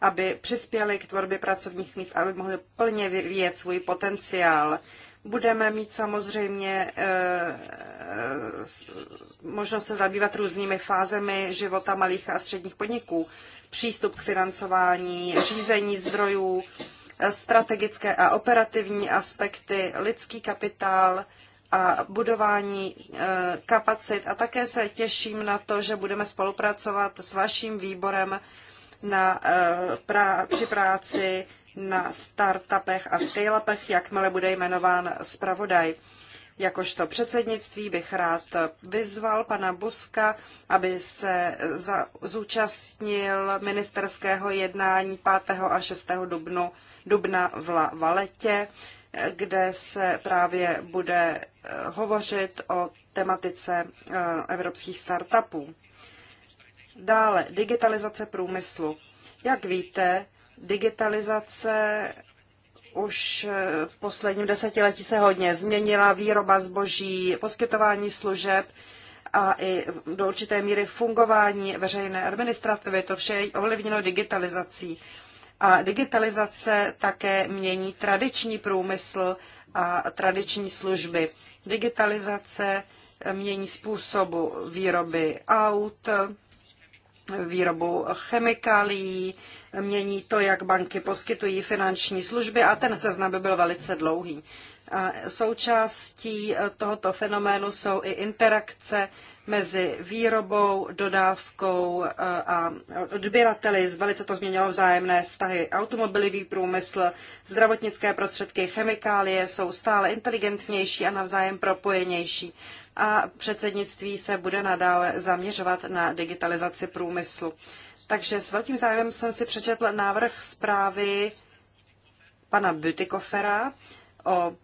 aby přispěli k tvorbě pracovních míst, aby mohli plně vyvíjet svůj potenciál. Budeme mít samozřejmě eh, možnost se zabývat různými fázemi života malých a středních podniků. Přístup k financování, řízení zdrojů, eh, strategické a operativní aspekty, lidský kapitál a budování eh, kapacit. A také se těším na to, že budeme spolupracovat s vaším výborem na, pra, při práci na startupech a scale-upech, jakmile bude jmenován zpravodaj. Jakožto předsednictví bych rád vyzval pana Buska, aby se za, zúčastnil ministerského jednání 5. a 6. Dubnu, dubna v La Valetě, kde se právě bude eh, hovořit o tematice eh, evropských startupů. Dále digitalizace průmyslu. Jak víte, Digitalizace už eh, v posledním desetiletí se hodně změnila, výroba zboží, poskytování služeb a i do určité míry fungování veřejné administrativy. To vše je ovlivněno digitalizací. A digitalizace také mění tradiční průmysl a tradiční služby. Digitalizace mění způsobu výroby aut, výrobu chemikálií, mění to, jak banky poskytují finanční služby a ten seznam by byl velice dlouhý. A součástí tohoto fenoménu jsou i interakce mezi výrobou, dodávkou eh, a odběrateli. Velice to změnilo vzájemné vztahy. Automobilový průmysl, zdravotnické prostředky, chemikálie jsou stále inteligentnější a navzájem propojenější a předsednictví se bude nadále zaměřovat na digitalizaci průmyslu. Takže s velkým zájmem jsem si přečetl návrh zprávy pana Butikofera o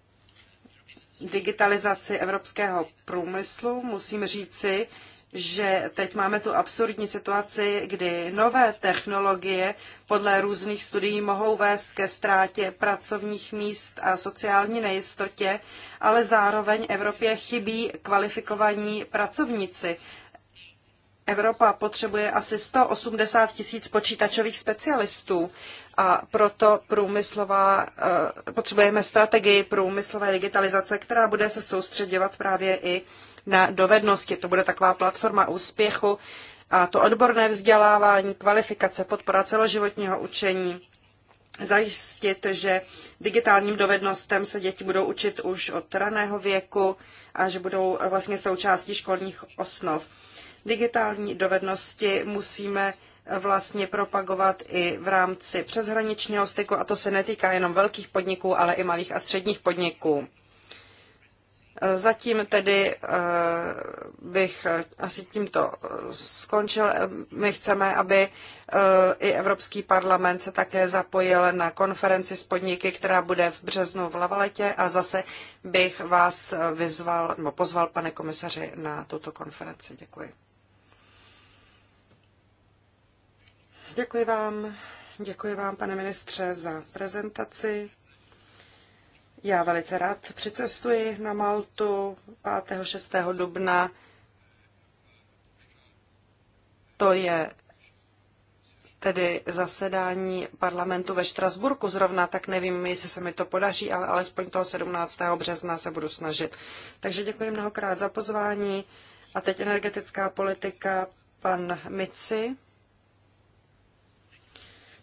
digitalizaci evropského průmyslu. Musím říci, že teď máme tu absurdní situaci, kdy nové technologie podle různých studií mohou vést ke ztrátě pracovních míst a sociální nejistotě, ale zároveň Evropě chybí kvalifikovaní pracovníci. Evropa potřebuje asi 180 tisíc počítačových specialistů a proto průmyslová, eh, potřebujeme strategii průmyslové digitalizace, která bude se soustředěvat právě i na dovednosti. To bude taková platforma úspěchu a to odborné vzdělávání, kvalifikace, podpora celoživotního učení, zajistit, že digitálním dovednostem se děti budou učit už od raného věku a že budou vlastně součástí školních osnov. Digitální dovednosti musíme vlastně propagovat i v rámci přeshraničního styku a to se netýká jenom velkých podniků, ale i malých a středních podniků. Zatím tedy eh, bych eh, asi tímto eh, skončil. My chceme, aby i Evropský parlament se také zapojil na konferenci s podniky, která bude v březnu v Lavaletě a zase bych vás vyzval, nebo pozval, pane komisaři, na tuto konferenci. Děkuji. Děkuji vám, děkuji vám, pane ministře, za prezentaci. Já velice rád přicestuji na Maltu 5. 6. dubna. To je tedy zasedání parlamentu ve Štrasburku. Zrovna tak nevím, jestli se mi to podaří, ale alespoň toho 17. března se budu snažit. Takže děkuji mnohokrát za pozvání. A teď energetická politika, pan Mici.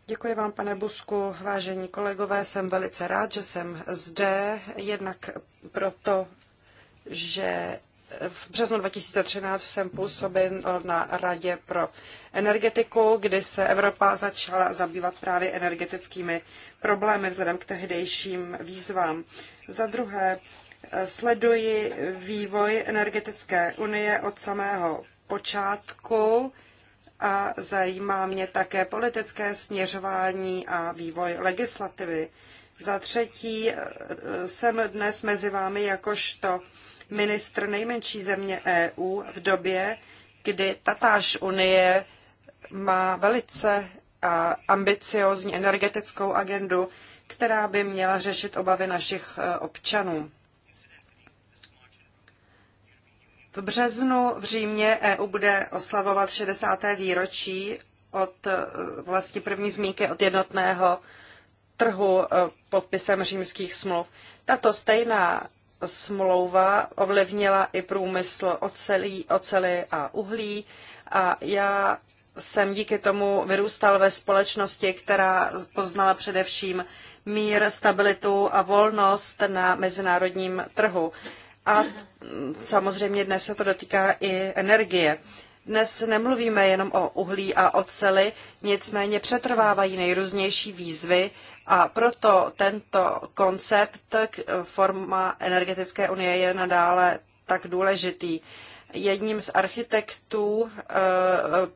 Děkuji vám, pane Busku. Vážení kolegové, jsem velice rád, že jsem zde, jednak proto, že v březnu 2013 jsem působil na Radě pro energetiku, kdy se Evropa začala zabývat právě energetickými problémy vzhledem k tehdejším výzvám. Za druhé, sleduji vývoj energetické unie od samého počátku a zajímá mě také politické směřování a vývoj legislativy. Za třetí eh, jsem dnes mezi vámi jakožto ministr nejmenší země EU v době, kdy tatáž Unie má velice ambiciozní energetickou agendu, která by měla řešit obavy našich eh, občanů. V březnu v Římě EU bude oslavovat 60. výročí od e, vlastně první zmínky od jednotného trhu e, podpisem římských smluv. Tato stejná smlouva ovlivnila i průmysl ocelí, ocely a uhlí a já jsem díky tomu vyrůstal ve společnosti, která poznala především mír, stabilitu a volnost na mezinárodním trhu. A samozřejmě dnes se to dotýká i energie. Dnes nemluvíme jenom o uhlí a oceli, nicméně přetrvávají nejrůznější výzvy a proto tento koncept, forma energetické unie je nadále tak důležitý. Jedním z architektů eh,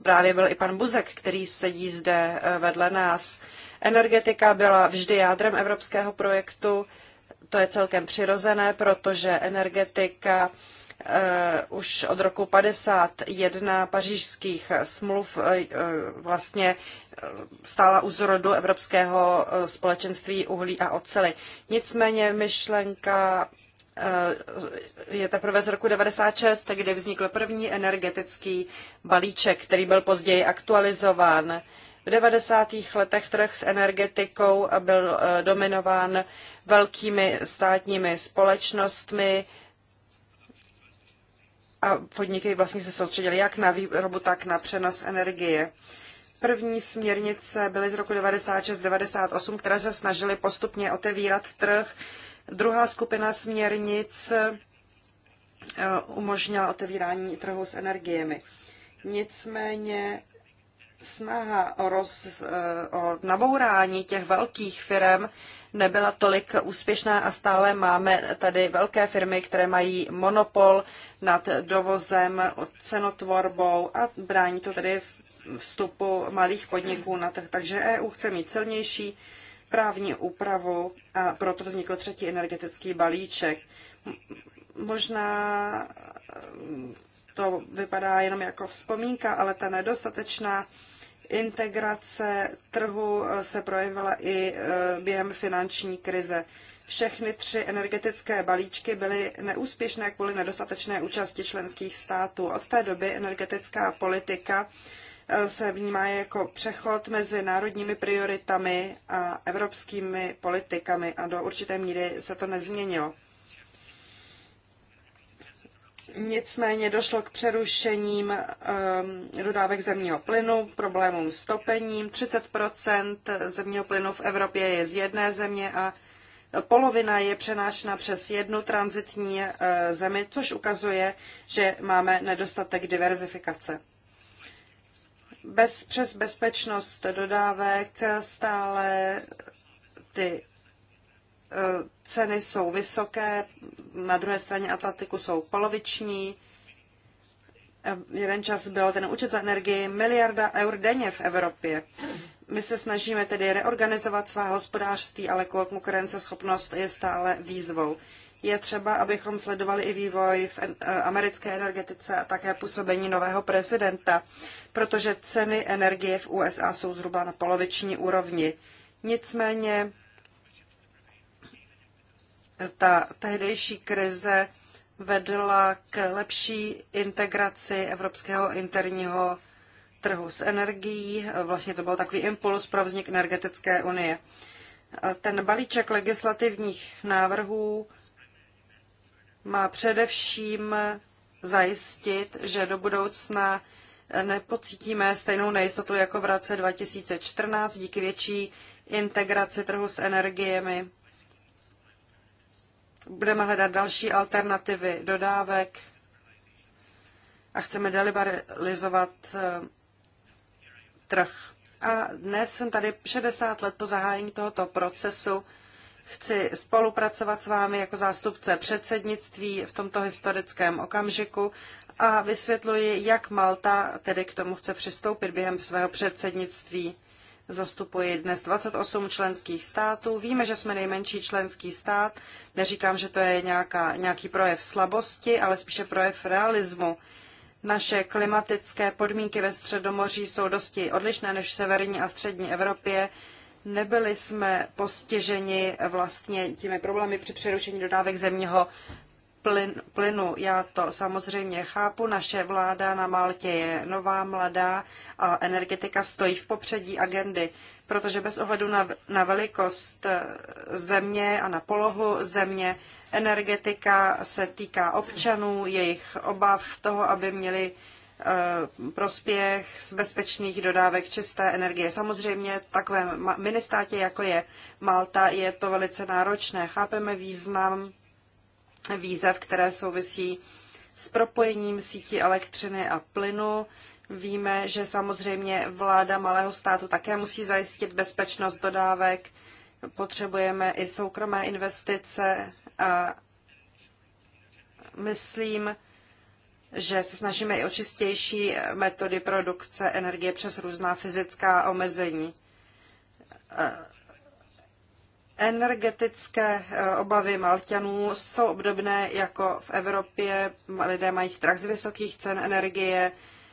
právě byl i pan Buzek, který sedí zde eh, vedle nás. Energetika byla vždy jádrem evropského projektu to je celkem přirozené, protože energetika eh, už od roku 51 pařížských smluv eh, eh, vlastně stála u zrodu Evropského společenství uhlí a ocely. Nicméně myšlenka je teprve z roku 96, kdy vznikl první energetický balíček, který byl později aktualizován. V 90. letech trh s energetikou byl eh, dominován velkými státními společnostmi a podniky vlastně se soustředily jak na výrobu, tak na přenos energie. První směrnice byly z roku 96-98, které se snažily postupně otevírat trh. Druhá skupina směrnic eh, umožnila otevírání trhu s energiemi. Nicméně snaha o, roz, eh, o nabourání těch velkých firm nebyla tolik úspěšná a stále máme tady velké firmy, které mají monopol nad dovozem, cenotvorbou a brání to tedy vstupu malých podniků na trh. Takže EU chce mít silnější právní úpravu a proto vznikl třetí energetický balíček. Možná to vypadá jenom jako vzpomínka, ale ta nedostatečná integrace trhu eh, se projevila i eh, během finanční krize. Všechny tři energetické balíčky byly neúspěšné kvůli nedostatečné účasti členských států. Od té doby energetická politika eh, se vnímá jako přechod mezi národními prioritami a evropskými politikami a do určité míry se to nezměnilo. Nicméně došlo k přerušením ehm, dodávek zemního plynu, problémům s topením. 30 zemního plynu v Evropě je z jedné země a polovina je přenášena přes jednu transitní eh, zemi, což ukazuje, že máme nedostatek diverzifikace. Bez, přes bezpečnost dodávek stále ty Eh, ceny jsou vysoké, na druhé straně Atlantiku jsou poloviční. Eh, jeden čas byl ten účet za energii miliarda eur denně v Evropě. My se snažíme tedy reorganizovat svá hospodářství, ale konkurenceschopnost je stále výzvou. Je třeba, abychom sledovali i vývoj v eh, americké energetice a také působení nového prezidenta, protože ceny energie v USA jsou zhruba na poloviční úrovni. Nicméně ta tehdejší krize vedla k lepší integraci evropského interního trhu s energií. Vlastně to byl takový impuls pro vznik energetické unie. Ten balíček legislativních návrhů má především zajistit, že do budoucna nepocítíme stejnou nejistotu jako v roce 2014 díky větší integraci trhu s energiemi Budeme hledat další alternativy dodávek a chceme deliberalizovat eh, trh. A dnes jsem tady 60 let po zahájení tohoto procesu. Chci spolupracovat s vámi jako zástupce předsednictví v tomto historickém okamžiku a vysvětluji, jak Malta tedy k tomu chce přistoupit během svého předsednictví. Zastupuji dnes 28 členských států. Víme, že jsme nejmenší členský stát. Neříkám, že to je nějaká, nějaký projev slabosti, ale spíše projev realismu. Naše klimatické podmínky ve Středomoří jsou dosti odlišné než v severní a střední Evropě. Nebyli jsme postiženi vlastně těmi problémy při přerušení dodávek zemního plyn, plynu. Já to samozřejmě chápu, naše vláda na Maltě je nová, mladá a energetika stojí v popředí agendy, protože bez ohledu na, na velikost eh, země a na polohu země, energetika se týká občanů, jejich obav toho, aby měli eh, prospěch z bezpečných dodávek čisté energie. Samozřejmě v takovém ministátě, jako je Malta, je to velice náročné. Chápeme význam výzev, které souvisí s propojením sítí elektřiny a plynu. Víme, že samozřejmě vláda malého státu také musí zajistit bezpečnost dodávek. Potřebujeme i soukromé investice a myslím, že se snažíme i o čistější metody produkce energie přes různá fyzická omezení. Energetické eh, obavy Malťanů jsou obdobné jako v Evropě. Lidé mají strach z vysokých cen energie,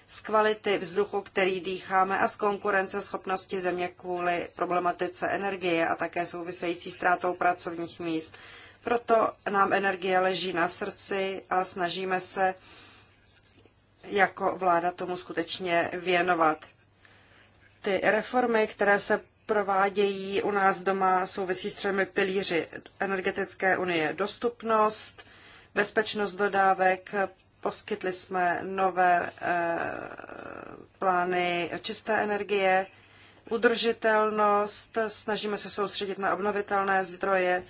z kvality vzduchu, který dýcháme a z konkurenceschopnosti země kvůli problematice energie a také související ztrátou pracovních míst. Proto nám energie leží na srdci a snažíme se jako vláda tomu skutečně věnovat. Ty reformy, které se provádějí u nás doma, souvisí s třemi pilíři energetické unie. Dostupnost, bezpečnost dodávek, poskytli jsme nové eh, plány čisté energie, udržitelnost, snažíme se soustředit na obnovitelné zdroje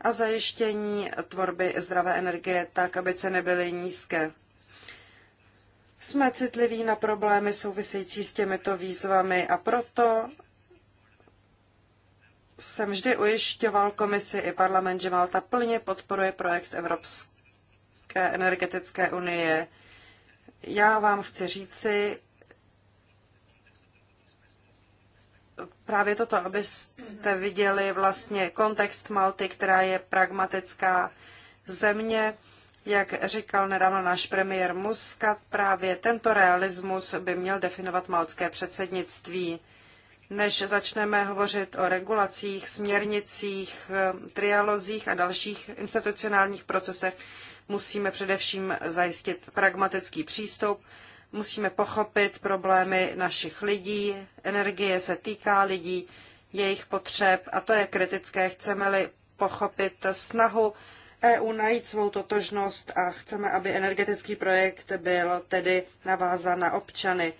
a zajištění tvorby zdravé energie tak, aby ceny byly nízké. Jsme citliví na problémy související s těmito výzvami a proto jsem vždy ujišťoval komisi i parlament, že Malta plně podporuje projekt Evropské energetické unie. Já vám chci říci právě toto, abyste viděli vlastně kontext Malty, která je pragmatická země. Jak říkal nedávno náš premiér Muscat, právě tento realismus by měl definovat maltské předsednictví než začneme hovořit o regulacích, směrnicích, eh, trialozích a dalších institucionálních procesech, musíme především zajistit pragmatický přístup, musíme pochopit problémy našich lidí, energie se týká lidí, jejich potřeb a to je kritické, chceme-li pochopit snahu EU najít svou totožnost a chceme, aby energetický projekt byl tedy navázán na občany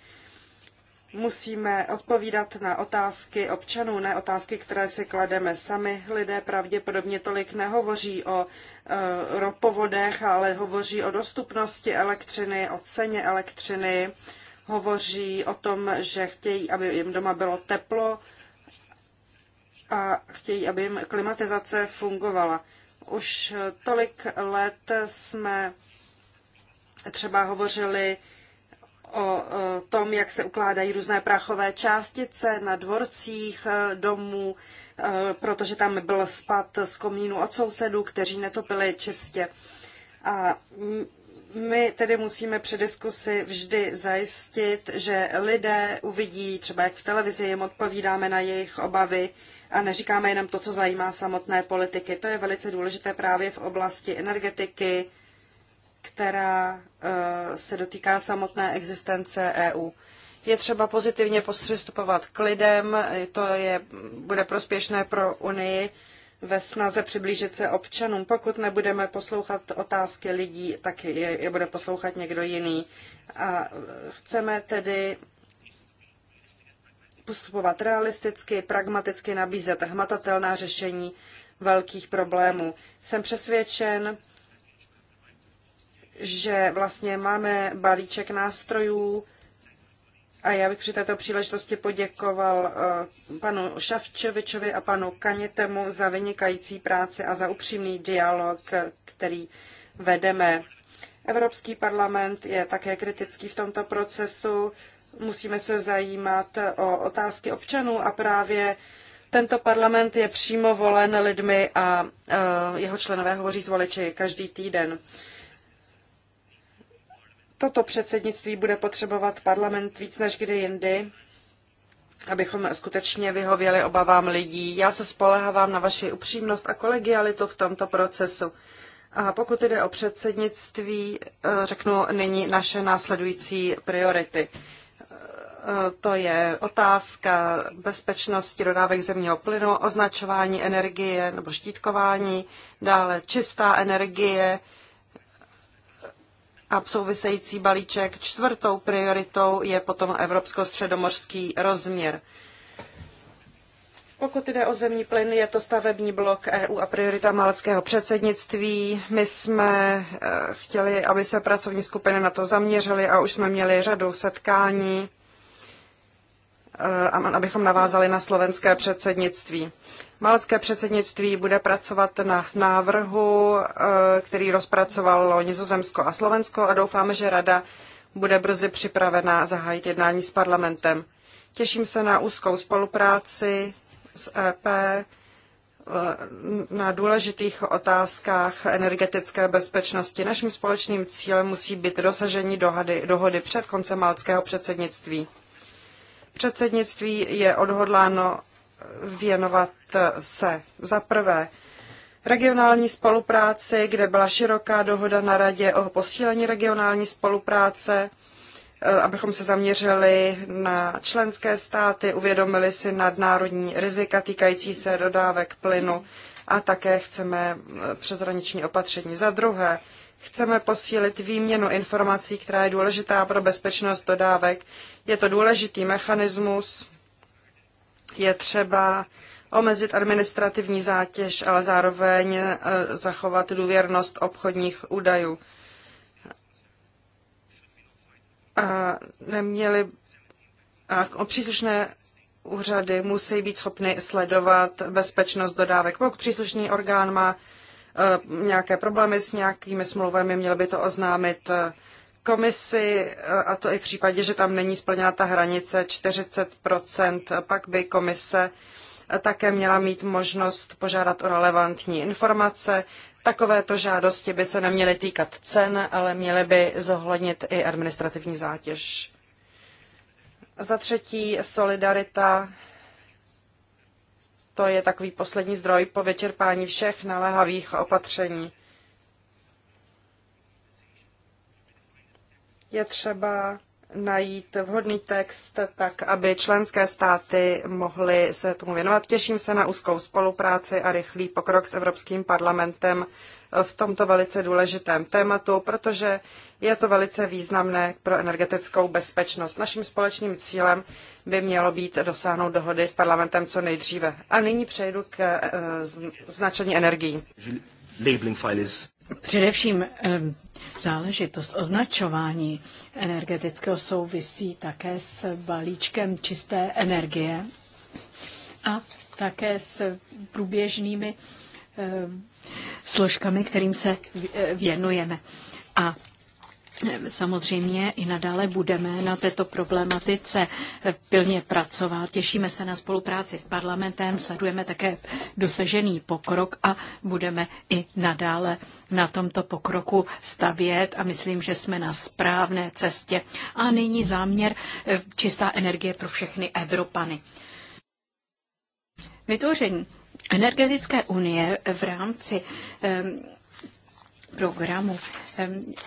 musíme odpovídat na otázky občanů, ne otázky, které si klademe sami. Lidé pravděpodobně tolik nehovoří o e, ropovodech, ale hovoří o dostupnosti elektřiny, o ceně elektřiny, hovoří o tom, že chtějí, aby jim doma bylo teplo a chtějí, aby jim klimatizace fungovala. Už tolik let jsme třeba hovořili o tom, jak se ukládají různé prachové částice na dvorcích e, domů, e, protože tam byl spad z komínu od sousedů, kteří netopili čistě. A my tedy musíme při diskusi vždy zajistit, že lidé uvidí, třeba jak v televizi jim odpovídáme na jejich obavy a neříkáme jenom to, co zajímá samotné politiky. To je velice důležité právě v oblasti energetiky, která eh, se dotýká samotné existence EU. Je třeba pozitivně postupovat k lidem, to je, bude prospěšné pro Unii ve snaze přiblížit se občanům. Pokud nebudeme poslouchat otázky lidí, tak je, je bude poslouchat někdo jiný. A chceme tedy postupovat realisticky, pragmaticky, nabízet hmatatelná řešení velkých problémů. Jsem přesvědčen, že vlastně máme balíček nástrojů a já bych při této příležitosti poděkoval eh, panu Šavčovičovi a panu Kanětemu za vynikající práci a za upřímný dialog, který vedeme. Evropský parlament je také kritický v tomto procesu. Musíme se zajímat o otázky občanů a právě tento parlament je přímo volen lidmi a eh, jeho členové hovoří s voliči každý týden. Toto předsednictví bude potřebovat parlament víc než kdy jindy, abychom skutečně vyhověli obavám lidí. Já se spolehávám na vaši upřímnost a kolegialitu v tomto procesu. A pokud jde o předsednictví, eh, řeknu nyní naše následující priority. Eh, to je otázka bezpečnosti dodávek zemního plynu, označování energie nebo štítkování, dále čistá energie, a související balíček. Čtvrtou prioritou je potom evropsko-středomořský rozměr. Pokud jde o zemní plyn, je to stavební blok EU a priorita maleckého předsednictví. My jsme eh, chtěli, aby se pracovní skupiny na to zaměřily a už jsme měli řadu setkání, eh, abychom navázali na slovenské předsednictví. Malské předsednictví bude pracovat na návrhu, eh, který rozpracovalo Nizozemsko a Slovensko a doufáme, že Rada bude brzy připravena zahájit jednání s parlamentem. Těším se na úzkou spolupráci s EP eh, na důležitých otázkách energetické bezpečnosti. Naším společným cílem musí být dosažení dohody, dohody před koncem malckého předsednictví. Předsednictví je odhodláno věnovat se za prvé regionální spolupráci, kde byla široká dohoda na radě o posílení regionální spolupráce, eh, abychom se zaměřili na členské státy, uvědomili si nadnárodní rizika týkající se dodávek plynu a také chceme eh, přeshraniční opatření. Za druhé, chceme posílit výměnu informací, která je důležitá pro bezpečnost dodávek. Je to důležitý mechanismus je třeba omezit administrativní zátěž, ale zároveň eh, zachovat důvěrnost obchodních údajů. A neměli a příslušné úřady musí být schopny sledovat bezpečnost dodávek. Pokud příslušný orgán má eh, nějaké problémy s nějakými smlouvami, měl by to oznámit eh, komisi, eh, a to i v případě, že tam není splněna ta hranice 40 pak by komise eh, také měla mít možnost požádat o relevantní informace. Takovéto žádosti by se neměly týkat cen, ale měly by zohlednit i administrativní zátěž. Za třetí, solidarita. To je takový poslední zdroj po vyčerpání všech naléhavých opatření. Je třeba najít vhodný text tak, aby členské státy mohly se tomu věnovat. Těším se na úzkou spolupráci a rychlý pokrok s Evropským parlamentem v tomto velice důležitém tématu, protože je to velice významné pro energetickou bezpečnost. Naším společným cílem by mělo být dosáhnout dohody s parlamentem co nejdříve. A nyní přejdu k eh, značení energií. Labeling file is Především ehm, záležitost označování energetického souvisí také s balíčkem čisté energie a také s průběžnými ehm, složkami, kterým se eh, věnujeme. A Samozřejmě i nadále budeme na této problematice pilně pracovat. Těšíme se na spolupráci s parlamentem, sledujeme také dosažený pokrok a budeme i nadále na tomto pokroku stavět a myslím, že jsme na správné cestě. A nyní záměr eh, čistá energie pro všechny Evropany. Vytvoření energetické unie v rámci ehm, programu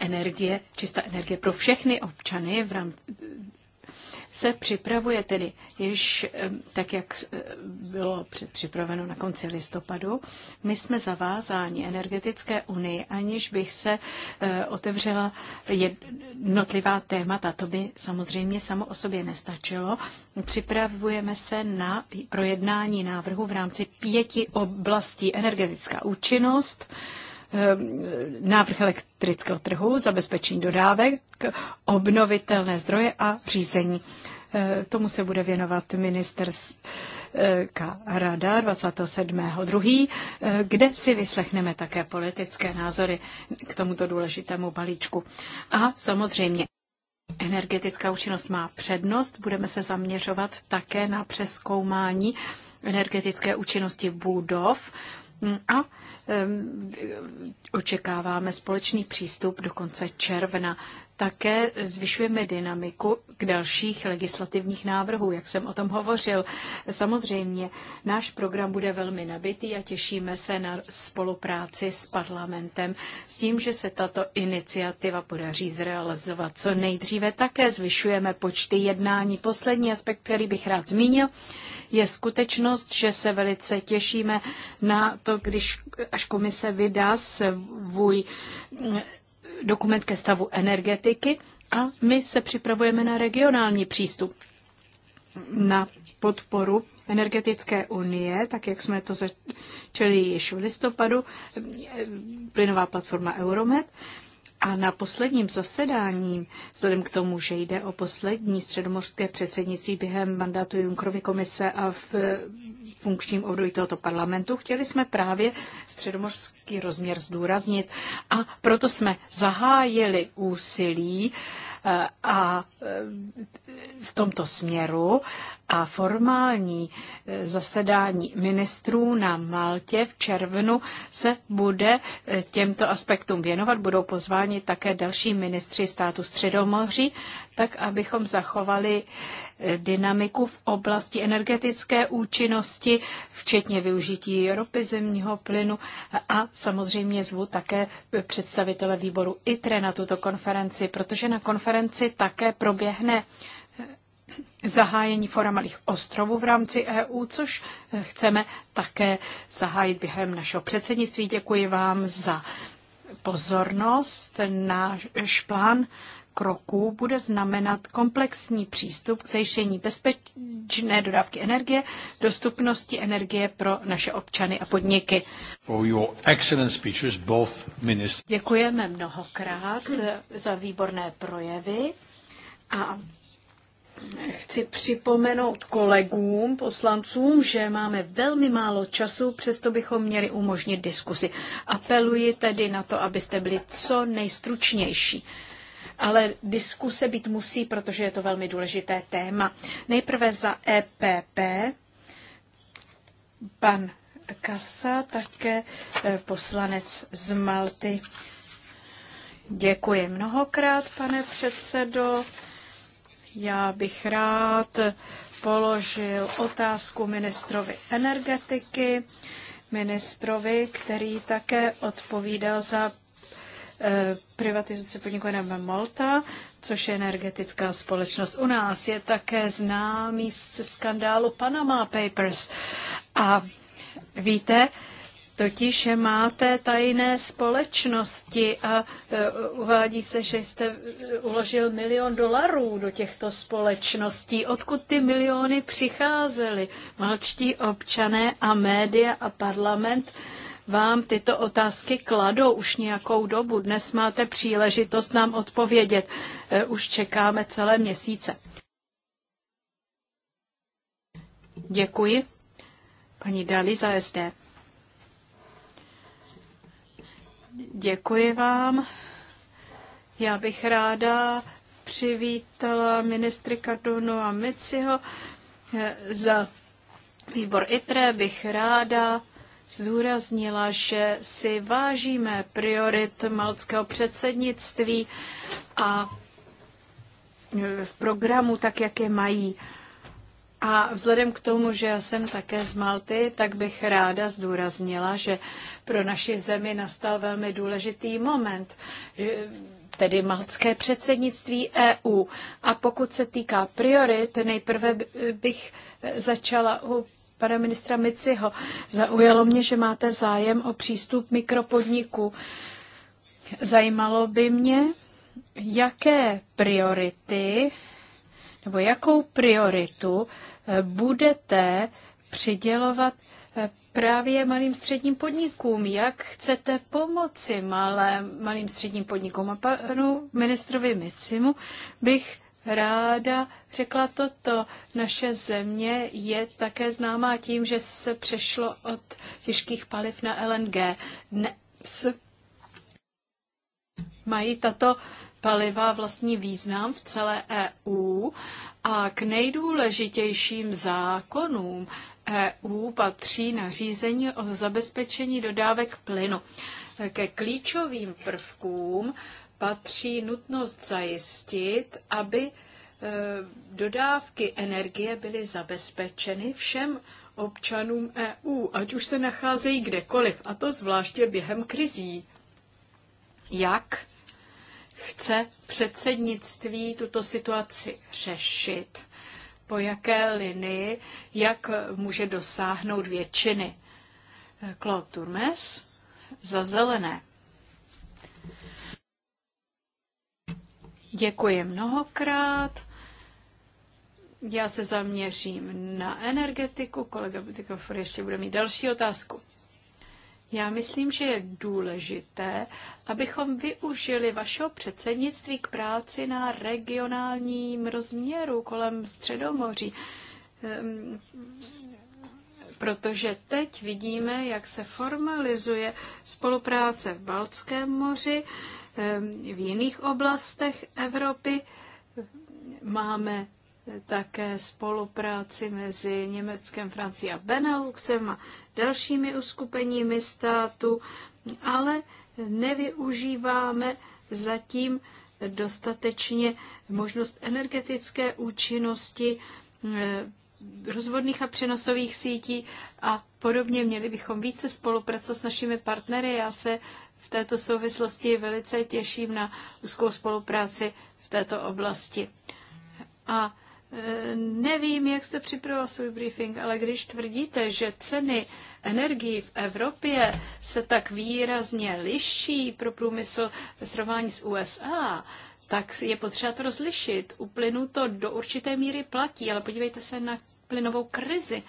energie, čistá energie pro všechny občany v rámci se připravuje tedy již tak, jak eh, bylo připraveno na konci listopadu. My jsme zavázáni energetické unii, aniž bych se eh, otevřela jednotlivá témata. To by samozřejmě samo o sobě nestačilo. Připravujeme se na projednání návrhu v rámci pěti oblastí energetická účinnost, Eh, návrh elektrického trhu, zabezpečení dodávek, obnovitelné zdroje a řízení. Eh, tomu se bude věnovat ministerská rada 27.2., eh, kde si vyslechneme také politické názory k tomuto důležitému balíčku. A samozřejmě energetická účinnost má přednost. Budeme se zaměřovat také na přeskoumání energetické účinnosti budov mm, a Očekáváme společný přístup do konce června také zvyšujeme dynamiku k dalších legislativních návrhů, jak jsem o tom hovořil. Samozřejmě náš program bude velmi nabitý a těšíme se na spolupráci s parlamentem s tím, že se tato iniciativa podaří zrealizovat co nejdříve. Také zvyšujeme počty jednání. Poslední aspekt, který bych rád zmínil, je skutečnost, že se velice těšíme na to, když až komise vydá svůj dokument ke stavu energetiky a my se připravujeme na regionální přístup na podporu energetické unie, tak jak jsme to začali již v listopadu, plynová platforma Euromed. A na posledním zasedání, vzhledem k tomu, že jde o poslední středomorské předsednictví během mandátu Junkrovy komise a v funkčním období tohoto parlamentu, chtěli jsme právě středomořský rozměr zdůraznit a proto jsme zahájili úsilí eh, a eh, v tomto směru a formální eh, zasedání ministrů na Maltě v červnu se bude těmto aspektům věnovat. Budou pozváni také další ministři státu Středomoří, tak abychom zachovali dynamiku v oblasti energetické účinnosti, včetně využití ropy, zemního plynu a samozřejmě zvu také představitele výboru ITRE na tuto konferenci, protože na konferenci také proběhne zahájení Fora malých ostrovů v rámci EU, což chceme také zahájit během našeho předsednictví. Děkuji vám za pozornost. Náš plán kroků bude znamenat komplexní přístup k zajištění bezpečné dodávky energie, dostupnosti energie pro naše občany a podniky. Speeches, Děkujeme mnohokrát za výborné projevy a Chci připomenout kolegům, poslancům, že máme velmi málo času, přesto bychom měli umožnit diskusi. Apeluji tedy na to, abyste byli co nejstručnější ale diskuse být musí, protože je to velmi důležité téma. Nejprve za EPP pan Kasa, také e, poslanec z Malty. Děkuji mnohokrát, pane předsedo. Já bych rád položil otázku ministrovi energetiky, ministrovi, který také odpovídal za Eh, privatizace podniku NM Malta, což je energetická společnost u nás. Je také známý ze skandálu Panama Papers. A víte, Totiž máte tajné společnosti a eh, uvádí se, že jste uložil milion dolarů do těchto společností. Odkud ty miliony přicházely? Malčtí občané a média a parlament vám tyto otázky kladou už nějakou dobu. Dnes máte příležitost nám odpovědět. E, už čekáme celé měsíce. Děkuji. Paní Dali za SD. Děkuji vám. Já bych ráda přivítala ministry Cardonu a Miciho e, za výbor ITRE. Bych ráda zdůraznila, že si vážíme priorit malckého předsednictví a eh, programu tak, jak je mají. A vzhledem k tomu, že já jsem také z Malty, tak bych ráda zdůraznila, že pro naši zemi nastal velmi důležitý moment, eh, tedy maltské předsednictví EU. A pokud se týká priorit, nejprve bych začala u pana ministra Miciho. Zaujalo mě, že máte zájem o přístup mikropodniku. Zajímalo by mě, jaké priority nebo jakou prioritu eh, budete přidělovat eh, právě malým středním podnikům. Jak chcete pomoci malé, malým středním podnikům? A panu ministrovi Micimu bych ráda řekla toto. Naše země je také známá tím, že se přešlo od těžkých paliv na LNG. Dnes mají tato paliva vlastní význam v celé EU a k nejdůležitějším zákonům EU patří nařízení o zabezpečení dodávek plynu. Ke klíčovým prvkům patří nutnost zajistit, aby eh, dodávky energie byly zabezpečeny všem občanům EU, ať už se nacházejí kdekoliv, a to zvláště během krizí. Jak chce předsednictví tuto situaci řešit? Po jaké linii? Jak může dosáhnout většiny? Eh, Claude Turmes za zelené. Děkuji mnohokrát. Já se zaměřím na energetiku. Kolega Butikofor ještě bude mít další otázku. Já myslím, že je důležité, abychom využili vašeho předsednictví k práci na regionálním rozměru kolem Středomoří. Ehm, protože teď vidíme, jak se formalizuje spolupráce v Baltském moři v jiných oblastech Evropy. Máme také spolupráci mezi Německem, Francií a Beneluxem a dalšími uskupeními států, ale nevyužíváme zatím dostatečně možnost energetické účinnosti eh, rozvodných a přenosových sítí a podobně. Měli bychom více spolupracovat s našimi partnery. Já se v této souvislosti velice těším na úzkou spolupráci v této oblasti. A e, Nevím, jak jste připravoval svůj briefing, ale když tvrdíte, že ceny energii v Evropě se tak výrazně liší pro průmysl ve srovnání s USA, tak je potřeba to rozlišit. U plynu to do určité míry platí, ale podívejte se na plynovou krizi.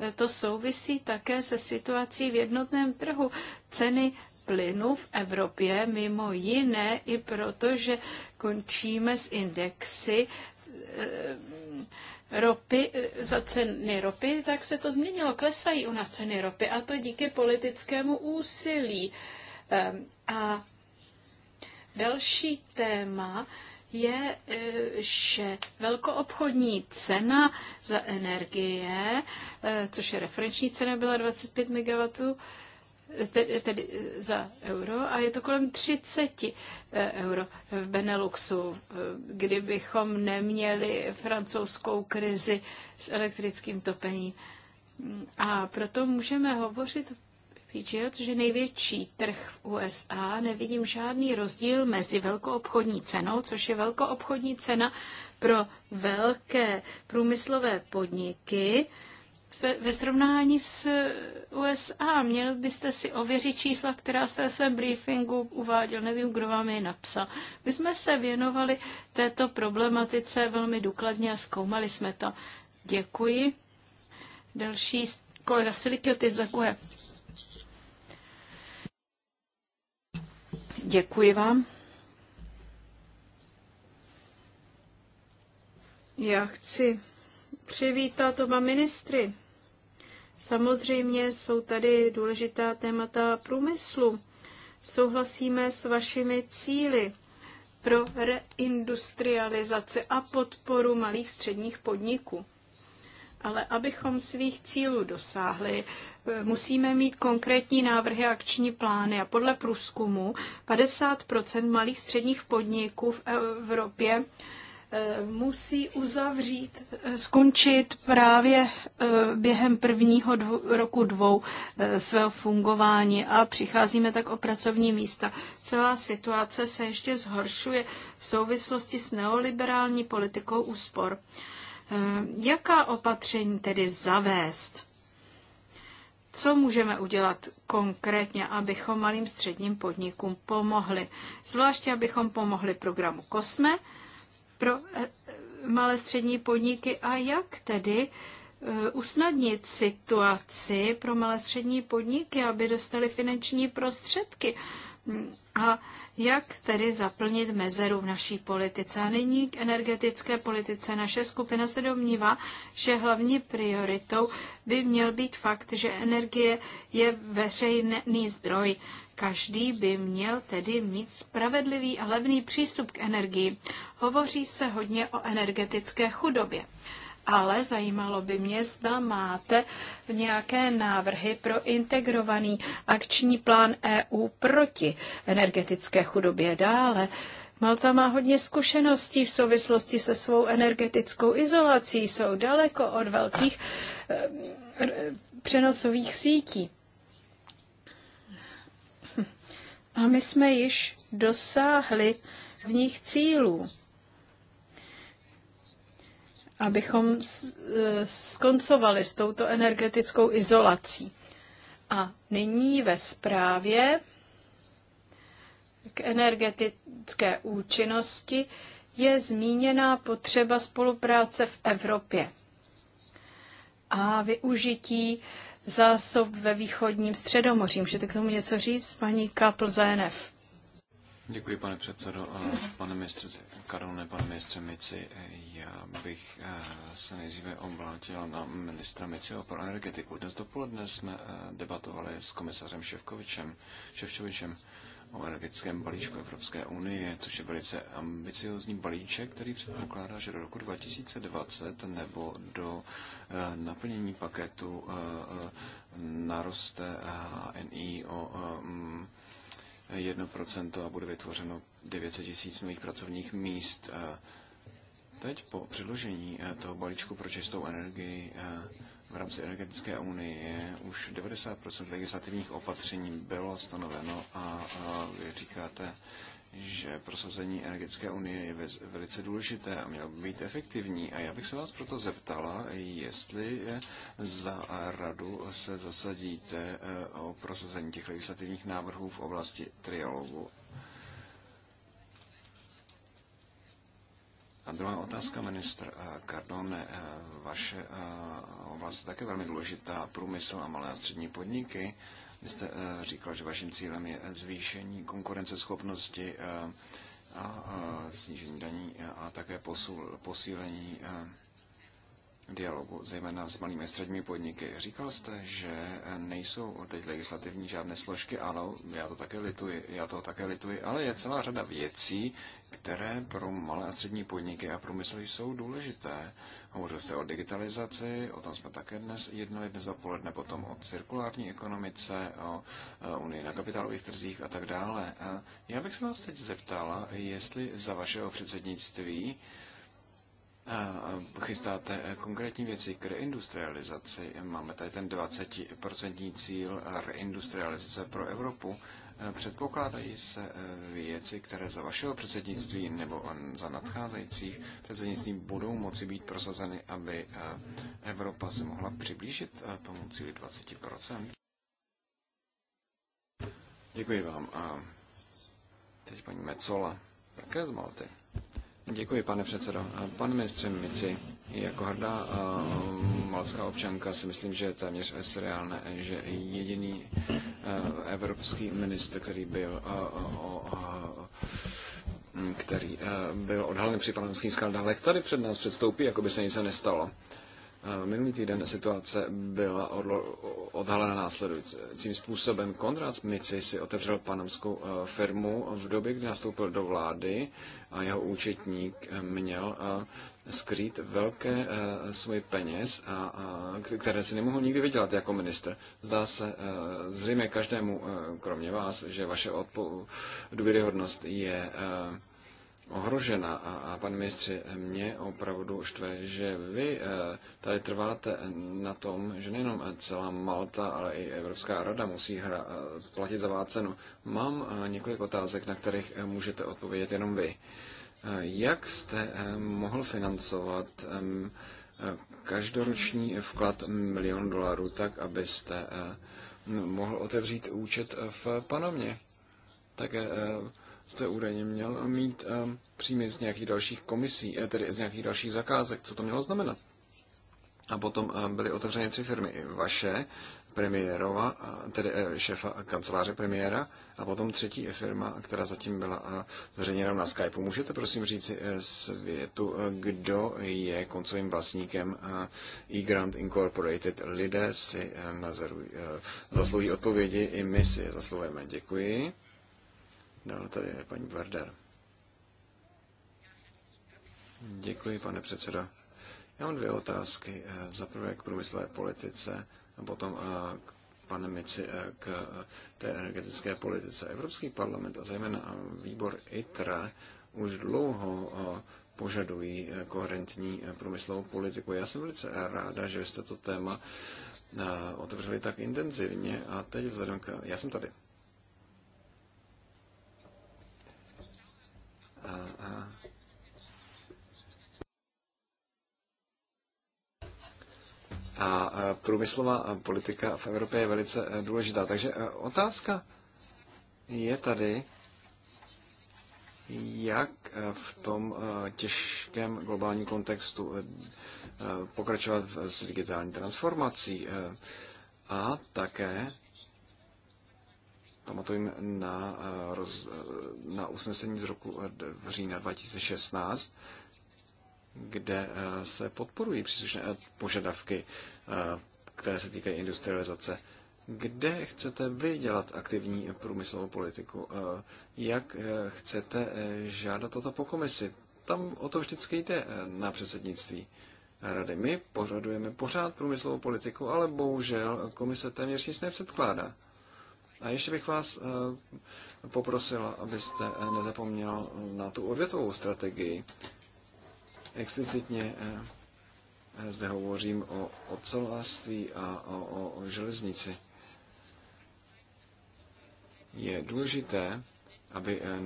E, to souvisí také se situací v jednotném trhu. Ceny plynu v Evropě, mimo jiné i proto, že končíme s indexy eh, ropy, eh, za ceny ropy, tak se to změnilo. Klesají u nás ceny ropy a to díky politickému úsilí. Ehm, a další téma je, eh, že velkoobchodní cena za energie, což je referenční cena, byla 25 MW tedy, tedy za euro a je to kolem 30 eh, euro v Beneluxu. Eh, kdybychom neměli francouzskou krizi s elektrickým topením. A proto můžeme hovořit že největší trh v USA, nevidím žádný rozdíl mezi velkoobchodní cenou, což je velkoobchodní cena pro velké průmyslové podniky, se, ve srovnání s USA. Měl byste si ověřit čísla, která jste ve svém briefingu uváděl. Nevím, kdo vám je napsal. My jsme se věnovali této problematice velmi důkladně a zkoumali jsme to. Děkuji. Další kolega Silikioty Zakuje. Děkuji vám. Já chci přivítat oba ministry. Samozřejmě jsou tady důležitá témata průmyslu. Souhlasíme s vašimi cíly pro reindustrializaci a podporu malých středních podniků. Ale abychom svých cílů dosáhli, eh, musíme mít konkrétní návrhy a akční plány. A podle průzkumu 50 malých středních podniků v Evropě Eh, musí uzavřít, eh, skončit právě eh, během prvního dvou, roku dvou svého fungování a přicházíme tak o pracovní místa. Celá situace se ještě zhoršuje v souvislosti s neoliberální politikou úspor. Jaká opatření tedy zavést? Co můžeme udělat konkrétně, abychom malým středním podnikům pomohli? Zvláště abychom pomohli programu COSME, pro eh, malé střední podniky a jak tedy eh, usnadnit situaci pro malé střední podniky, aby dostali finanční prostředky a jak tedy zaplnit mezeru v naší politice. A nyní k energetické politice. Naše skupina se domnívá, že hlavní prioritou by měl být fakt, že energie je veřejný zdroj Každý by měl tedy mít spravedlivý a levný přístup k energii. Hovoří se hodně o energetické chudobě. Ale zajímalo by mě, zda máte nějaké návrhy pro integrovaný akční plán EU proti energetické chudobě dále. Malta má hodně zkušeností v souvislosti se svou energetickou izolací, jsou daleko od velkých eh, přenosových sítí. A my jsme již dosáhli v nich cílů, abychom e, skoncovali s touto energetickou izolací. A nyní ve zprávě k energetické účinnosti je zmíněná potřeba spolupráce v Evropě a využití zásob ve východním středomoří. Můžete k tomu něco říct, paní Kapl za Děkuji, pane předsedo. Pane ministře Karone, pane ministře Mici, já bych eh, se nejdříve oblátil na ministra Miciho pro energetiku. Dnes dopoledne jsme eh, debatovali s komisařem Ševkovičem, Ševčovičem o energetickém balíčku Evropské unie, což je velice ambiciozní balíček, který předpokládá, že do roku 2020 nebo do eh, naplnění paketu eh, eh, naroste HNI o 1% mm, a bude vytvořeno 900 tisíc nových pracovních míst. Teď po předložení toho balíčku pro čistou energii v rámci energetické unie už 90% legislativních opatření bylo stanoveno a, a vy říkáte, že prosazení energetické unie je velice důležité a mělo by být efektivní. A já bych se vás proto zeptala, jestli za radu se zasadíte eh, o prosazení těch legislativních návrhů v oblasti trialogu A druhá otázka, ministr Cardone, eh, eh, vaše eh, oblast je také velmi důležitá, průmysl a malé a střední podniky. Vy jste říkal, že vaším cílem je zvýšení konkurenceschopnosti a snížení daní a také posílení dialogu, zejména s malými středními podniky. Říkal jste, že nejsou teď legislativní žádné složky, ano, já to také lituji, já to také lituji, ale je celá řada věcí, které pro malé a střední podniky a průmysl jsou důležité. Hovořil jste o digitalizaci, o tom jsme také dnes jednali dnes dopoledne, potom o cirkulární ekonomice, o e, unii na kapitálových trzích a tak dále. Já bych se vás teď zeptala, jestli za vašeho předsednictví e, e, chystáte konkrétní věci k reindustrializaci. Máme tady ten 20% cíl reindustrializace pro Evropu. Eh, předpokládají se eh, věci, které za vašeho předsednictví nebo za nadcházejících předsednictví budou moci být prosazeny, aby eh, Evropa se mohla přiblížit tomu cíli 20%? Děkuji vám. A teď paní Mecola, také z Malty. Děkuji, pane předsedo. Pane ministře Mici, jako hrdá um, malcká občanka si myslím, že je téměř seriálné, že jediný eh, evropský ministr, který byl eh, který eh, byl odhalen při panamských skandálech, tady před nás předstoupí, jako by se nic nestalo. Minulý týden situace byla odhalena následujícím způsobem. Konrad Mici si otevřel panamskou firmu v době, kdy nastoupil do vlády a jeho účetník měl skrýt velké eh, svoje peněz, a, a, které si nemohu nikdy vydělat jako minister. Zdá se eh, zřejmě každému, eh, kromě vás, že vaše odpo- důvěryhodnost je ohrožena. A, a pan ministře, mě opravdu štve, že vy tady trváte na tom, že nejenom celá Malta, ale i Evropská rada musí hra, platit za cenu. Mám několik otázek, na kterých můžete odpovědět jenom vy. Jak jste eh, mohl financovat eh, každoroční vklad milion dolarů tak, abyste eh, mohl otevřít účet v Panamě? Tak jste údajně měl mít příjmy z nějakých dalších komisí, tedy z nějakých dalších zakázek. Co to mělo znamenat? A potom byly otevřeny tři firmy. Vaše, premiérova, tedy eh, šéfa kanceláře premiéra a potom třetí firma, která zatím byla eh, zřejmě na Skypeu. Můžete prosím říci eh, světu, kdo je koncovým vlastníkem eGrant Incorporated? Lidé si nazarují, zaslouží odpovědi, i my si je zasluhujeme. Děkuji. Dále tady je paní Verder. Děkuji, pane předsedo. Já mám dvě otázky. Za prvé k průmyslové politice potom k pane Mici k té energetické politice. Evropský parlament a zejména výbor ITRA už dlouho požadují koherentní průmyslovou politiku. Já jsem velice ráda, že jste to téma otevřeli tak intenzivně a teď vzhledem k... Já jsem tady. A, a A průmyslová politika v Evropě je velice eh, důležitá. Takže eh, otázka je tady, jak eh, v tom těžkém globálním kontextu pokračovat s digitální transformací a také pamatujeme na, na usnesení z roku v října 2016, kde eh, se podporují příslušné eh, požadavky, eh, které se týkají industrializace. Kde chcete vy dělat aktivní průmyslovou politiku? Jak chcete žádat toto po komisi? Tam o to vždycky jde na předsednictví rady. My pořadujeme pořád průmyslovou politiku, ale bohužel komise téměř nic nepředkládá. A ještě bych vás poprosila, abyste nezapomněl na tu odvětovou strategii, Explicitně eh, eh, zde hovořím o ocelářství a o, o, o železnici. Je důležité, aby eh,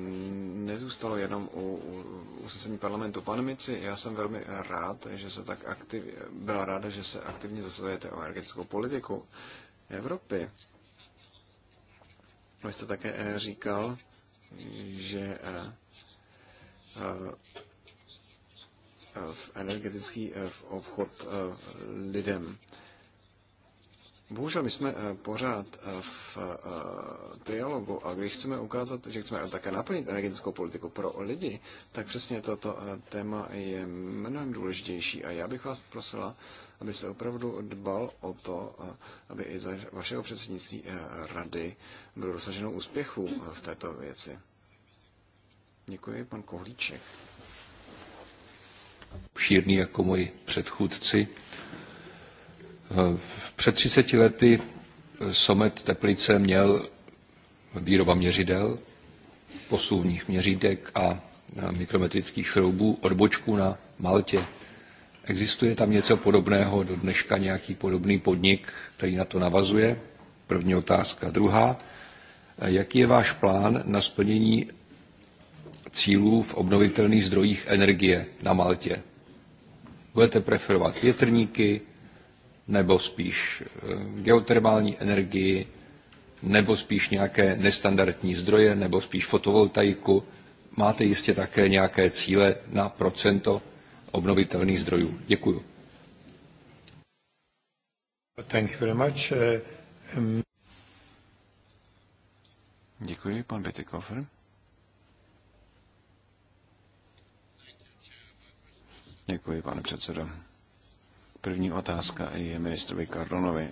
nezůstalo jenom u usnesení parlamentu. Pane Mici, já jsem velmi rád, že se tak aktiv, byla ráda, že se aktivně zasazujete o energetickou politiku Evropy. Vy jste také říkal, že v energetický eh, v obchod eh, lidem. Bohužel my jsme eh, pořád v dialogu a když chceme ukázat, že chceme také naplnit energetickou politiku pro lidi, tak přesně toto téma je mnohem důležitější a já bych vás prosila, aby se opravdu dbal o to, aby i za vašeho předsednictví rady bylo dosaženo úspěchu v této věci. Děkuji, pan Kohlíček obšírný jako moji předchůdci. Eh, před 30 lety eh, Somet Teplice měl výroba měřidel, posuvních měřítek a mikrometrických šroubů, odbočku na Maltě. Existuje tam něco podobného do dneška, nějaký podobný podnik, který na to navazuje? První otázka. Druhá, eh, jaký je váš plán na splnění cílů v obnovitelných zdrojích energie na Maltě? Budete preferovat větrníky, nebo spíš eh, geotermální energii, nebo spíš nějaké nestandardní zdroje, nebo spíš fotovoltaiku. Máte jistě také nějaké cíle na procento obnovitelných zdrojů. Děkuju. Thank you very much. Um... Děkuji, pan Bitikofer. Děkuji, pane předsedo. První otázka je ministrovi Cardonovi.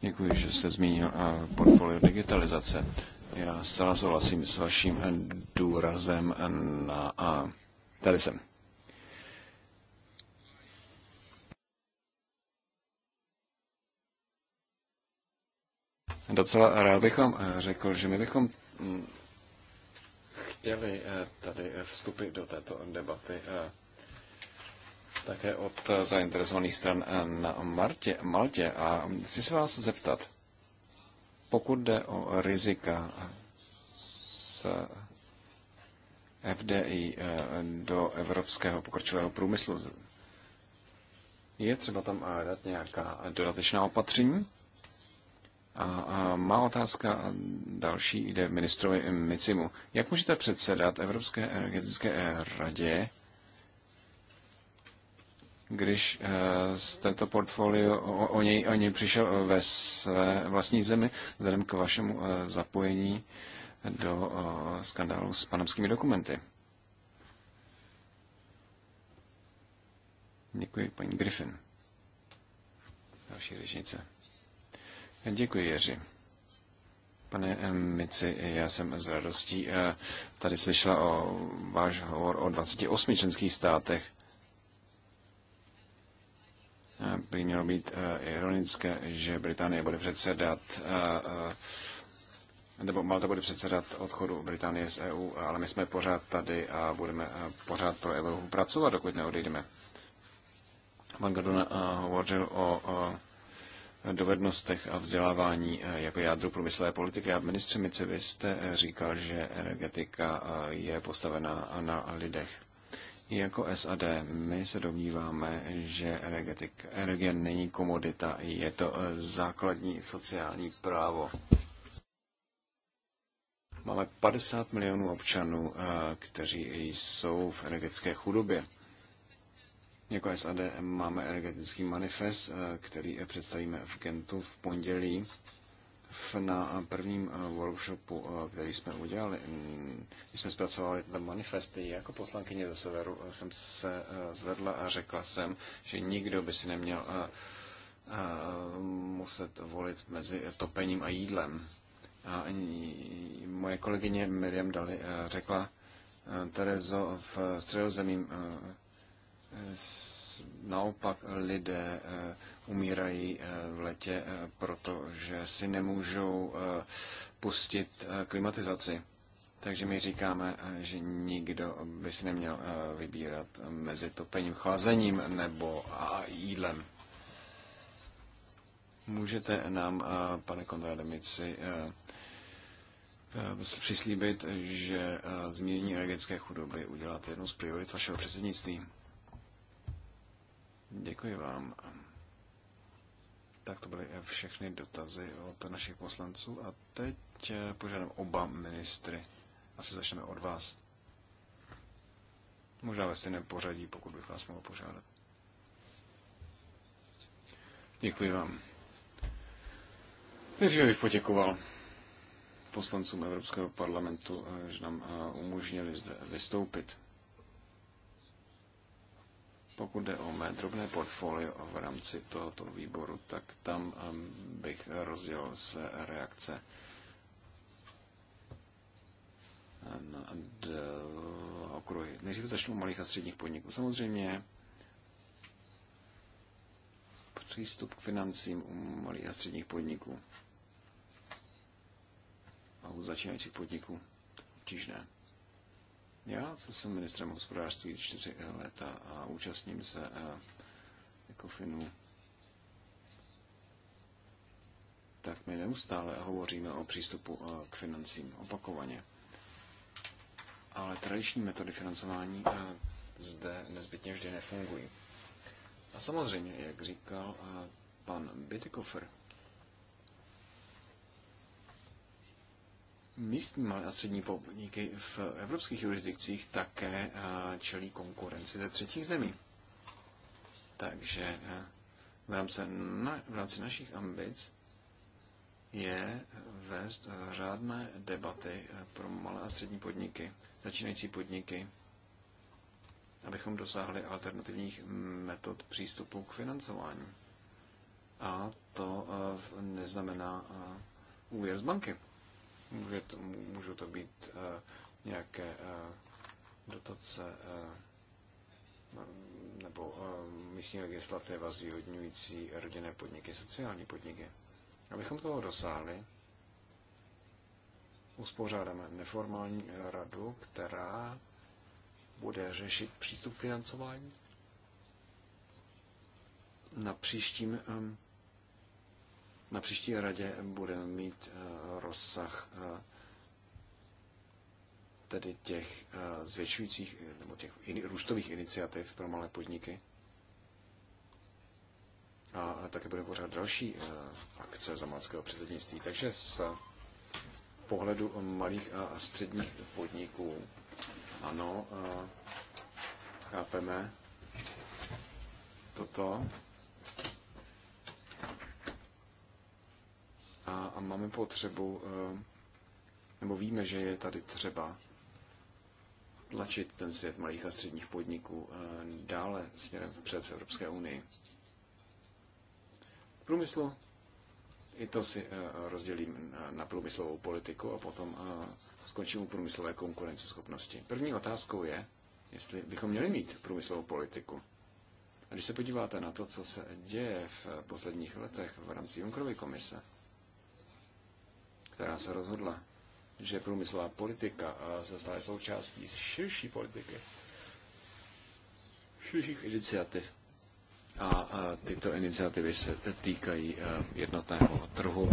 Děkuji, že jste zmínil portfolio digitalizace. Já zcela souhlasím s vaším důrazem na... A, tady jsem. Docela rád bych vám eh, řekl, že my bychom mm, chtěli eh, tady vstupit do této debaty eh, také od zainteresovaných stran na Martě, Maltě a chci se vás zeptat, pokud jde o rizika s FDI eh, do evropského pokročilého průmyslu, je třeba tam eh, dát nějaká dodatečná opatření? A má otázka další jde ministrovi Micimu. Jak můžete předsedat Evropské energetické radě, když eh, z tento portfolio o, o, něj, o něj přišel ve své vlastní zemi, vzhledem k vašemu eh, zapojení do eh, skandálu s panamskými dokumenty. Děkuji, paní Griffin. Další řečnice. Děkuji, Jeři. Pane Mici, já jsem s radostí tady slyšela o váš hovor o 28 členských státech by mělo být eh, ironické, že Británie bude předsedat eh, eh, nebo Malta bude předsedat odchodu Británie z EU, ale my jsme pořád tady a budeme pořád pro Evropu pracovat, dokud neodejdeme. Pan Gordon hovořil o dovednostech a vzdělávání jako jádru průmyslové politiky. A ministře Mice, vy jste říkal, že energetika je postavená na lidech. Jako SAD my se domníváme, že energetik, energie není komodita, je to eh, základní sociální právo. Máme 50 milionů občanů, eh, kteří jsou v energetické chudobě. Jako SAD máme energetický manifest, eh, který představíme v Gentu v pondělí v, na prvním eh, workshopu, eh, který jsme udělali, když mm, jsme zpracovali ten manifesty, jako poslankyně ze severu eh, jsem se zvedla a řekla jsem, že nikdo by si neměl muset volit mezi topením a jídlem. A moje kolegyně Miriam Dali řekla, Terezo, v středozemím naopak lidé eh, umírají eh, v letě, eh, protože si nemůžou pustit klimatizaci. Takže my říkáme, že nikdo by si neměl vybírat mezi topením, chlazením nebo a jídlem. Můžete nám, pane Konrademici, přislíbit, že změnění energetické chudoby uděláte jednu z priorit vašeho předsednictví? Děkuji vám. Tak to byly všechny dotazy od našich poslanců a teď eh, požádám oba ministry. Asi začneme od vás. Možná ve stejném pořadí, pokud bych vás mohl požádat. Děkuji vám. Nejdříve bych poděkoval poslancům Evropského parlamentu, eh, že nám eh, umožnili zde vystoupit. Pokud jde o mé drobné portfolio v rámci tohoto výboru, tak tam um, bych rozdělil své reakce na okruhy. Než začnu malých a středních podniků. Samozřejmě přístup k financím u malých a středních podniků a u začínajících podniků obtížné. Já jsem ministrem hospodářství čtyři eh, léta a účastním se jako eh, Finu. Tak my neustále hovoříme o přístupu eh, k financím opakovaně. Ale tradiční metody financování zde nezbytně vždy nefungují. A samozřejmě, jak říkal pan Bitikofer, místní malé a střední podniky v evropských jurisdikcích také eh, čelí konkurenci ze třetích zemí. Takže eh, v rámci, na, v rámci našich ambic je vést řádné debaty eh, pro malé a střední podniky, začínající podniky, abychom dosáhli alternativních metod přístupu k financování. A to neznamená úvěr z banky. Může to, můžou to být eh, nějaké eh, dotace eh, nebo místní legislativa zvýhodňující rodinné podniky, sociální podniky. Abychom toho dosáhli, uspořádáme neformální radu, která bude řešit přístup financování na příštím na příští radě budeme mít eh, rozsah eh, tedy těch eh, zvětšujících nebo těch růstových iniciativ pro malé podniky. A také budeme pořád další akce za malského předsednictví. Takže z pohledu malých a středních podniků, ano, chápeme toto. A, a máme potřebu, eh, nebo víme, že je tady třeba tlačit ten svět malých a středních podniků eh, dále směrem vpřed v Evropské unii. V průmyslu i to si eh, rozdělím na průmyslovou politiku a potom skončím u průmyslové konkurenceschopnosti. První otázkou je, jestli bychom měli mít průmyslovou politiku. A když se podíváte na to, co se děje v posledních letech v rámci Junckerovy komise, která se rozhodla, že průmyslová politika se stane součástí širší politiky, širších iniciativ. A tyto iniciativy se týkají e, jednotného trhu.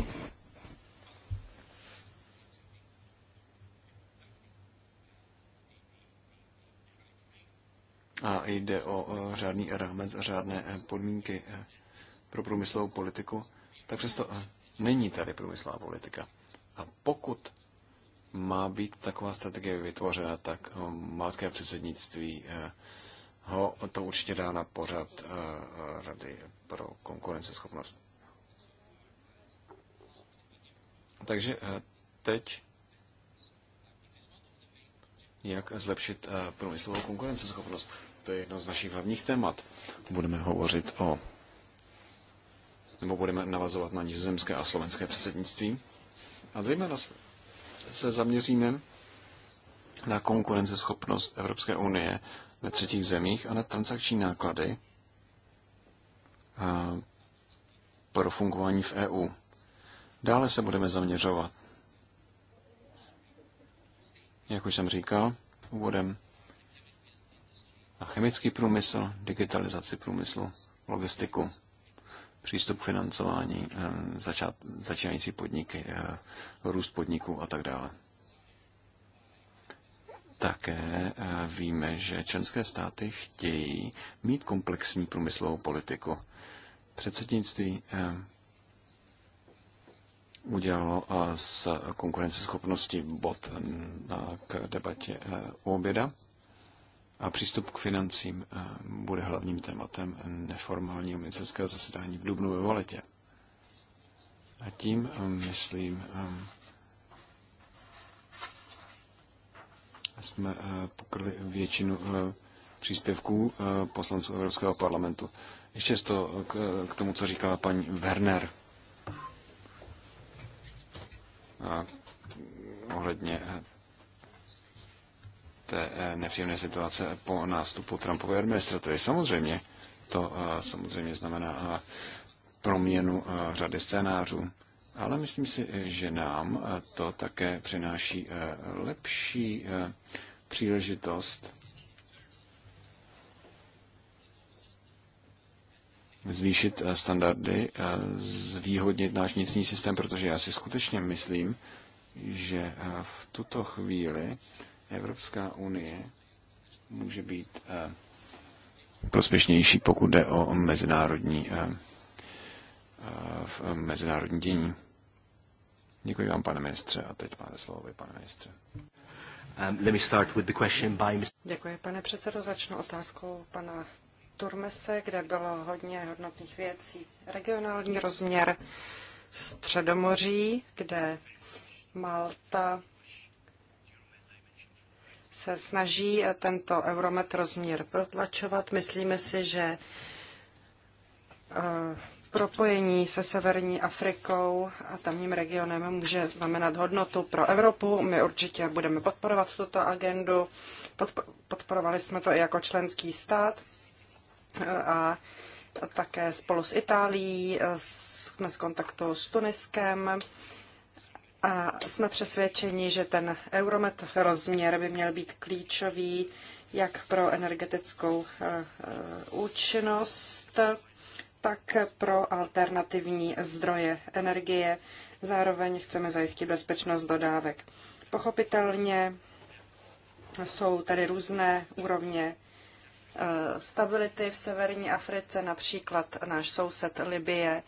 A jde o řádný rámec, řádné e, podmínky e, pro průmyslovou politiku, tak přesto není tady průmyslová politika. A pokud má být taková strategie vytvořena, tak eh, malské předsednictví eh, ho to určitě dá na pořad eh, Rady pro konkurenceschopnost. Takže teď jak zlepšit průmyslovou konkurenceschopnost. To je jedno z našich hlavních témat. Budeme hovořit o, nebo budeme navazovat na nizozemské a slovenské předsednictví. A zejména se zaměříme na konkurenceschopnost Evropské unie ve třetích zemích a na transakční náklady pro fungování v EU. Dále se budeme zaměřovat, jak už jsem říkal úvodem, na chemický průmysl, digitalizaci průmyslu, logistiku přístup k financování, eh, začát, začínající podniky, eh, růst podniků a tak dále. Také eh, víme, že členské státy chtějí mít komplexní průmyslovou politiku. Předsednictví udělalo z konkurenceschopnosti bod k debatě u oběda. A přístup k financím eh, bude hlavním tématem neformálního ministerského zasedání v Dubnu ve Valetě. A tím eh, myslím, eh, jsme pokryli většinu příspěvků poslanců Evropského parlamentu. Ještě to k tomu, co říkala paní Werner. A ohledně té eh, nepříjemné situace po nástupu Trumpovy administrativy. Samozřejmě, to eh, samozřejmě znamená eh, proměnu řady scénářů. Ale myslím si, že nám to také přináší lepší příležitost zvýšit standardy, zvýhodnit náš vnitřní systém, protože já si skutečně myslím, že v tuto chvíli Evropská unie může být eh, prospěšnější, pokud jde o mezinárodní, eh, eh, v mezinárodní dění. Děkuji vám, pane ministře, a teď máte slovo vy, pane ministře. Um, let me start with the question by... Děkuji, pane předsedo. Začnu otázkou pana Turmese, kde bylo hodně hodnotných věcí. Regionální rozměr Středomoří, kde Malta se snaží eh, tento euromet rozměr protlačovat. Myslíme si, že eh, propojení se Severní Afrikou a tamním regionem může znamenat hodnotu pro Evropu. My určitě budeme podporovat tuto agendu. Podporovali jsme to i jako členský stát eh, a také spolu s Itálií, jsme z kontaktu s Tuniskem a jsme přesvědčeni, že ten Euromet rozměr by měl být klíčový jak pro energetickou eh, eh, účinnost, tak pro alternativní zdroje energie. Zároveň chceme zajistit bezpečnost dodávek. Pochopitelně jsou tady různé úrovně eh, stability v severní Africe, například náš soused Libie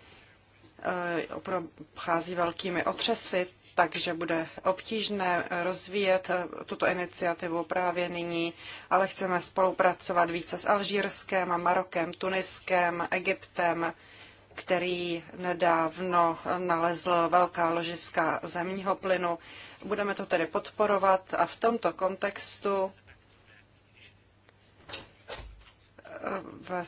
prochází velkými otřesy, takže bude obtížné rozvíjet tuto iniciativu právě nyní, ale chceme spolupracovat více s Alžírskem, Marokem, Tuniskem, Egyptem, který nedávno nalezl velká ložiska zemního plynu. Budeme to tedy podporovat a v tomto kontextu eh,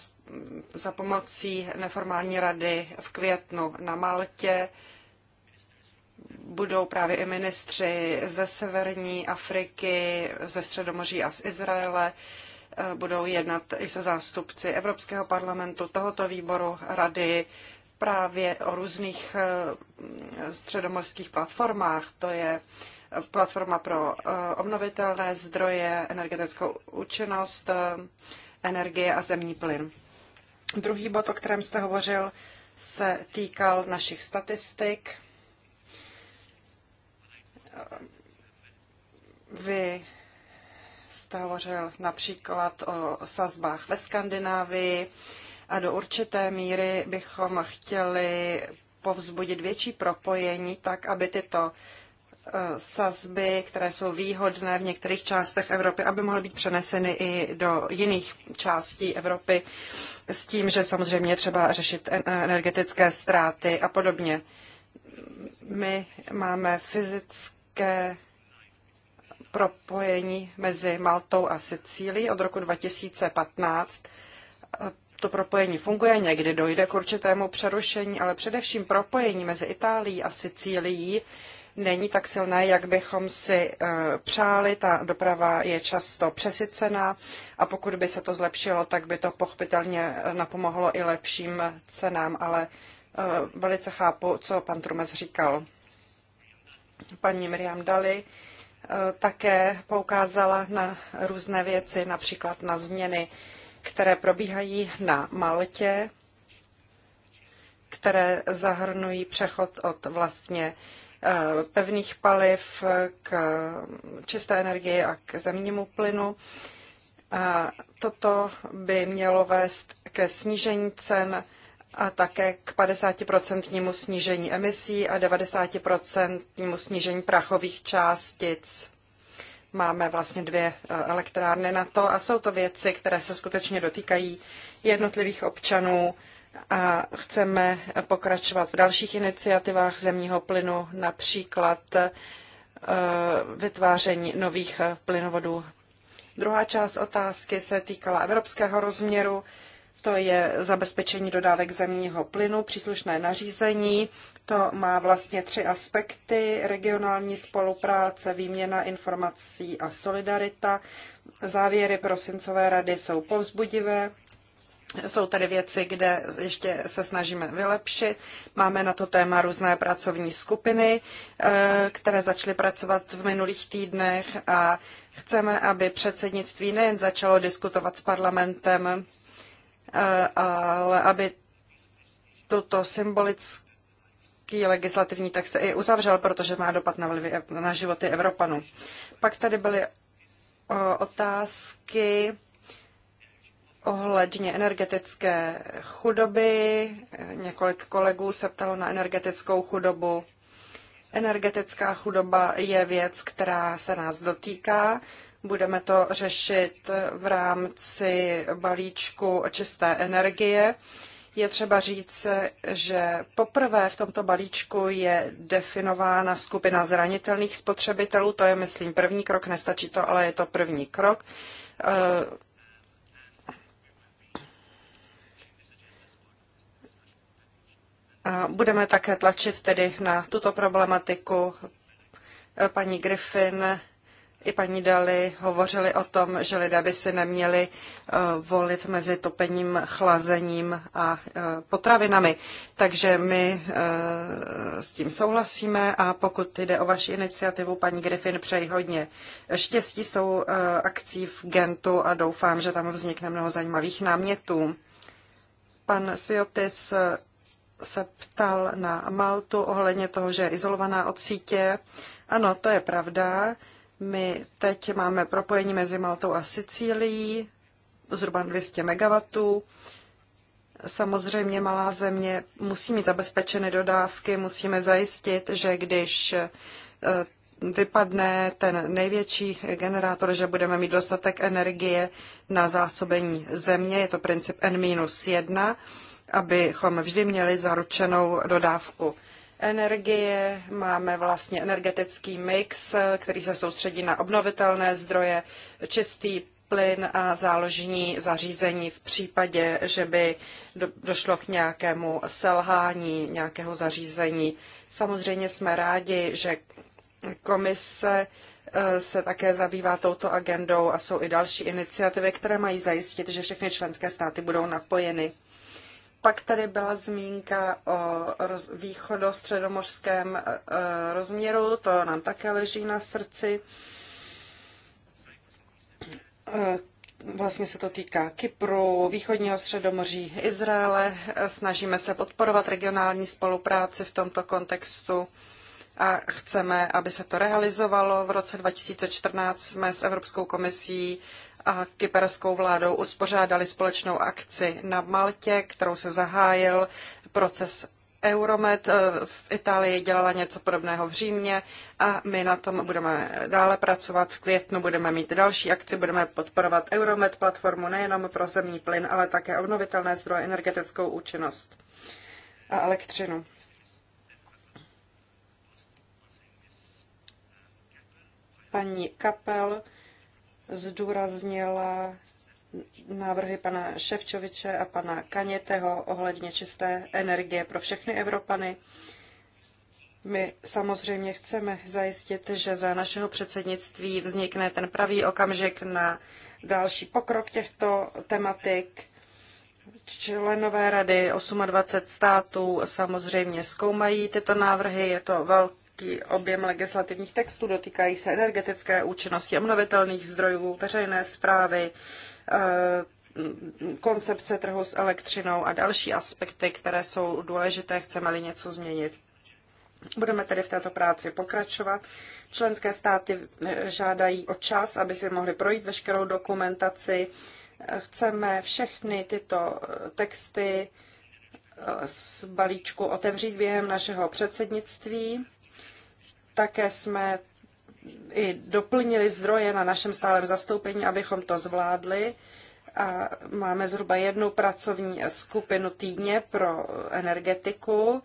za pomocí neformální rady v květnu na Maltě budou právě i ministři ze Severní Afriky, ze Středomoří a z Izraele. Eh, budou jednat i se zástupci Evropského parlamentu, tohoto výboru, rady, právě o různých eh, středomorských platformách. To je eh, platforma pro obnovitelné zdroje, energetickou účinnost, energie a zemní plyn. Druhý bod, o kterém jste hovořil, se týkal našich statistik vy jste hovořil například o sazbách ve Skandinávii a do určité míry bychom chtěli povzbudit větší propojení, tak aby tyto eh, sazby, které jsou výhodné v některých částech Evropy, aby mohly být přeneseny i do jiných částí Evropy s tím, že samozřejmě třeba řešit energetické ztráty a podobně. My máme fyzické ke propojení mezi Maltou a Sicílií od roku 2015. To propojení funguje, někdy dojde k určitému přerušení, ale především propojení mezi Itálií a Sicílií není tak silné, jak bychom si eh, přáli. Ta doprava je často přesycená a pokud by se to zlepšilo, tak by to pochopitelně napomohlo i lepším cenám, ale eh, velice chápu, co pan Trumes říkal paní Miriam Dali eh, také poukázala na různé věci, například na změny, které probíhají na Maltě, které zahrnují přechod od vlastně eh, pevných paliv k čisté energii a k zemnímu plynu. A toto by mělo vést ke snížení cen a také k 50% snížení emisí a 90% snížení prachových částic. Máme vlastně dvě e, elektrárny na to a jsou to věci, které se skutečně dotýkají jednotlivých občanů a chceme pokračovat v dalších iniciativách zemního plynu, například e, vytváření nových e, plynovodů. Druhá část otázky se týkala evropského rozměru to je zabezpečení dodávek zemního plynu, příslušné nařízení. To má vlastně tři aspekty. Regionální spolupráce, výměna informací a solidarita. Závěry prosincové rady jsou povzbudivé. Jsou tady věci, kde ještě se snažíme vylepšit. Máme na to téma různé pracovní skupiny, eh, které začaly pracovat v minulých týdnech a chceme, aby předsednictví nejen začalo diskutovat s parlamentem Eh, ale aby toto symbolický legislativní text se i uzavřel, protože má dopad na, vlivy, na životy Evropanů. Pak tady byly eh, otázky ohledně energetické chudoby. Několik kolegů se ptalo na energetickou chudobu. Energetická chudoba je věc, která se nás dotýká Budeme to řešit v rámci balíčku čisté energie. Je třeba říct, že poprvé v tomto balíčku je definována skupina zranitelných spotřebitelů. To je, myslím, první krok. Nestačí to, ale je to první krok. A budeme také tlačit tedy na tuto problematiku. Paní Griffin i paní Dali hovořili o tom, že lidé by si neměli eh, volit mezi topením, chlazením a eh, potravinami. Takže my eh, s tím souhlasíme a pokud jde o vaši iniciativu, paní Griffin, přeji hodně štěstí s tou akcí v Gentu a doufám, že tam vznikne mnoho zajímavých námětů. Pan Sviotis se ptal na Maltu ohledně toho, že je izolovaná od sítě. Ano, to je pravda. My teď máme propojení mezi Maltou a Sicílií, zhruba 200 MW. Samozřejmě malá země musí mít zabezpečené dodávky, musíme zajistit, že když eh, vypadne ten největší generátor, že budeme mít dostatek energie na zásobení země, je to princip N-1, abychom vždy měli zaručenou dodávku energie, máme vlastně energetický mix, který se soustředí na obnovitelné zdroje, čistý plyn a záložní zařízení v případě, že by došlo k nějakému selhání nějakého zařízení. Samozřejmě jsme rádi, že komise eh, se také zabývá touto agendou a jsou i další iniciativy, které mají zajistit, že všechny členské státy budou napojeny. Pak tady byla zmínka o roz, východostředomořském e, e, rozměru, to nám také leží na srdci. E, vlastně se to týká Kypru, východního středomoří Izraele. Snažíme se podporovat regionální spolupráci v tomto kontextu a chceme, aby se to realizovalo. V roce 2014 jsme s Evropskou komisí a kyperskou vládou uspořádali společnou akci na Maltě, kterou se zahájil proces Euromed e, v Itálii dělala něco podobného v Římě a my na tom budeme dále pracovat. V květnu budeme mít další akci, budeme podporovat Euromed platformu nejenom pro zemní plyn, ale také obnovitelné zdroje, energetickou účinnost a elektřinu. Paní Kapel zdůraznila návrhy pana Ševčoviče a pana Kaněteho ohledně čisté energie pro všechny Evropany. My samozřejmě chceme zajistit, že za našeho předsednictví vznikne ten pravý okamžik na další pokrok těchto tematik. Členové rady 28 států samozřejmě zkoumají tyto návrhy, je to velký velký objem legislativních textů, dotýkají se energetické účinnosti, obnovitelných zdrojů, veřejné zprávy, eh, koncepce trhu s elektřinou a další aspekty, které jsou důležité, chceme-li něco změnit. Budeme tedy v této práci pokračovat. Členské státy eh, žádají o čas, aby si mohli projít veškerou dokumentaci. Chceme všechny tyto eh, texty z balíčku otevřít během našeho předsednictví také jsme i doplnili zdroje na našem stálem zastoupení, abychom to zvládli. A máme zhruba jednu pracovní skupinu týdně pro energetiku.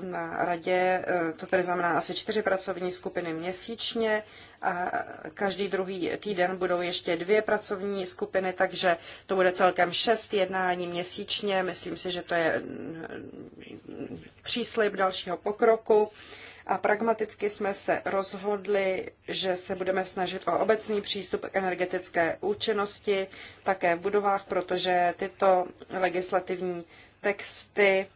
Na radě eh, to tedy znamená asi čtyři pracovní skupiny měsíčně a každý druhý týden budou ještě dvě pracovní skupiny, takže to bude celkem šest jednání měsíčně. Myslím si, že to je mm, příslip dalšího pokroku a pragmaticky jsme se rozhodli, že se budeme snažit o obecný přístup k energetické účinnosti také v budovách, protože tyto legislativní texty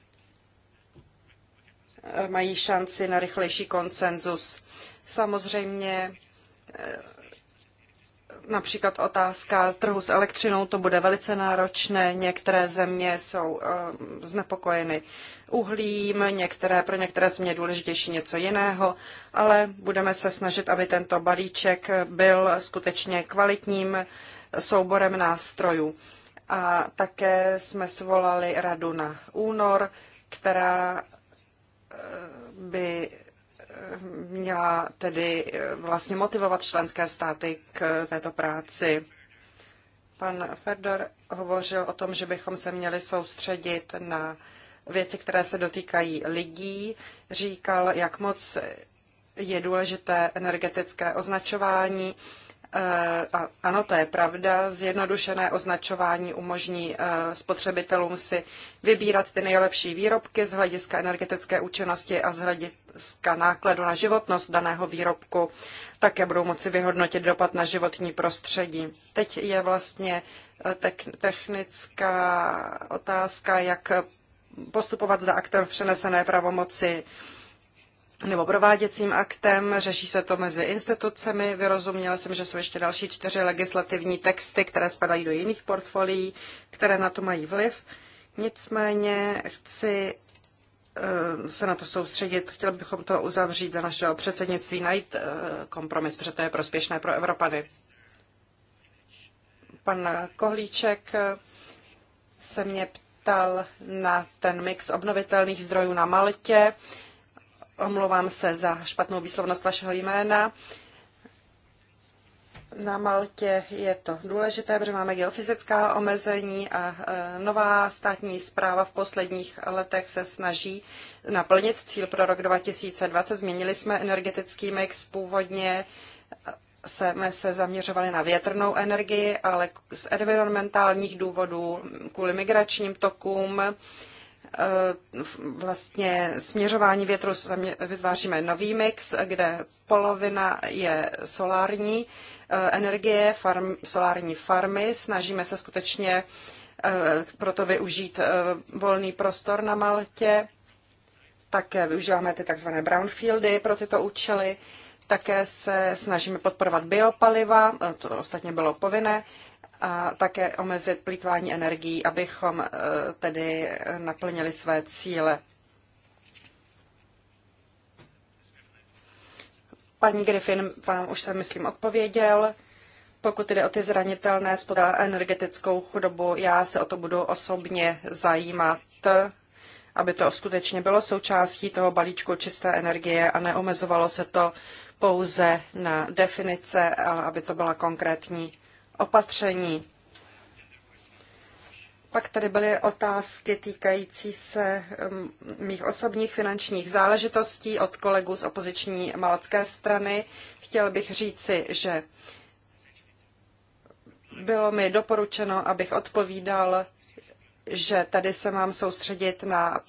eh, mají šanci na rychlejší konsenzus. Samozřejmě eh, například otázka trhu s elektřinou, to bude velice náročné. Některé země jsou eh, znepokojeny uhlím, některé, pro některé země je důležitější něco jiného, ale budeme se snažit, aby tento balíček byl skutečně kvalitním souborem nástrojů. A také jsme svolali radu na únor, která eh, by měla tedy eh, vlastně motivovat členské státy k této práci. Pan Ferdor hovořil o tom, že bychom se měli soustředit na věci, které se dotýkají lidí. Říkal, jak moc je důležité energetické označování Eh, ano, to je pravda, zjednodušené označování umožní eh, spotřebitelům si vybírat ty nejlepší výrobky z hlediska energetické účinnosti a z hlediska nákladu na životnost daného výrobku. Také budou moci vyhodnotit dopad na životní prostředí. Teď je vlastně eh, technická otázka, jak postupovat za aktem v přenesené pravomoci nebo prováděcím aktem, řeší se to mezi institucemi. Vyrozuměla jsem, že jsou ještě další čtyři legislativní texty, které spadají do jiných portfolií, které na to mají vliv. Nicméně chci eh, se na to soustředit. Chtěli bychom to uzavřít za našeho předsednictví, najít eh, kompromis, protože to je prospěšné pro Evropany. Pan Kohlíček eh, se mě ptal na ten mix obnovitelných zdrojů na Maltě omlouvám se za špatnou výslovnost vašeho jména. Na Maltě je to důležité, protože máme geofyzická omezení a e, nová státní zpráva v posledních letech se snaží naplnit cíl pro rok 2020. Změnili jsme energetický mix původně jsme se zaměřovali na větrnou energii, ale z environmentálních důvodů, kvůli migračním tokům, Eh, vlastně směřování větru vytváříme nový mix, kde polovina je solární eh, energie, farm, solární farmy. Snažíme se skutečně eh, proto využít volný prostor na Maltě. Také využíváme ty tzv. brownfieldy pro tyto účely. Také se snažíme podporovat biopaliva, to ostatně bylo povinné a také omezit plýtvání energií, abychom eh, tedy naplnili své cíle. Paní Griffin vám už se, myslím, odpověděl. Pokud jde o ty zranitelné spodá energetickou chudobu, já se o to budu osobně zajímat, aby to skutečně bylo součástí toho balíčku čisté energie a neomezovalo se to pouze na definice, ale aby to byla konkrétní opatření. Pak tady byly otázky týkající se um, mých osobních finančních záležitostí od kolegů z opoziční malacké strany. Chtěl bych říci, že bylo mi doporučeno, abych odpovídal, že tady se mám soustředit na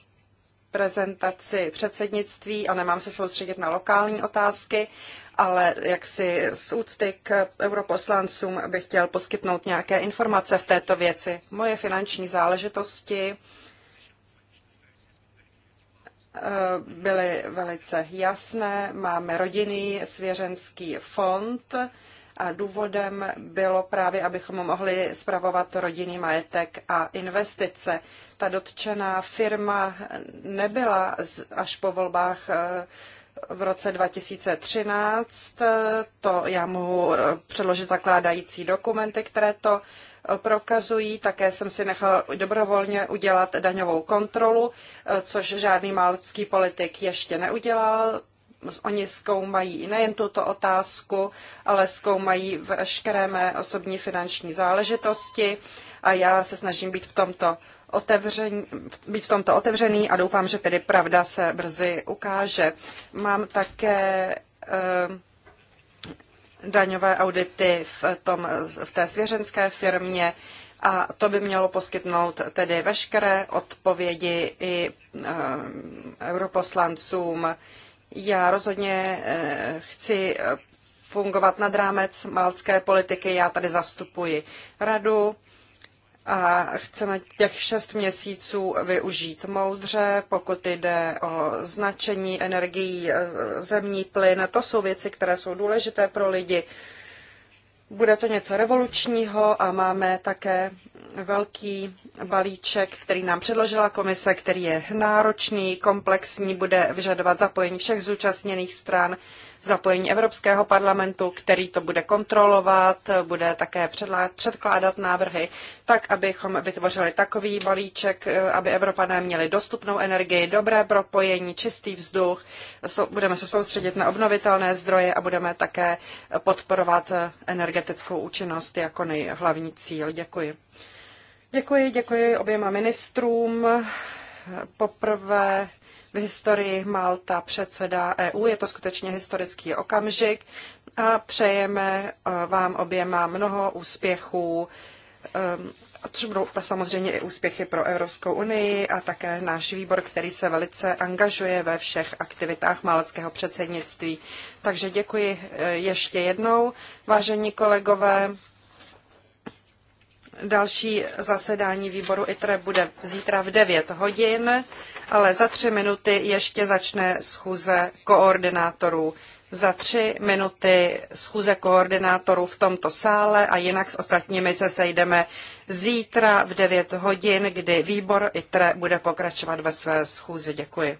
prezentaci předsednictví a nemám se soustředit na lokální otázky ale jak si z úcty k europoslancům bych chtěl poskytnout nějaké informace v této věci. Moje finanční záležitosti eh, byly velice jasné. Máme rodinný svěřenský fond a důvodem bylo právě, abychom mohli spravovat rodinný majetek a investice. Ta dotčená firma nebyla až po volbách eh, v roce 2013. Eh, to já mohu eh, předložit zakládající dokumenty, které to eh, prokazují. Také jsem si nechal dobrovolně udělat daňovou kontrolu, což žádný malcký politik ještě neudělal. Oni zkoumají nejen tuto otázku, ale zkoumají veškeré mé osobní finanční záležitosti a já se snažím být v tomto být v tomto otevřený a doufám, že tedy pravda se brzy ukáže. Mám také eh, daňové audity v, tom, v té svěřenské firmě a to by mělo poskytnout tedy veškeré odpovědi i eh, europoslancům. Já rozhodně eh, chci fungovat nad rámec malcké politiky. Já tady zastupuji radu a chceme těch šest měsíců využít moudře, pokud jde o značení energií, e, zemní plyn. To jsou věci, které jsou důležité pro lidi. Bude to něco revolučního a máme také velký balíček, který nám předložila komise, který je náročný, komplexní, bude vyžadovat zapojení všech zúčastněných stran zapojení Evropského parlamentu, který to bude kontrolovat, bude také předkládat návrhy, tak abychom vytvořili takový balíček, eh, aby Evropané měli dostupnou energii, dobré propojení, čistý vzduch. Budeme se soustředit na obnovitelné zdroje a budeme také podporovat eh, energetickou účinnost jako nejhlavní cíl. Děkuji. Děkuji, děkuji oběma ministrům. Poprvé v historii Malta předseda EU. Je to skutečně historický okamžik a přejeme eh, vám oběma mnoho úspěchů. Eh, což budou samozřejmě i úspěchy pro Evropskou unii a také náš výbor, který se velice angažuje ve všech aktivitách máleckého předsednictví. Takže děkuji eh, ještě jednou, vážení kolegové. Další zasedání výboru ITRE bude zítra v 9 hodin, ale za tři minuty ještě začne schůze koordinátorů. Za tři minuty schůze koordinátorů v tomto sále a jinak s ostatními se sejdeme zítra v 9 hodin, kdy výbor ITRE bude pokračovat ve své schůzi. Děkuji.